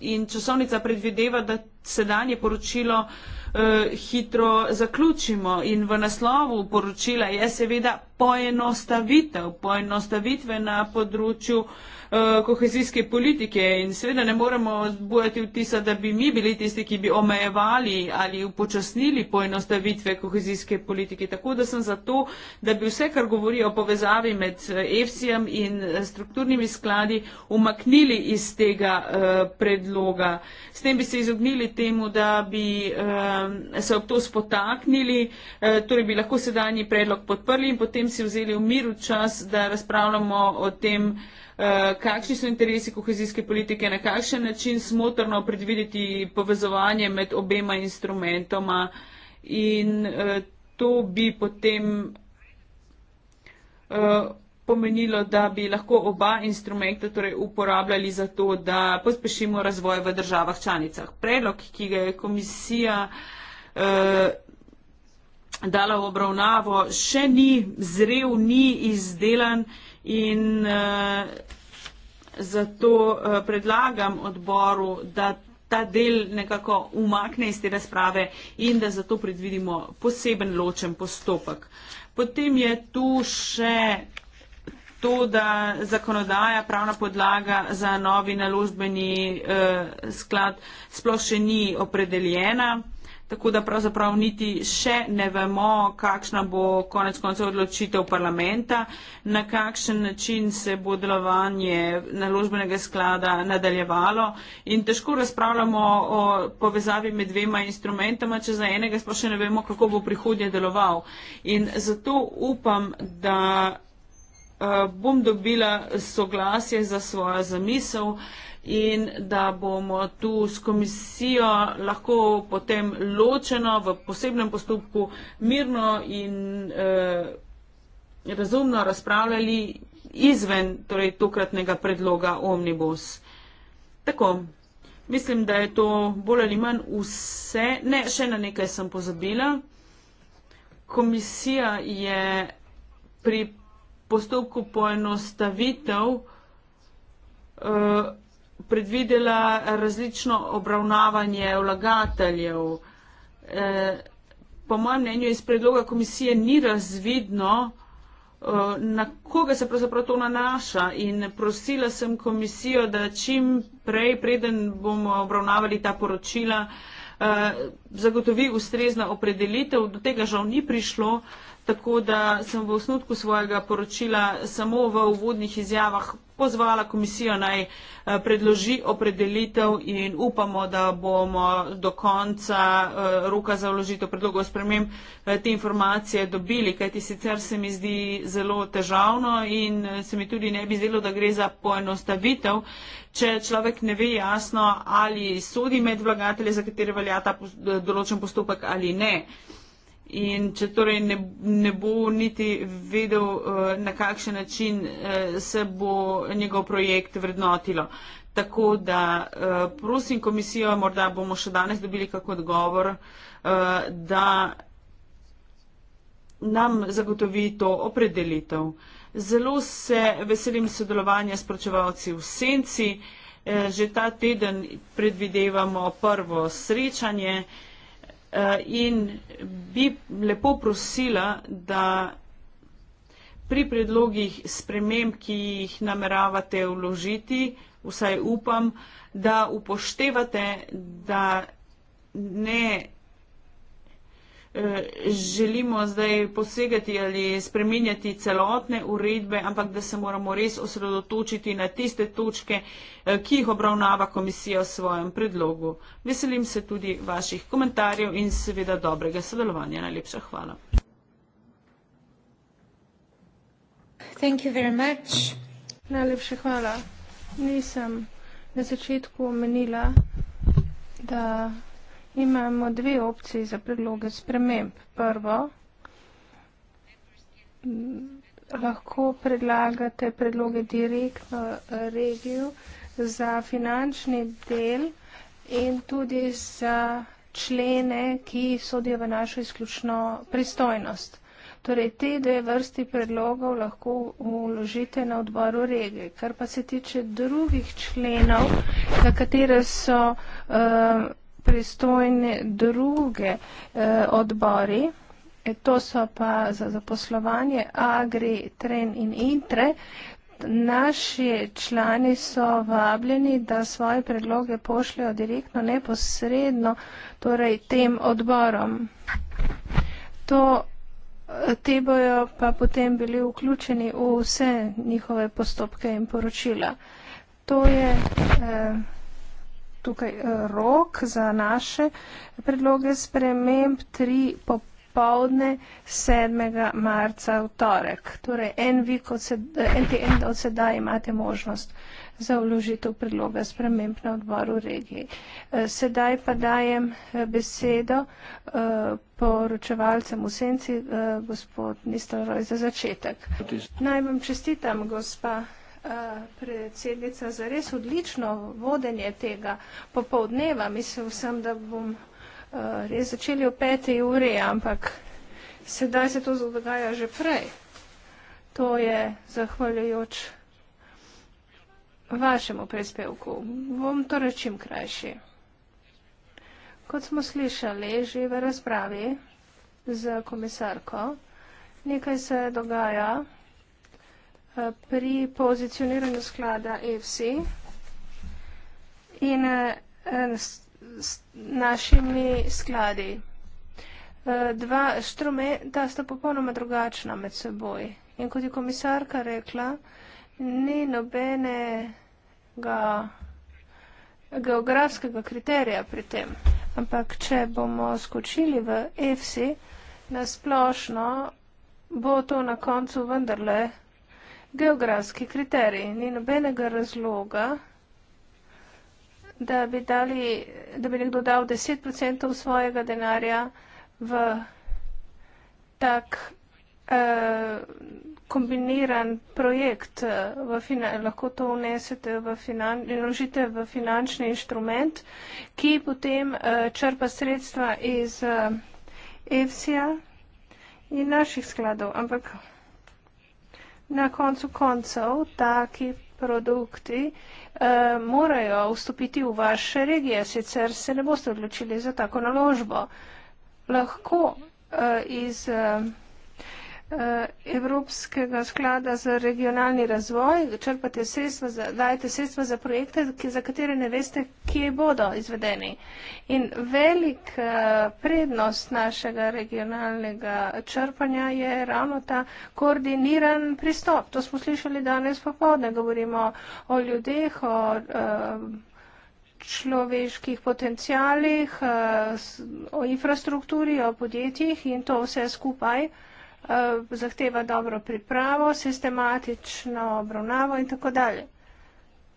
In časovnica predvideva, da sedanje poročilo Eh, hitro zaključimo in v naslovu poročila je seveda poenostavitev, poenostavitve na področju uh, Eh, kohezijske politike in seveda ne moremo bojati vtisa, da bi mi bili tisti, ki bi omejevali ali upočasnili poenostavitve kohezijske politike. Tako da sem zato, da bi vse, kar govori o povezavi med eh, EFSI-jem in eh, strukturnimi skladi, umaknili iz tega predloga. S tem bi se izognili temu, da bi se ob to spotaknili, torej bi lahko sedajni predlog podprli in potem si vzeli v miru čas, da razpravljamo o tem, Eh, kakšni so interesi kohezijske politike, na kakšen način smotrno predvideti povezovanje med obema instrumentoma in eh, to bi potem eh, pomenilo, da bi lahko oba instrumenta torej uporabljali za to, da pospešimo razvoj v državah članicah. Predlog, ki ga je komisija dala v obravnavo, še ni zrev, ni izdelan. In uh, zato uh, predlagam odboru, da ta del nekako umakne iz te razprave in da zato predvidimo poseben ločen postopek. Potem je tu še to, da zakonodaja, pravna podlaga za novi naložbeni eh, sklad sploh še ni opredeljena tako da pravzaprav niti še ne vemo, kakšna bo konec koncev odločitev parlamenta, na kakšen način se bo delovanje naložbenega sklada nadaljevalo in težko razpravljamo o povezavi med dvema instrumentama, če za enega sploh še ne vemo, kako bo prihodnje deloval. In zato upam, da eh, bom dobila soglasje za svojo zamisel in da bomo tu s komisijo lahko potem ločeno v posebnem postopku mirno in eh, razumno razpravljali izven torej, tokratnega predloga omnibus. Tako, mislim, da je to bolj ali manj vse. Ne, še na nekaj sem pozabila. Komisija je pri postopku poenostavitev eh, predvidela različno obravnavanje vlagateljev. E, po mojem mnenju iz predloga komisije ni razvidno, e, na koga se pravzaprav to nanaša in prosila sem komisijo, da čim prej, preden bomo obravnavali ta poročila, e, zagotovi ustrezna opredelitev. Do tega žal ni prišlo, Tako da sem v osnutku svojega poročila samo v uvodnih izjavah pozvala komisijo naj eh, predloži opredelitev in upamo, da bomo do konca eh, roka za vložitev predlogov spremem eh, te informacije dobili, kajti sicer se mi zdi zelo težavno in se mi tudi ne bi zdelo, da gre za poenostavitev, če človek ne ve jasno, ali sodi med vlagatelje, za katere velja ta določen postopek ali ne. In če torej ne, ne bo niti vedel, eh, na kakšen način eh, se bo njegov projekt vrednotilo. Tako da eh, prosim komisijo, morda bomo še danes dobili kak odgovor, da nam zagotovi to opredelitev. Zelo se veselim sodelovanja s pročevalci v Senci. Že ta teden predvidevamo prvo srečanje. Eh, in bi lepo prosila, da pri predlogih sprememb, ki jih nameravate vložiti, vsaj upam, da upoštevate, da ne. Eh, želimo zdaj posegati ali spreminjati celotne uredbe, ampak da se moramo res osredotočiti na tiste točke, eh, ki jih obravnava komisija v svojem predlogu. Veselim se tudi vaših komentarjev in seveda dobrega sodelovanja. Najlepša hvala. Najlepša hvala. Nisem na začetku omenila, da imamo dve opcije za predloge sprememb. Prvo, lahko predlagate predloge direktno regijo za finančni del in tudi za člene, ki sodijo v našo izključno pristojnost. Torej, te dve vrsti predlogov lahko uložite na odboru regije. Kar pa se tiče drugih členov, za katere so uh, pristojni druge eh, odbori, e, to so pa za zaposlovanje Agri, Tren in Intre. Naši člani so vabljeni, da svoje predloge pošljajo direktno, neposredno, torej tem odborom. To, eh, te bojo pa potem bili vključeni v vse njihove postopke in poročila. To je eh, tukaj eh, rok za naše predloge sprememb 3 popovdne 7. marca v torek. Torej en, od sedaj, eh, en teden od sedaj imate možnost za vložitev predloga sprememb na odboru regije. Eh, sedaj pa dajem besedo poročevalcem v senci, gospod Nistelroj, za začetek. Naj vam čestitam, gospa Eh, predsednica, za res odlično vodenje tega popovdneva. Mislil sem, da bom eh, res začeli o peti uri, ampak sedaj se to dogaja že prej. To je zahvaljujoč vašemu prispevku. Bom torej čim krajši. Kot smo slišali že v razpravi z komisarko, nekaj se dogaja pri pozicioniranju sklada EFC in eh, s, s našimi skladi. Eh, dva instrumenta sta popolnoma drugačna med seboj. In kot je komisarka rekla, ni nobenega geografskega kriterija pri tem. Ampak, če bomo skočili v EFSI, nasplošno bo to na koncu vendarle geografski kriterij. Ni nobenega razloga, da bi, dali, da bi nekdo dal 10% svojega denarja v tak eh, kombiniran projekt. Eh, v lahko to vnesete v, finan v finančni inštrument, ki potem eh, črpa sredstva iz eh, EFSI-ja in naših skladov. Ampak na koncu koncev taki produkti eh, morajo vstopiti v vaše regije, sicer se ne boste odločili za tako naložbo. Lahko eh, iz. Eh, Eh, Evropskega sklada za regionalni razvoj, črpate sredstva, za, dajete sredstva za projekte, za katere ne veste, kje bodo izvedeni. In velik eh, prednost našega regionalnega črpanja je ravno ta koordiniran pristop. To smo slišali danes popovdne, govorimo o ljudeh, o eh, človeških potencijalih, o infrastrukturi, o podjetjih in to vse skupaj. Eh, zahteva dobro pripravo, sistematično obravnavo in tako dalje.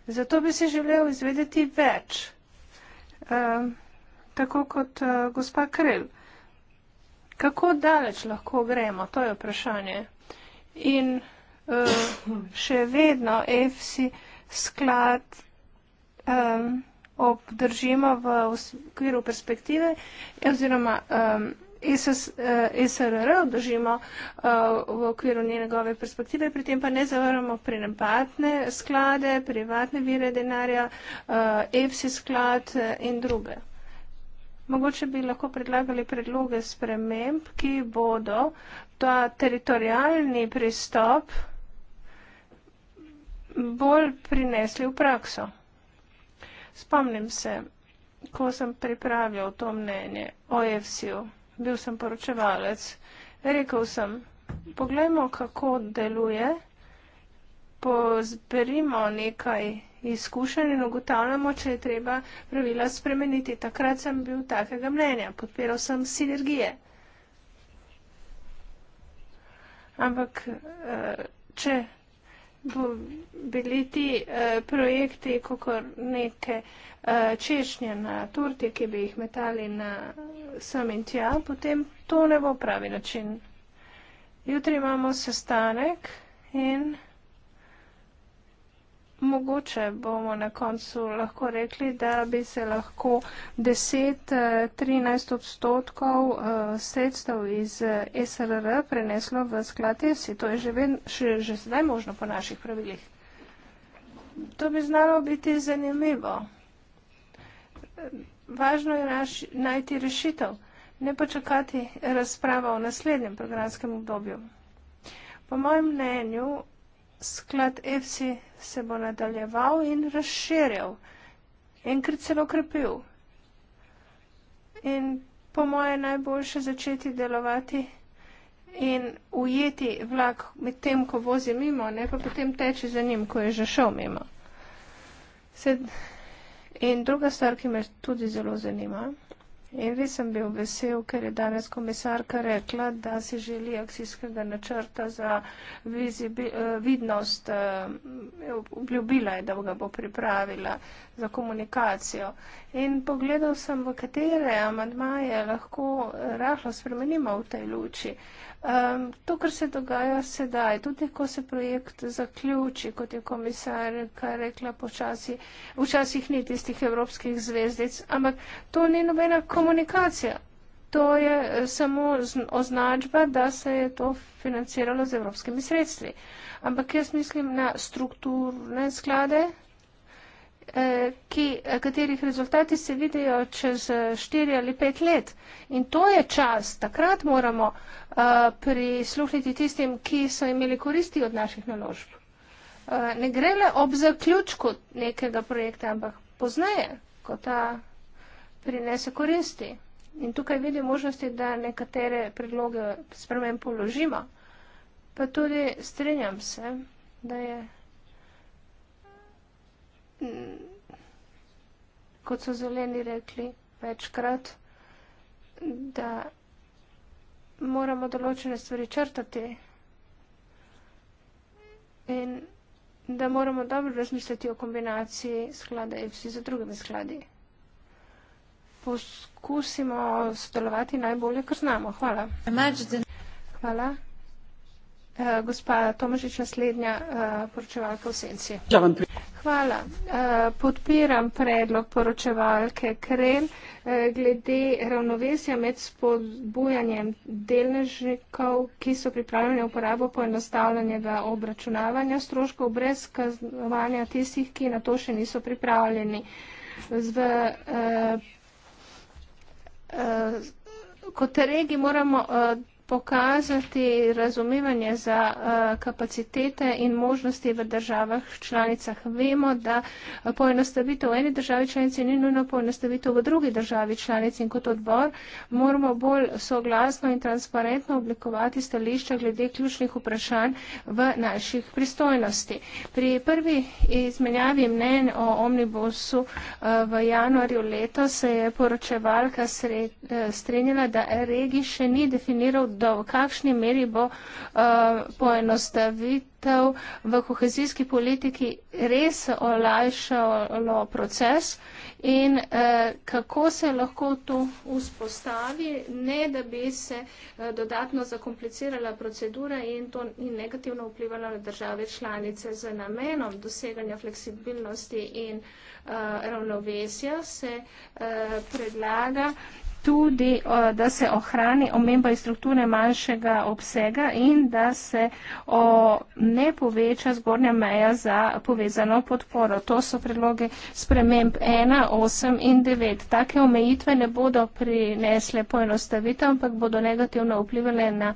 Zato bi si želel izvedeti več, eh, tako kot eh, gospa Kril. Kako daleč lahko gremo, to je vprašanje. In še vedno EFSI sklad obdržimo v okviru perspektive oziroma vprašanje SRR eh, održimo eh, v okviru njenegove perspektive, pri tem pa ne zavrnemo prenebatne sklade, privatne vire denarja, EFSI eh, sklad in druge. Mogoče bi lahko predlagali predloge sprememb, ki bodo ta teritorijalni pristop bolj prinesli v prakso. Spomnim se, ko sem pripravil to mnenje o EFSI-u bil sem poročevalec. Rekel sem, poglejmo, kako deluje, pozberimo nekaj izkušenj in ugotavljamo, če je treba pravila spremeniti. Takrat sem bil takega mnenja, podpiral sem sinergije. Ampak, eh, če bili ti eh, projekti kot neke eh, češnje na turti, ki bi jih metali na sem in tja, potem to ne bo pravi način. Jutri imamo sestanek in. Mogoče bomo na koncu lahko rekli, da bi se lahko 10-13 eh, odstotkov eh, sredstev iz eh, SRR preneslo v sklad ESI. To je že, ven, še, že sedaj možno po naših pravilih. To bi znalo biti zanimivo. Važno je naš, najti rešitev, ne pa čakati razprava o naslednjem programskem obdobju. Po mojem mnenju sklad EFSI se bo nadaljeval in razširjal, enkrat celo krepil. In po moje najboljše začeti delovati in ujeti vlak med tem, ko vozi mimo, ne pa potem teči za njim, ko je že šel mimo. Sed... In druga stvar, ki me tudi zelo zanima. In res sem bil vesel, ker je danes komisarka rekla, da si želi akcijskega načrta za eh, vidnost. Eh, obljubila je, da ga bo pripravila za komunikacijo. In pogledal sem, v katere amadmaje lahko rahlo spremenimo v tej luči. Ehm, to, kar se dogaja sedaj, tudi ko se projekt zaključi, kot je komisarka rekla, počasi, včasih ni tistih evropskih zvezdic, ampak to ni nobena komisarka komunikacija. To je eh, samo označba, da se je to financiralo z evropskimi sredstvi. Ampak jaz mislim na strukturne sklade, eh, ki, eh, katerih rezultati se vidijo čez 4 ali 5 let. In to je čas, takrat moramo uh, prisluhniti tistim, ki so imeli koristi od naših naložb. Uh, ne gre le ob zaključku nekega projekta, ampak poznaje, ko ta prinese koristi. In tukaj vidim možnosti, da nekatere predloge spremem položimo. Pa tudi strenjam se, da je, mm, kot so zeleni rekli večkrat, da moramo določene stvari črtati in da moramo dobro razmisliti o kombinaciji sklada EFSI za drugimi skladi poskusimo sodelovati najbolje, kar znamo. Hvala. Hvala. Uh, gospa Tomažič, naslednja uh, poročevalka v senci. Hvala. Uh, podpiram predlog poročevalke Krel uh, glede ravnovesja med spodbujanjem delnežnikov, ki so pripravljeni v uporabo poenostavljenega obračunavanja stroškov brez kaznovanja tistih, ki na to še niso pripravljeni. Z, uh, Eh, kot regi moramo uh, pokazati razumevanje za uh, kapacitete in možnosti v državah članicah. Vemo, da poenostavitev v eni državi članici ni nujno poenostavitev v drugi državi članici in kot odbor moramo bolj soglasno in transparentno oblikovati stališča glede ključnih vprašanj v naših pristojnosti. Pri prvi izmenjavi mnen o omnibusu uh, v januarju leto se je poročevalka sre, uh, eh, strenjala, da regi še ni definiral do kakšni meri bo uh, poenostavitev v kohezijski politiki res olajšalo proces in uh, kako se lahko to vzpostavi, ne da bi se uh, dodatno zakomplicirala procedura in to in negativno vplivalo na države članice z namenom doseganja fleksibilnosti in uh, ravnovesja, se uh, predlaga tudi, da se ohrani omemba in strukture manjšega obsega in da se ne poveča zgornja meja za povezano podporo. To so predloge sprememb 1, 8 in 9. Take omejitve ne bodo prinesle poenostavitev, ampak bodo negativno vplivali na e,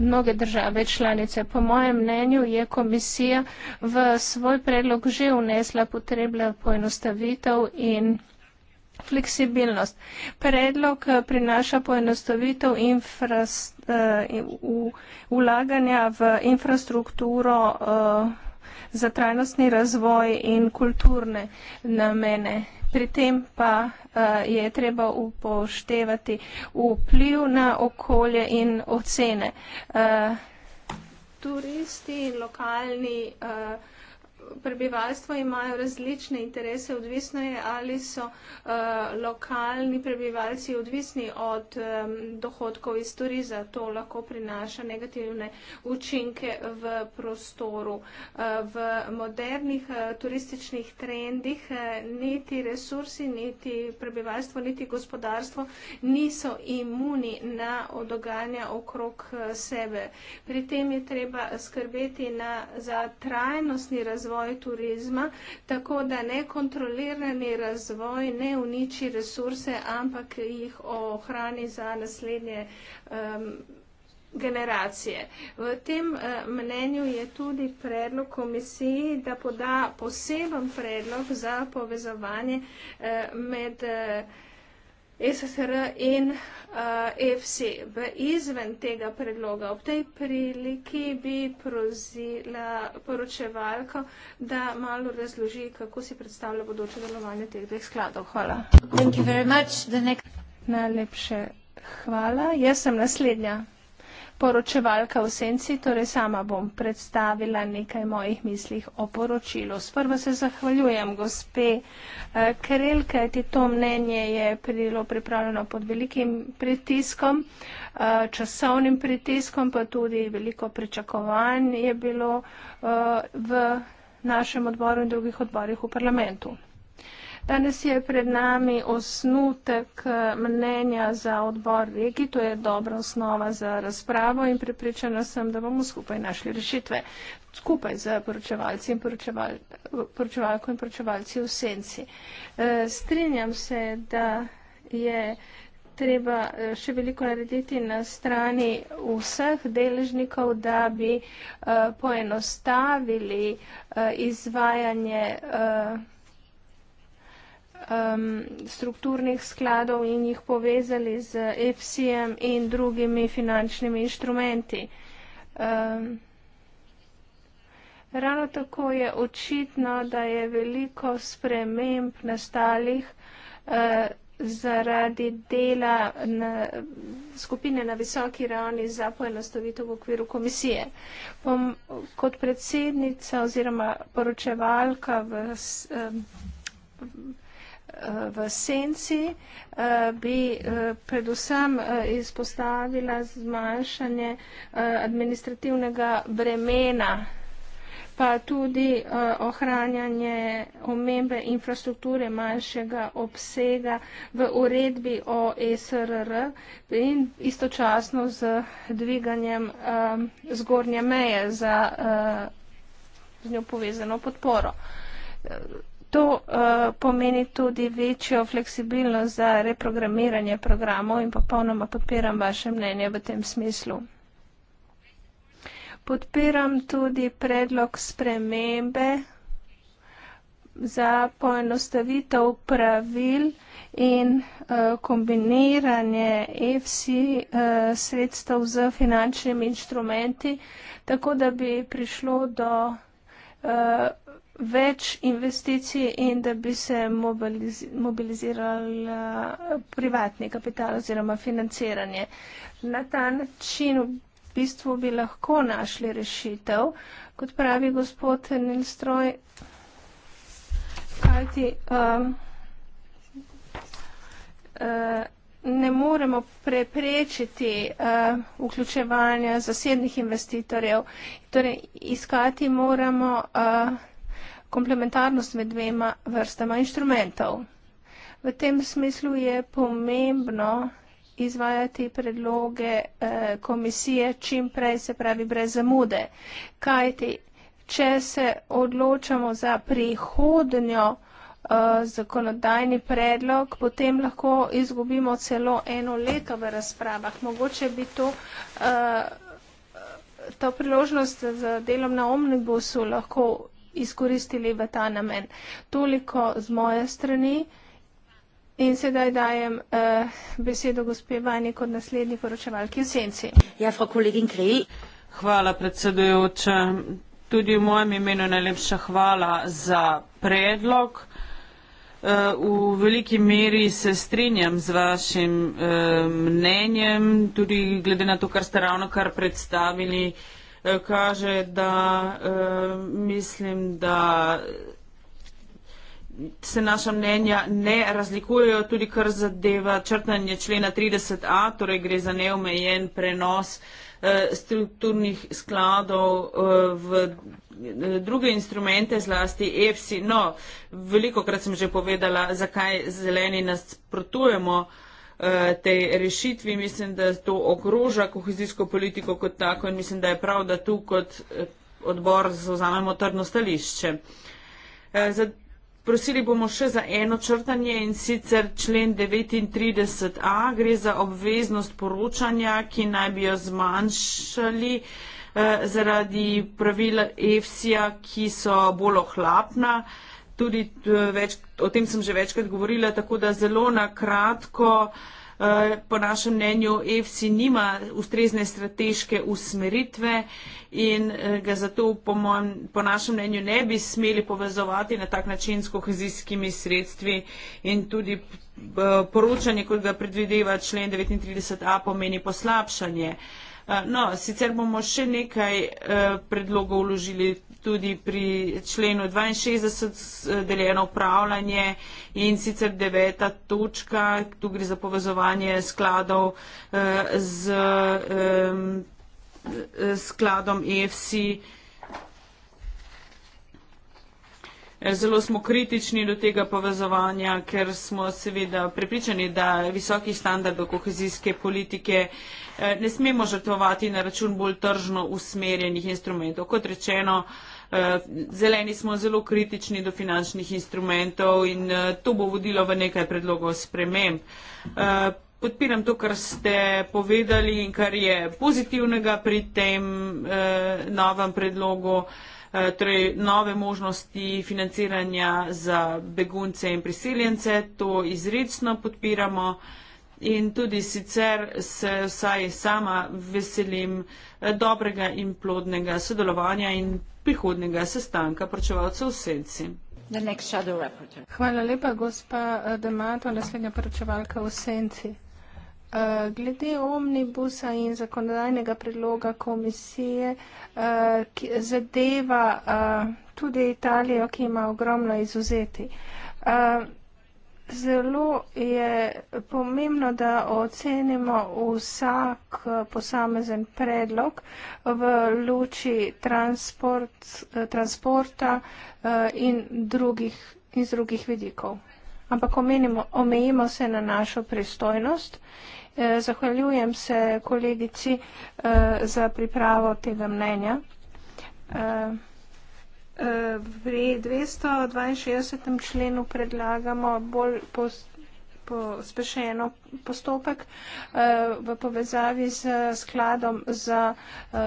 mnoge države članice. Po mojem mnenju je komisija v svoj predlog že vnesla potrebna poenostavitev in Fleksibilnost. Predlog eh, prinaša poenostavitev infras, uh, ulaganja v infrastrukturo uh, za trajnostni razvoj in kulturne namene. Pri tem pa uh, je treba upoštevati vpliv na okolje in ocene. Uh, turisti, lokalni. Uh, prebivalstvo imajo različne interese, odvisno je, ali so uh, lokalni prebivalci odvisni od um, dohodkov iz turiza. To lahko prinaša negativne učinke v prostoru. Uh, v modernih uh, turističnih trendih uh, niti resursi, niti prebivalstvo, niti gospodarstvo niso imuni na dogajanja okrog uh, sebe. Pri tem je treba skrbeti na, za trajnostni razvoj razvoj turizma, tako da nekontrolirani razvoj ne uniči resurse, ampak jih ohrani za naslednje um, generacije. V tem eh, mnenju je tudi predlog komisiji, da poda poseben predlog za povezovanje eh, med eh, SFR in uh, eh, e FC v izven tega predloga. Ob tej priliki bi prozila poročevalko, da malo razloži, kako si predstavlja bodoče delovanje teh dveh skladov. Hvala. Najlepše hvala. Jaz sem naslednja poročevalka v senci, torej sama bom predstavila nekaj mojih mislih o poročilu. Sprva se zahvaljujem gospe eh, Krel, kajti to mnenje je bilo pripravljeno pod velikim pritiskom, eh, časovnim pritiskom, pa tudi veliko pričakovanj je bilo eh, v našem odboru in drugih odborih v parlamentu. Danes je pred nami osnutek eh, mnenja za odbor regi, to je dobra osnova za razpravo in prepričana sem, da bomo skupaj našli rešitve, skupaj z poročevalci in poročeval, poročevalko in poročevalci v senci. Eh, strinjam se, da je treba eh, še veliko narediti na strani vseh deležnikov, da bi uh, poenostavili uh, izvajanje uh, um, strukturnih skladov in jih povezali z EFSI-jem in drugimi finančnimi inštrumenti. Um, ravno tako je očitno, da je veliko sprememb nastalih uh, zaradi dela na, skupine na visoki ravni za poenostavitev v okviru komisije. Bom kot predsednica oziroma poročevalka v. Um, v senci. Eh, bi eh, predvsem eh, izpostavila zmanjšanje administrativnega bremena, pa tudi ohranjanje omembe infrastrukture manjšega obsega v uredbi o e SRR in istočasno z dviganjem zgornje meje za z njo povezano podporo. To uh, pomeni tudi večjo fleksibilnost za reprogramiranje programov in popolnoma podpiram vaše mnenje v tem smislu. Podpiram tudi predlog spremembe za poenostavitev pravil in uh, kombiniranje FC uh, eh, sredstev z finančnimi inštrumenti, tako da bi prišlo do. Uh, več investicij in da bi se mobiliz mobiliziral eh, privatni kapital oziroma financiranje. Na ta način v bistvu bi lahko našli rešitev, kot pravi gospod Nilstroj, kajti um, ne moremo preprečiti uh, vključevanja zasebnih investitorjev. Torej, iskati moramo uh, komplementarnost med dvema vrstama inštrumentov. V tem smislu je pomembno izvajati predloge eh, komisije čim prej, se pravi brez zamude. Kajti, če se odločamo za prihodnjo eh, zakonodajni predlog, potem lahko izgubimo celo eno leto v razpravah. Mogoče bi to eh, to priložnost z delom na omnibusu lahko izkoristili v ta namen. Toliko z moje strani in sedaj dajem uh, besedo gospe Vani kot naslednji poročevalki v senci. Ja, hvala predsedujoča. Tudi v mojem imenu najlepša hvala za predlog. Eh, v veliki meri se strinjam z vašim eh, mnenjem, tudi glede na to, kar ste ravno kar predstavili, Eh, kaže, da e, mislim, da se naša mnenja ne razlikujejo, tudi kar zadeva črtanje člena 30a, torej gre za neomejen prenos eh, strukturnih skladov v druge instrumente, zlasti EFSI. No, veliko krat sem že povedala, zakaj zeleni nas protujemo uh, Eh, tej rešitvi. Mislim, da to ogroža kohezijsko politiko kot tako in mislim, da je prav, da tu kot eh, odbor zauzamemo trdno stališče. Eh, prosili bomo še za eno črtanje in sicer člen 39a gre za obveznost poročanja, ki naj bi jo zmanjšali eh, zaradi pravila EFSI-ja, ki so bolj ohlapna. Eh, tudi eh, več, o tem sem že večkrat govorila, tako da zelo na kratko, eh, po našem mnenju, EFSI nima ustrezne strateške usmeritve in eh, ga zato po, mojem, po našem mnenju ne bi smeli povezovati na tak način s kohezijskimi sredstvi in tudi poročanje, kot ga predvideva člen 39a, pomeni poslabšanje. Eh, no, sicer bomo še nekaj eh, predlogov uložili tudi pri členu 62 eh, deljeno upravljanje in sicer deveta točka, tu gre za povezovanje skladov z skladom EFSI. Eh, zelo smo kritični do tega povezovanja, ker smo seveda prepričani, da visoki standard kohezijske politike eh, ne smemo žrtovati na račun bolj tržno usmerjenih instrumentov. Kot rečeno, eh, zeleni smo zelo kritični do finančnih instrumentov in to bo vodilo v nekaj predlogov sprememb. Podpiram to, kar ste povedali in kar je pozitivnega pri tem novem predlogu. Eh, torej nove možnosti financiranja za begunce in priseljence, to izredno podpiramo. In tudi sicer se vsaj sama veselim eh, dobrega in plodnega sodelovanja in prihodnega sestanka poročevalcev v senci. Hvala lepa, gospa eh, Demato, naslednja poročevalka v senci. Eh, glede omnibusa in zakonodajnega predloga komisije uh, zadeva uh, tudi Italijo, ki ima ogromno izuzeti. Uh, Zelo je pomembno, da ocenimo vsak posamezen predlog v luči transport, transporta in, drugih, in z drugih vidikov. Ampak omenimo, omejimo se na našo pristojnost Eh, zahvaljujem se kolegici eh, za pripravo tega mnenja. Pri eh, 262. členu predlagamo bolj pospešeno postopek v povezavi z skladom za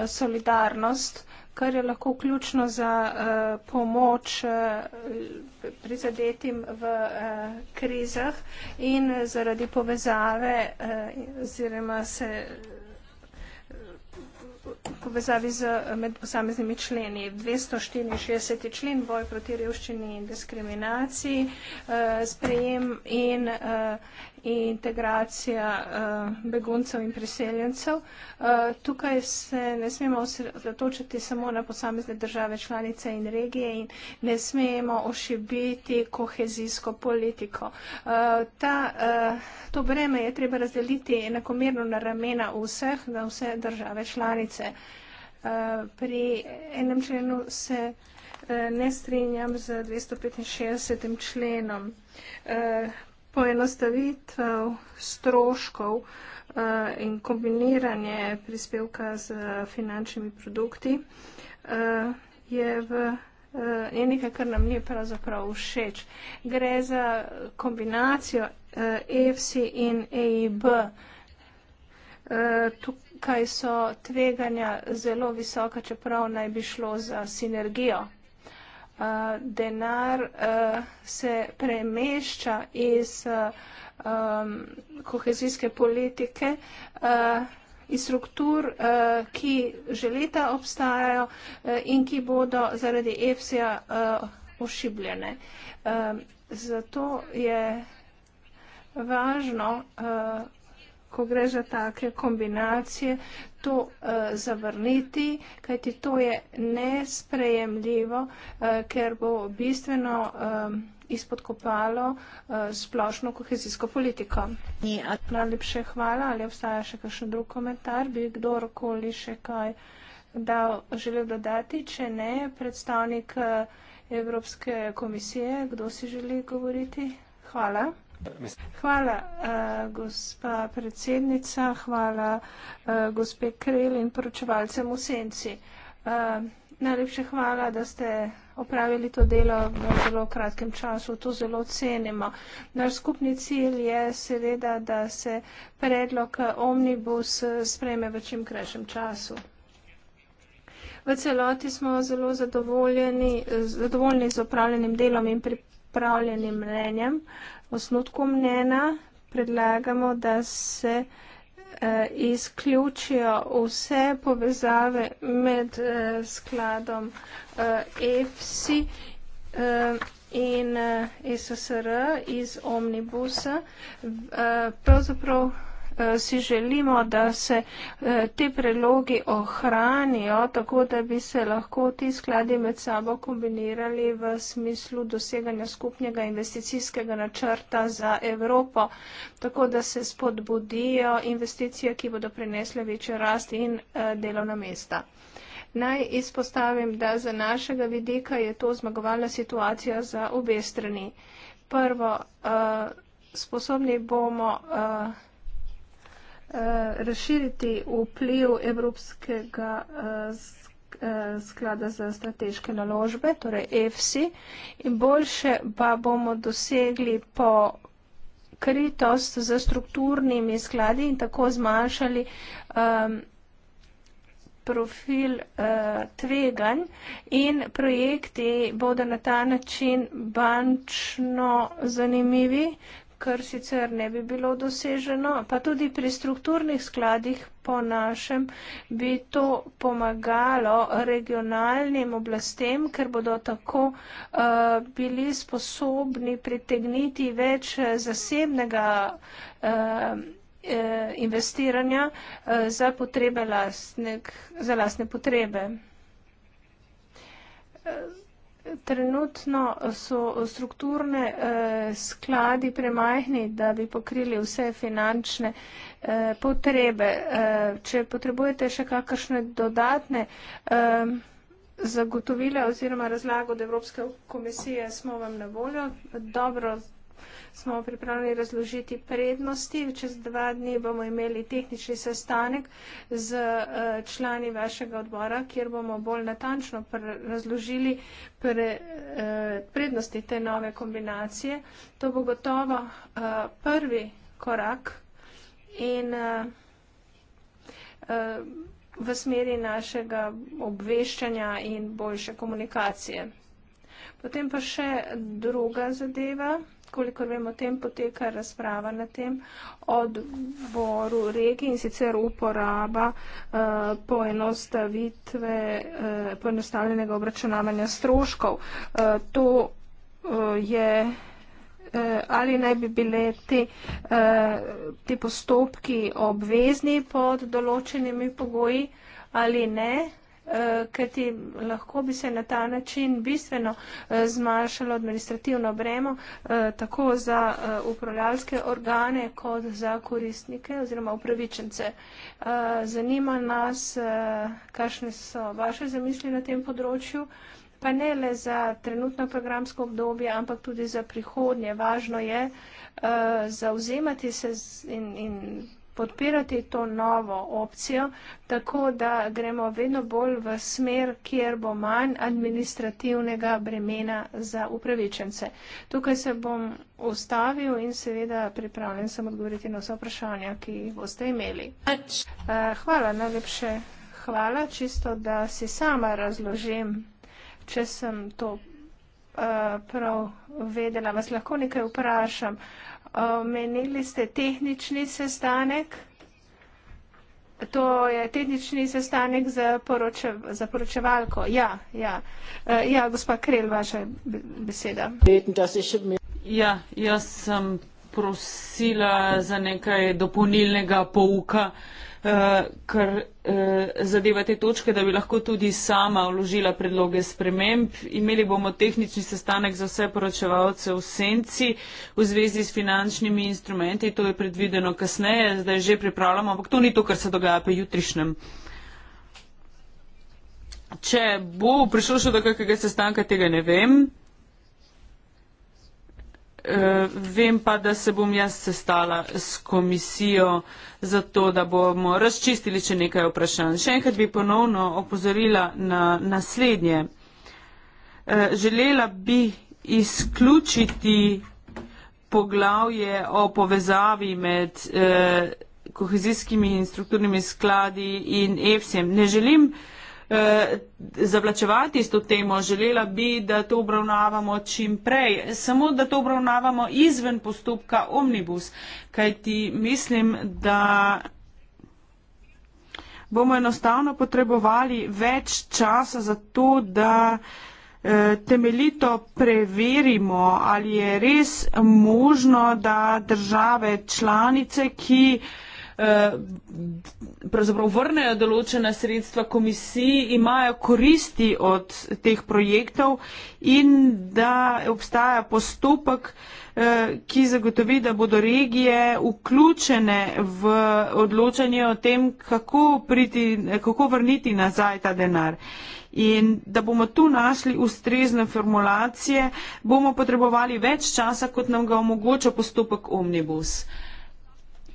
solidarnost, kar je lahko ključno za eh, pomoč eh, prizadetim v eh, krizah in zaradi povezave oziroma se povezavi z, med posameznimi členi. 264. člen boj proti revščini in diskriminaciji, sprejem in in integracija uh, beguncev in priseljencev. Uh, tukaj se ne smemo osredotočiti samo na posamezne države članice in regije in ne smemo ošibiti kohezijsko politiko. Uh, ta, uh, to breme je treba razdeliti enakomerno na ramena vseh, na vse države članice. Pri enem členu se ne strinjam z 265. členom poenostavitev stroškov eh, in kombiniranje prispevka z finančnimi produkti eh, je v eh, je nekaj, kar nam ni pravzaprav všeč. Gre za kombinacijo EFC e in EIB. Tukaj so tveganja zelo visoka, čeprav naj bi šlo za sinergijo. Eh, denar uh, se premešča iz uh, um, kohezijske politike, uh, iz struktur, uh, ki že leta obstajajo uh, in ki bodo zaradi EFSA uh, ošibljene. Uh, zato je važno, uh, ko gre za take kombinacije, to uh, zavrniti, kajti to je nesprejemljivo, uh, ker bo bistveno um, izpodkopalo uh, splošno kohezijsko politiko. Najlepše hvala, ali obstaja še kakšen drug komentar, bi kdorkoli še kaj dal, želel dodati, če ne, predstavnik uh, Evropske komisije, kdo si želi govoriti? Hvala. Hvala, uh, gospa predsednica, hvala uh, gospe Krel in poročevalcem v senci. Uh, eh, najlepše hvala, da ste opravili to delo v zelo kratkem času. To zelo cenimo. Naš skupni cilj je seveda, da se predlog omnibus spreme v čim krajšem času. V celoti smo zelo zadovoljni z opravljenim delom in pripravljenim mnenjem. Uh, osnutku mnena predlagamo, da se eh, izključijo vse povezave med eh, skladom eh, EFSI eh, in eh, e SSR iz omnibusa. Eh, pravzaprav Eh, si želimo, da se eh, te prelogi ohranijo, tako da bi se lahko ti skladi med sabo kombinirali v smislu doseganja skupnega investicijskega načrta za Evropo, tako da se spodbudijo investicije, ki bodo prinesle večjo rast in eh, delovna mesta. Naj izpostavim, da za našega vidika je to zmagovalna situacija za obe strani. Prvo, sposobni bomo Eh, razširiti vpliv Evropskega eh, eh, sklada za strateške naložbe, torej EFSI, in boljše pa bomo dosegli po kritost z strukturnimi skladi in tako zmanjšali um, profil uh, tveganj in projekti bodo na ta način bančno zanimivi, kar sicer ne bi bilo doseženo, pa tudi pri strukturnih skladih po našem bi to pomagalo regionalnim oblastem, ker bodo tako uh, bili sposobni pritegniti več eh, zasebnega uh, investiranja uh, za, potrebe lastne, za lastne potrebe. Uh, Trenutno so strukturne eh, skladi premajhni, da bi pokrili vse finančne eh, potrebe. Eh, če potrebujete še kakršne dodatne eh, zagotovile oziroma razlago od Evropske komisije, smo vam na voljo. Dobro smo pripravljeni razložiti prednosti. Čez dva dni bomo imeli tehnični sestanek z eh, člani vašega odbora, kjer bomo bolj natančno pr razložili pr eh, prednosti te nove kombinacije. To bo gotovo eh, prvi korak in v smeri našega obveščanja in boljše komunikacije. Potem pa še druga zadeva kolikor vem o tem, poteka razprava na tem odboru regij in sicer uporaba eh, poenostavitve, eh, poenostavljenega obračunavanja stroškov. Eh, to je ali naj bi bile te, te postopki obvezni pod določenimi pogoji ali ne. Eh, ker ti lahko bi se na ta način bistveno eh, zmanjšalo administrativno bremo eh, tako za upravljalske organe kot za koristnike oziroma upravičence. Zanima nas, kakšne so vaše zamisli na tem področju, pa ne le za trenutno programsko obdobje, ampak tudi za prihodnje. Važno je zauzemati se in. in podpirati to novo opcijo, tako da gremo vedno bolj v smer, kjer bo manj administrativnega bremena za upravičence. Tukaj se bom ustavil in seveda pripravljen sem odgovoriti na vse vprašanja, ki jih boste imeli. Eh, hvala, najlepše hvala, čisto da si sama razložim, če sem to eh, prav vedela. Vas lahko nekaj vprašam. Omenili ste tehnični sestanek. To je tehnični sestanek za, poroče, za poročevalko. Ja, ja. E, ja, gospa Krel, vaša beseda. Ja, jaz sem prosila za nekaj dopolnilnega pouka, uh, kar uh, zadeva te točke, da bi lahko tudi sama vložila predloge sprememb. Imeli bomo tehnični sestanek za vse poročevalce v senci v zvezi s finančnimi instrumenti. To je predvideno kasneje, zdaj že pripravljamo, ampak to ni to, kar se dogaja pa jutrišnjem. Če bo prišlo še do kakega sestanka, tega ne vem. Eh, vem pa, da se bom jaz sestala s komisijo za to, da bomo razčistili še nekaj vprašanj. Še enkrat bi ponovno opozorila na naslednje. Eh, želela bi izključiti poglavje o povezavi med eh, kohezijskimi in strukturnimi skladi in EFSEM. Ne želim izključiti Eh, zavlačevati s to temo, želela bi, da to obravnavamo čim prej, samo da to obravnavamo izven postopka omnibus, kajti mislim, da bomo enostavno potrebovali več časa za to, da eh, temeljito preverimo, ali je res možno, da države članice, ki Eh, pravzaprav vrnejo določena sredstva komisiji, imajo koristi od teh projektov in da obstaja postopek, eh, ki zagotovi, da bodo regije vključene v odločanje o tem, kako, priti, kako vrniti nazaj ta denar. In da bomo tu našli ustrezne formulacije, bomo potrebovali več časa, kot nam ga omogoča postopek omnibus. Uh,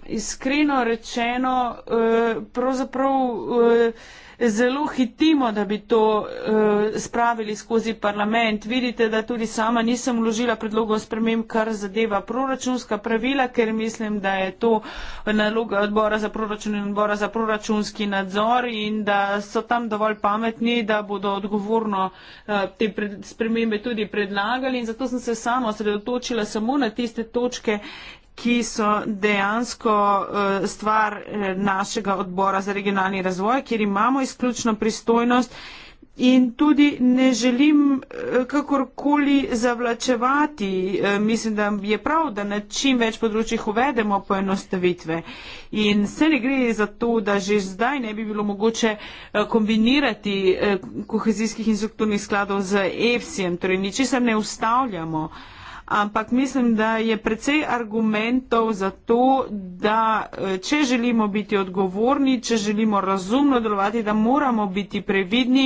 iskreno rečeno, eh, pravzaprav eh, zelo hitimo, da bi to eh, spravili skozi parlament. Vidite, da tudi sama nisem vložila predlogov spremem, kar zadeva proračunska pravila, ker mislim, da je to naloga odbora za proračun in odbora za proračunski nadzor in da so tam dovolj pametni, da bodo odgovorno te spremembe tudi predlagali. In zato sem se sama osredotočila samo na tiste točke, ki so dejansko eh, stvar eh, našega odbora za regionalni razvoj, kjer imamo izključno pristojnost. In tudi ne želim eh, kakorkoli zavlačevati. Mislim, da je prav, da na čim več področjih uvedemo poenostavitve. In se ne gre za to, da že zdaj ne bi bilo mogoče kombinirati kohezijskih in strukturnih skladov z EFSI-jem. Torej, ničesar ne ustavljamo ampak mislim, da je precej argumentov za to, da eh, če želimo biti odgovorni, če želimo razumno delovati, da moramo biti previdni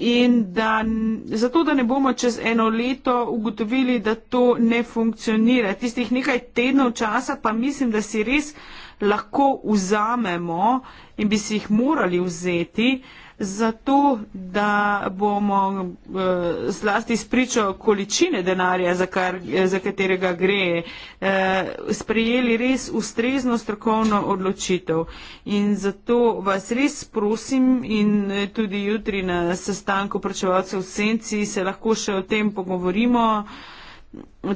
in da zato, da ne bomo čez eno leto ugotovili, da to ne funkcionira. Tistih nekaj tednov časa pa mislim, da si res lahko vzamemo in bi si jih morali vzeti zato, da bomo eh, zlasti spričo količine denarja, za, kar, za katerega gre, eh, sprejeli res ustrezno strokovno odločitev. In zato vas res prosim in eh, tudi jutri na sestanku pračevalcev v Senci se lahko še o tem pogovorimo.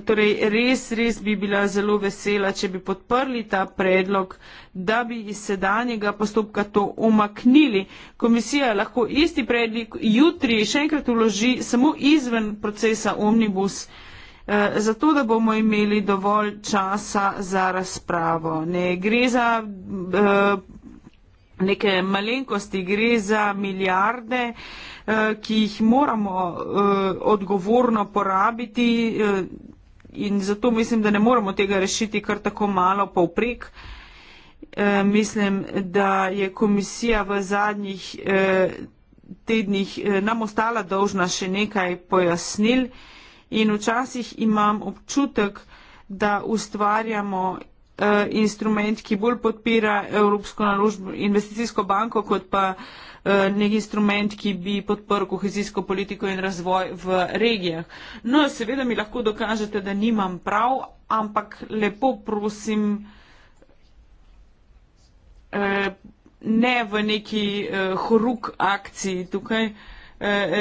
Torej, res, res bi bila zelo vesela, če bi podprli ta predlog, da bi iz sedanjega postopka to umaknili. Komisija lahko isti predlog jutri še enkrat uloži samo izven procesa omnibus, eh, zato da bomo imeli dovolj časa za razpravo. Ne gre za eh, neke malenkosti, gre za milijarde. Eh, Eh, ki jih moramo eh, odgovorno porabiti eh, in zato mislim, da ne moramo tega rešiti kar tako malo pa vprek. Mislim, da je komisija v zadnjih tednih nam ostala dolžna še nekaj pojasnil in včasih imam občutek, da ustvarjamo instrument, ki bolj podpira Evropsko naložbo, investicijsko banko, kot pa uh, Eh, nek instrument, ki bi podprl kohezijsko politiko in razvoj v regijah. No, seveda mi lahko dokažete, da nimam prav, ampak lepo prosim, eh, ne v neki eh, horuk akciji tukaj.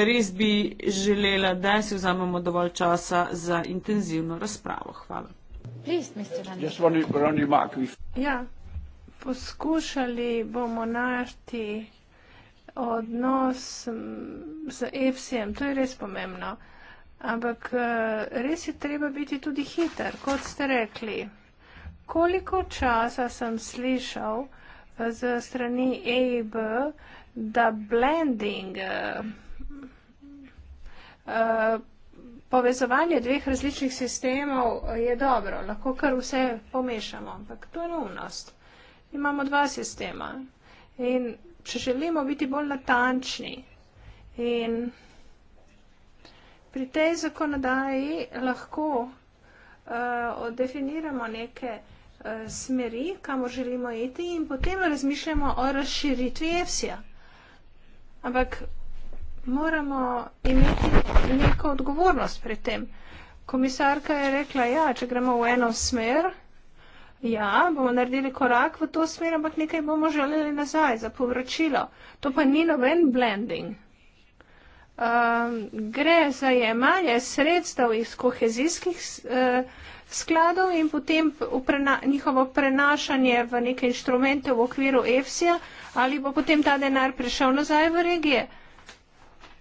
Res bi želela, da si vzamemo dovolj časa za intenzivno razpravo. Hvala. Please, ja, poskušali bomo našti odnos z EFSI-jem, to je res pomembno. Ampak eh, res je treba biti tudi hiter, kot ste rekli. Koliko časa sem slišal eh, z strani EIB, da blending, eh, povezovanje dveh različnih sistemov je dobro, lahko kar vse pomešamo, ampak to je neumnost. Imamo dva sistema. In če želimo biti bolj natančni. In pri tej zakonodaji lahko uh, eh, definiramo neke uh, smeri, kamo želimo iti in potem razmišljamo o razširitvi EFSI-ja. Ampak moramo imeti neko odgovornost pri tem. Komisarka je rekla, ja, če gremo v eno smer, Ja, bomo naredili korak v to smer, ampak nekaj bomo želeli nazaj za povračilo. To pa ni noben blending. Um, gre za jemanje sredstev iz kohezijskih uh, skladov in potem uprena, njihovo prenašanje v neke inštrumente v okviru EFSI-ja ali bo potem ta denar prišel nazaj v regije.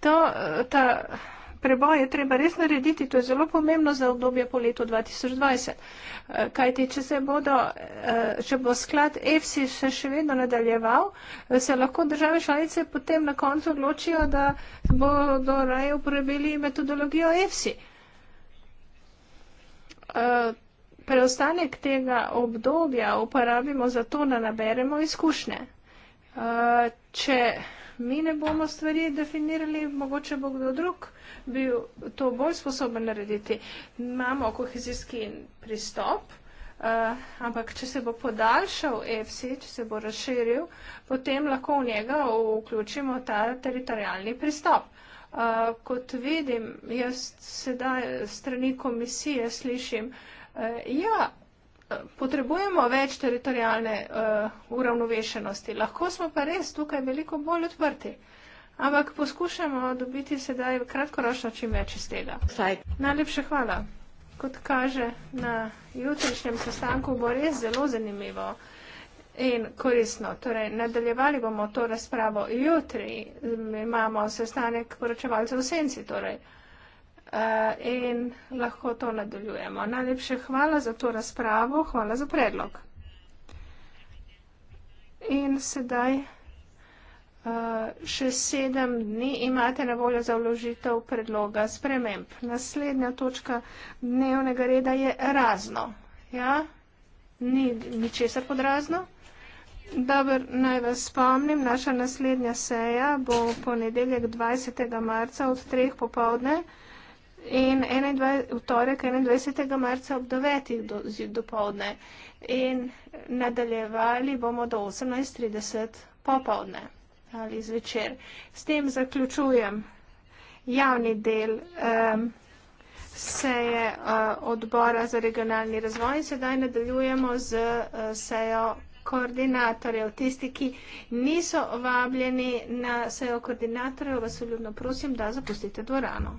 To, uh, ta, preboj je treba res narediti, to je zelo pomembno za obdobje po letu 2020. Eh, kajti, če, se bodo, eh, če bo sklad EFSI se še vedno nadaljeval, eh, se lahko države članice potem na koncu odločijo, da bodo raje uporabili metodologijo EFSI. Preostanek tega obdobja uporabimo za to, da naberemo izkušnje. Če mi ne bomo stvari definirali, mogoče bo kdo drug bil to bolj sposoben narediti. Imamo kohezijski pristop, uh, ampak če se bo podaljšal EFSI, če se bo razširil, potem lahko v njega vključimo ta teritorijalni pristop. Uh, kot vidim, jaz sedaj strani komisije slišim, uh, ja, potrebujemo več teritorijalne uh, uravnovešenosti. Lahko smo pa res tukaj veliko bolj odprti. Ampak poskušamo dobiti sedaj kratkoročno čim več iz tega. Najlepša hvala. Kot kaže na jutrišnjem sestanku, bo res zelo zanimivo in korisno. Torej, nadaljevali bomo to razpravo jutri. Imamo sestanek poročevalcev v senci. Torej. Eh, in lahko to nadaljujemo. Najlepše hvala za to razpravo, hvala za predlog. In sedaj eh, še sedem dni imate na voljo za vložitev predloga sprememb. Naslednja točka dnevnega reda je razno. Ja? Ni ničesar podrazno. Dobro, naj vas spomnim, naša naslednja seja bo ponedeljek 20. marca od 3. popovdne. In 21, v torek 21. marca ob 9. zjutraj do povdne. In nadaljevali bomo do 18.30 popovdne ali zvečer. S tem zaključujem javni del um, seje uh, odbora za regionalni razvoj in sedaj nadaljujemo z uh, sejo koordinatorjev. Tisti, ki niso vabljeni na sejo koordinatorjev, vas vljudno prosim, da zapustite dvorano.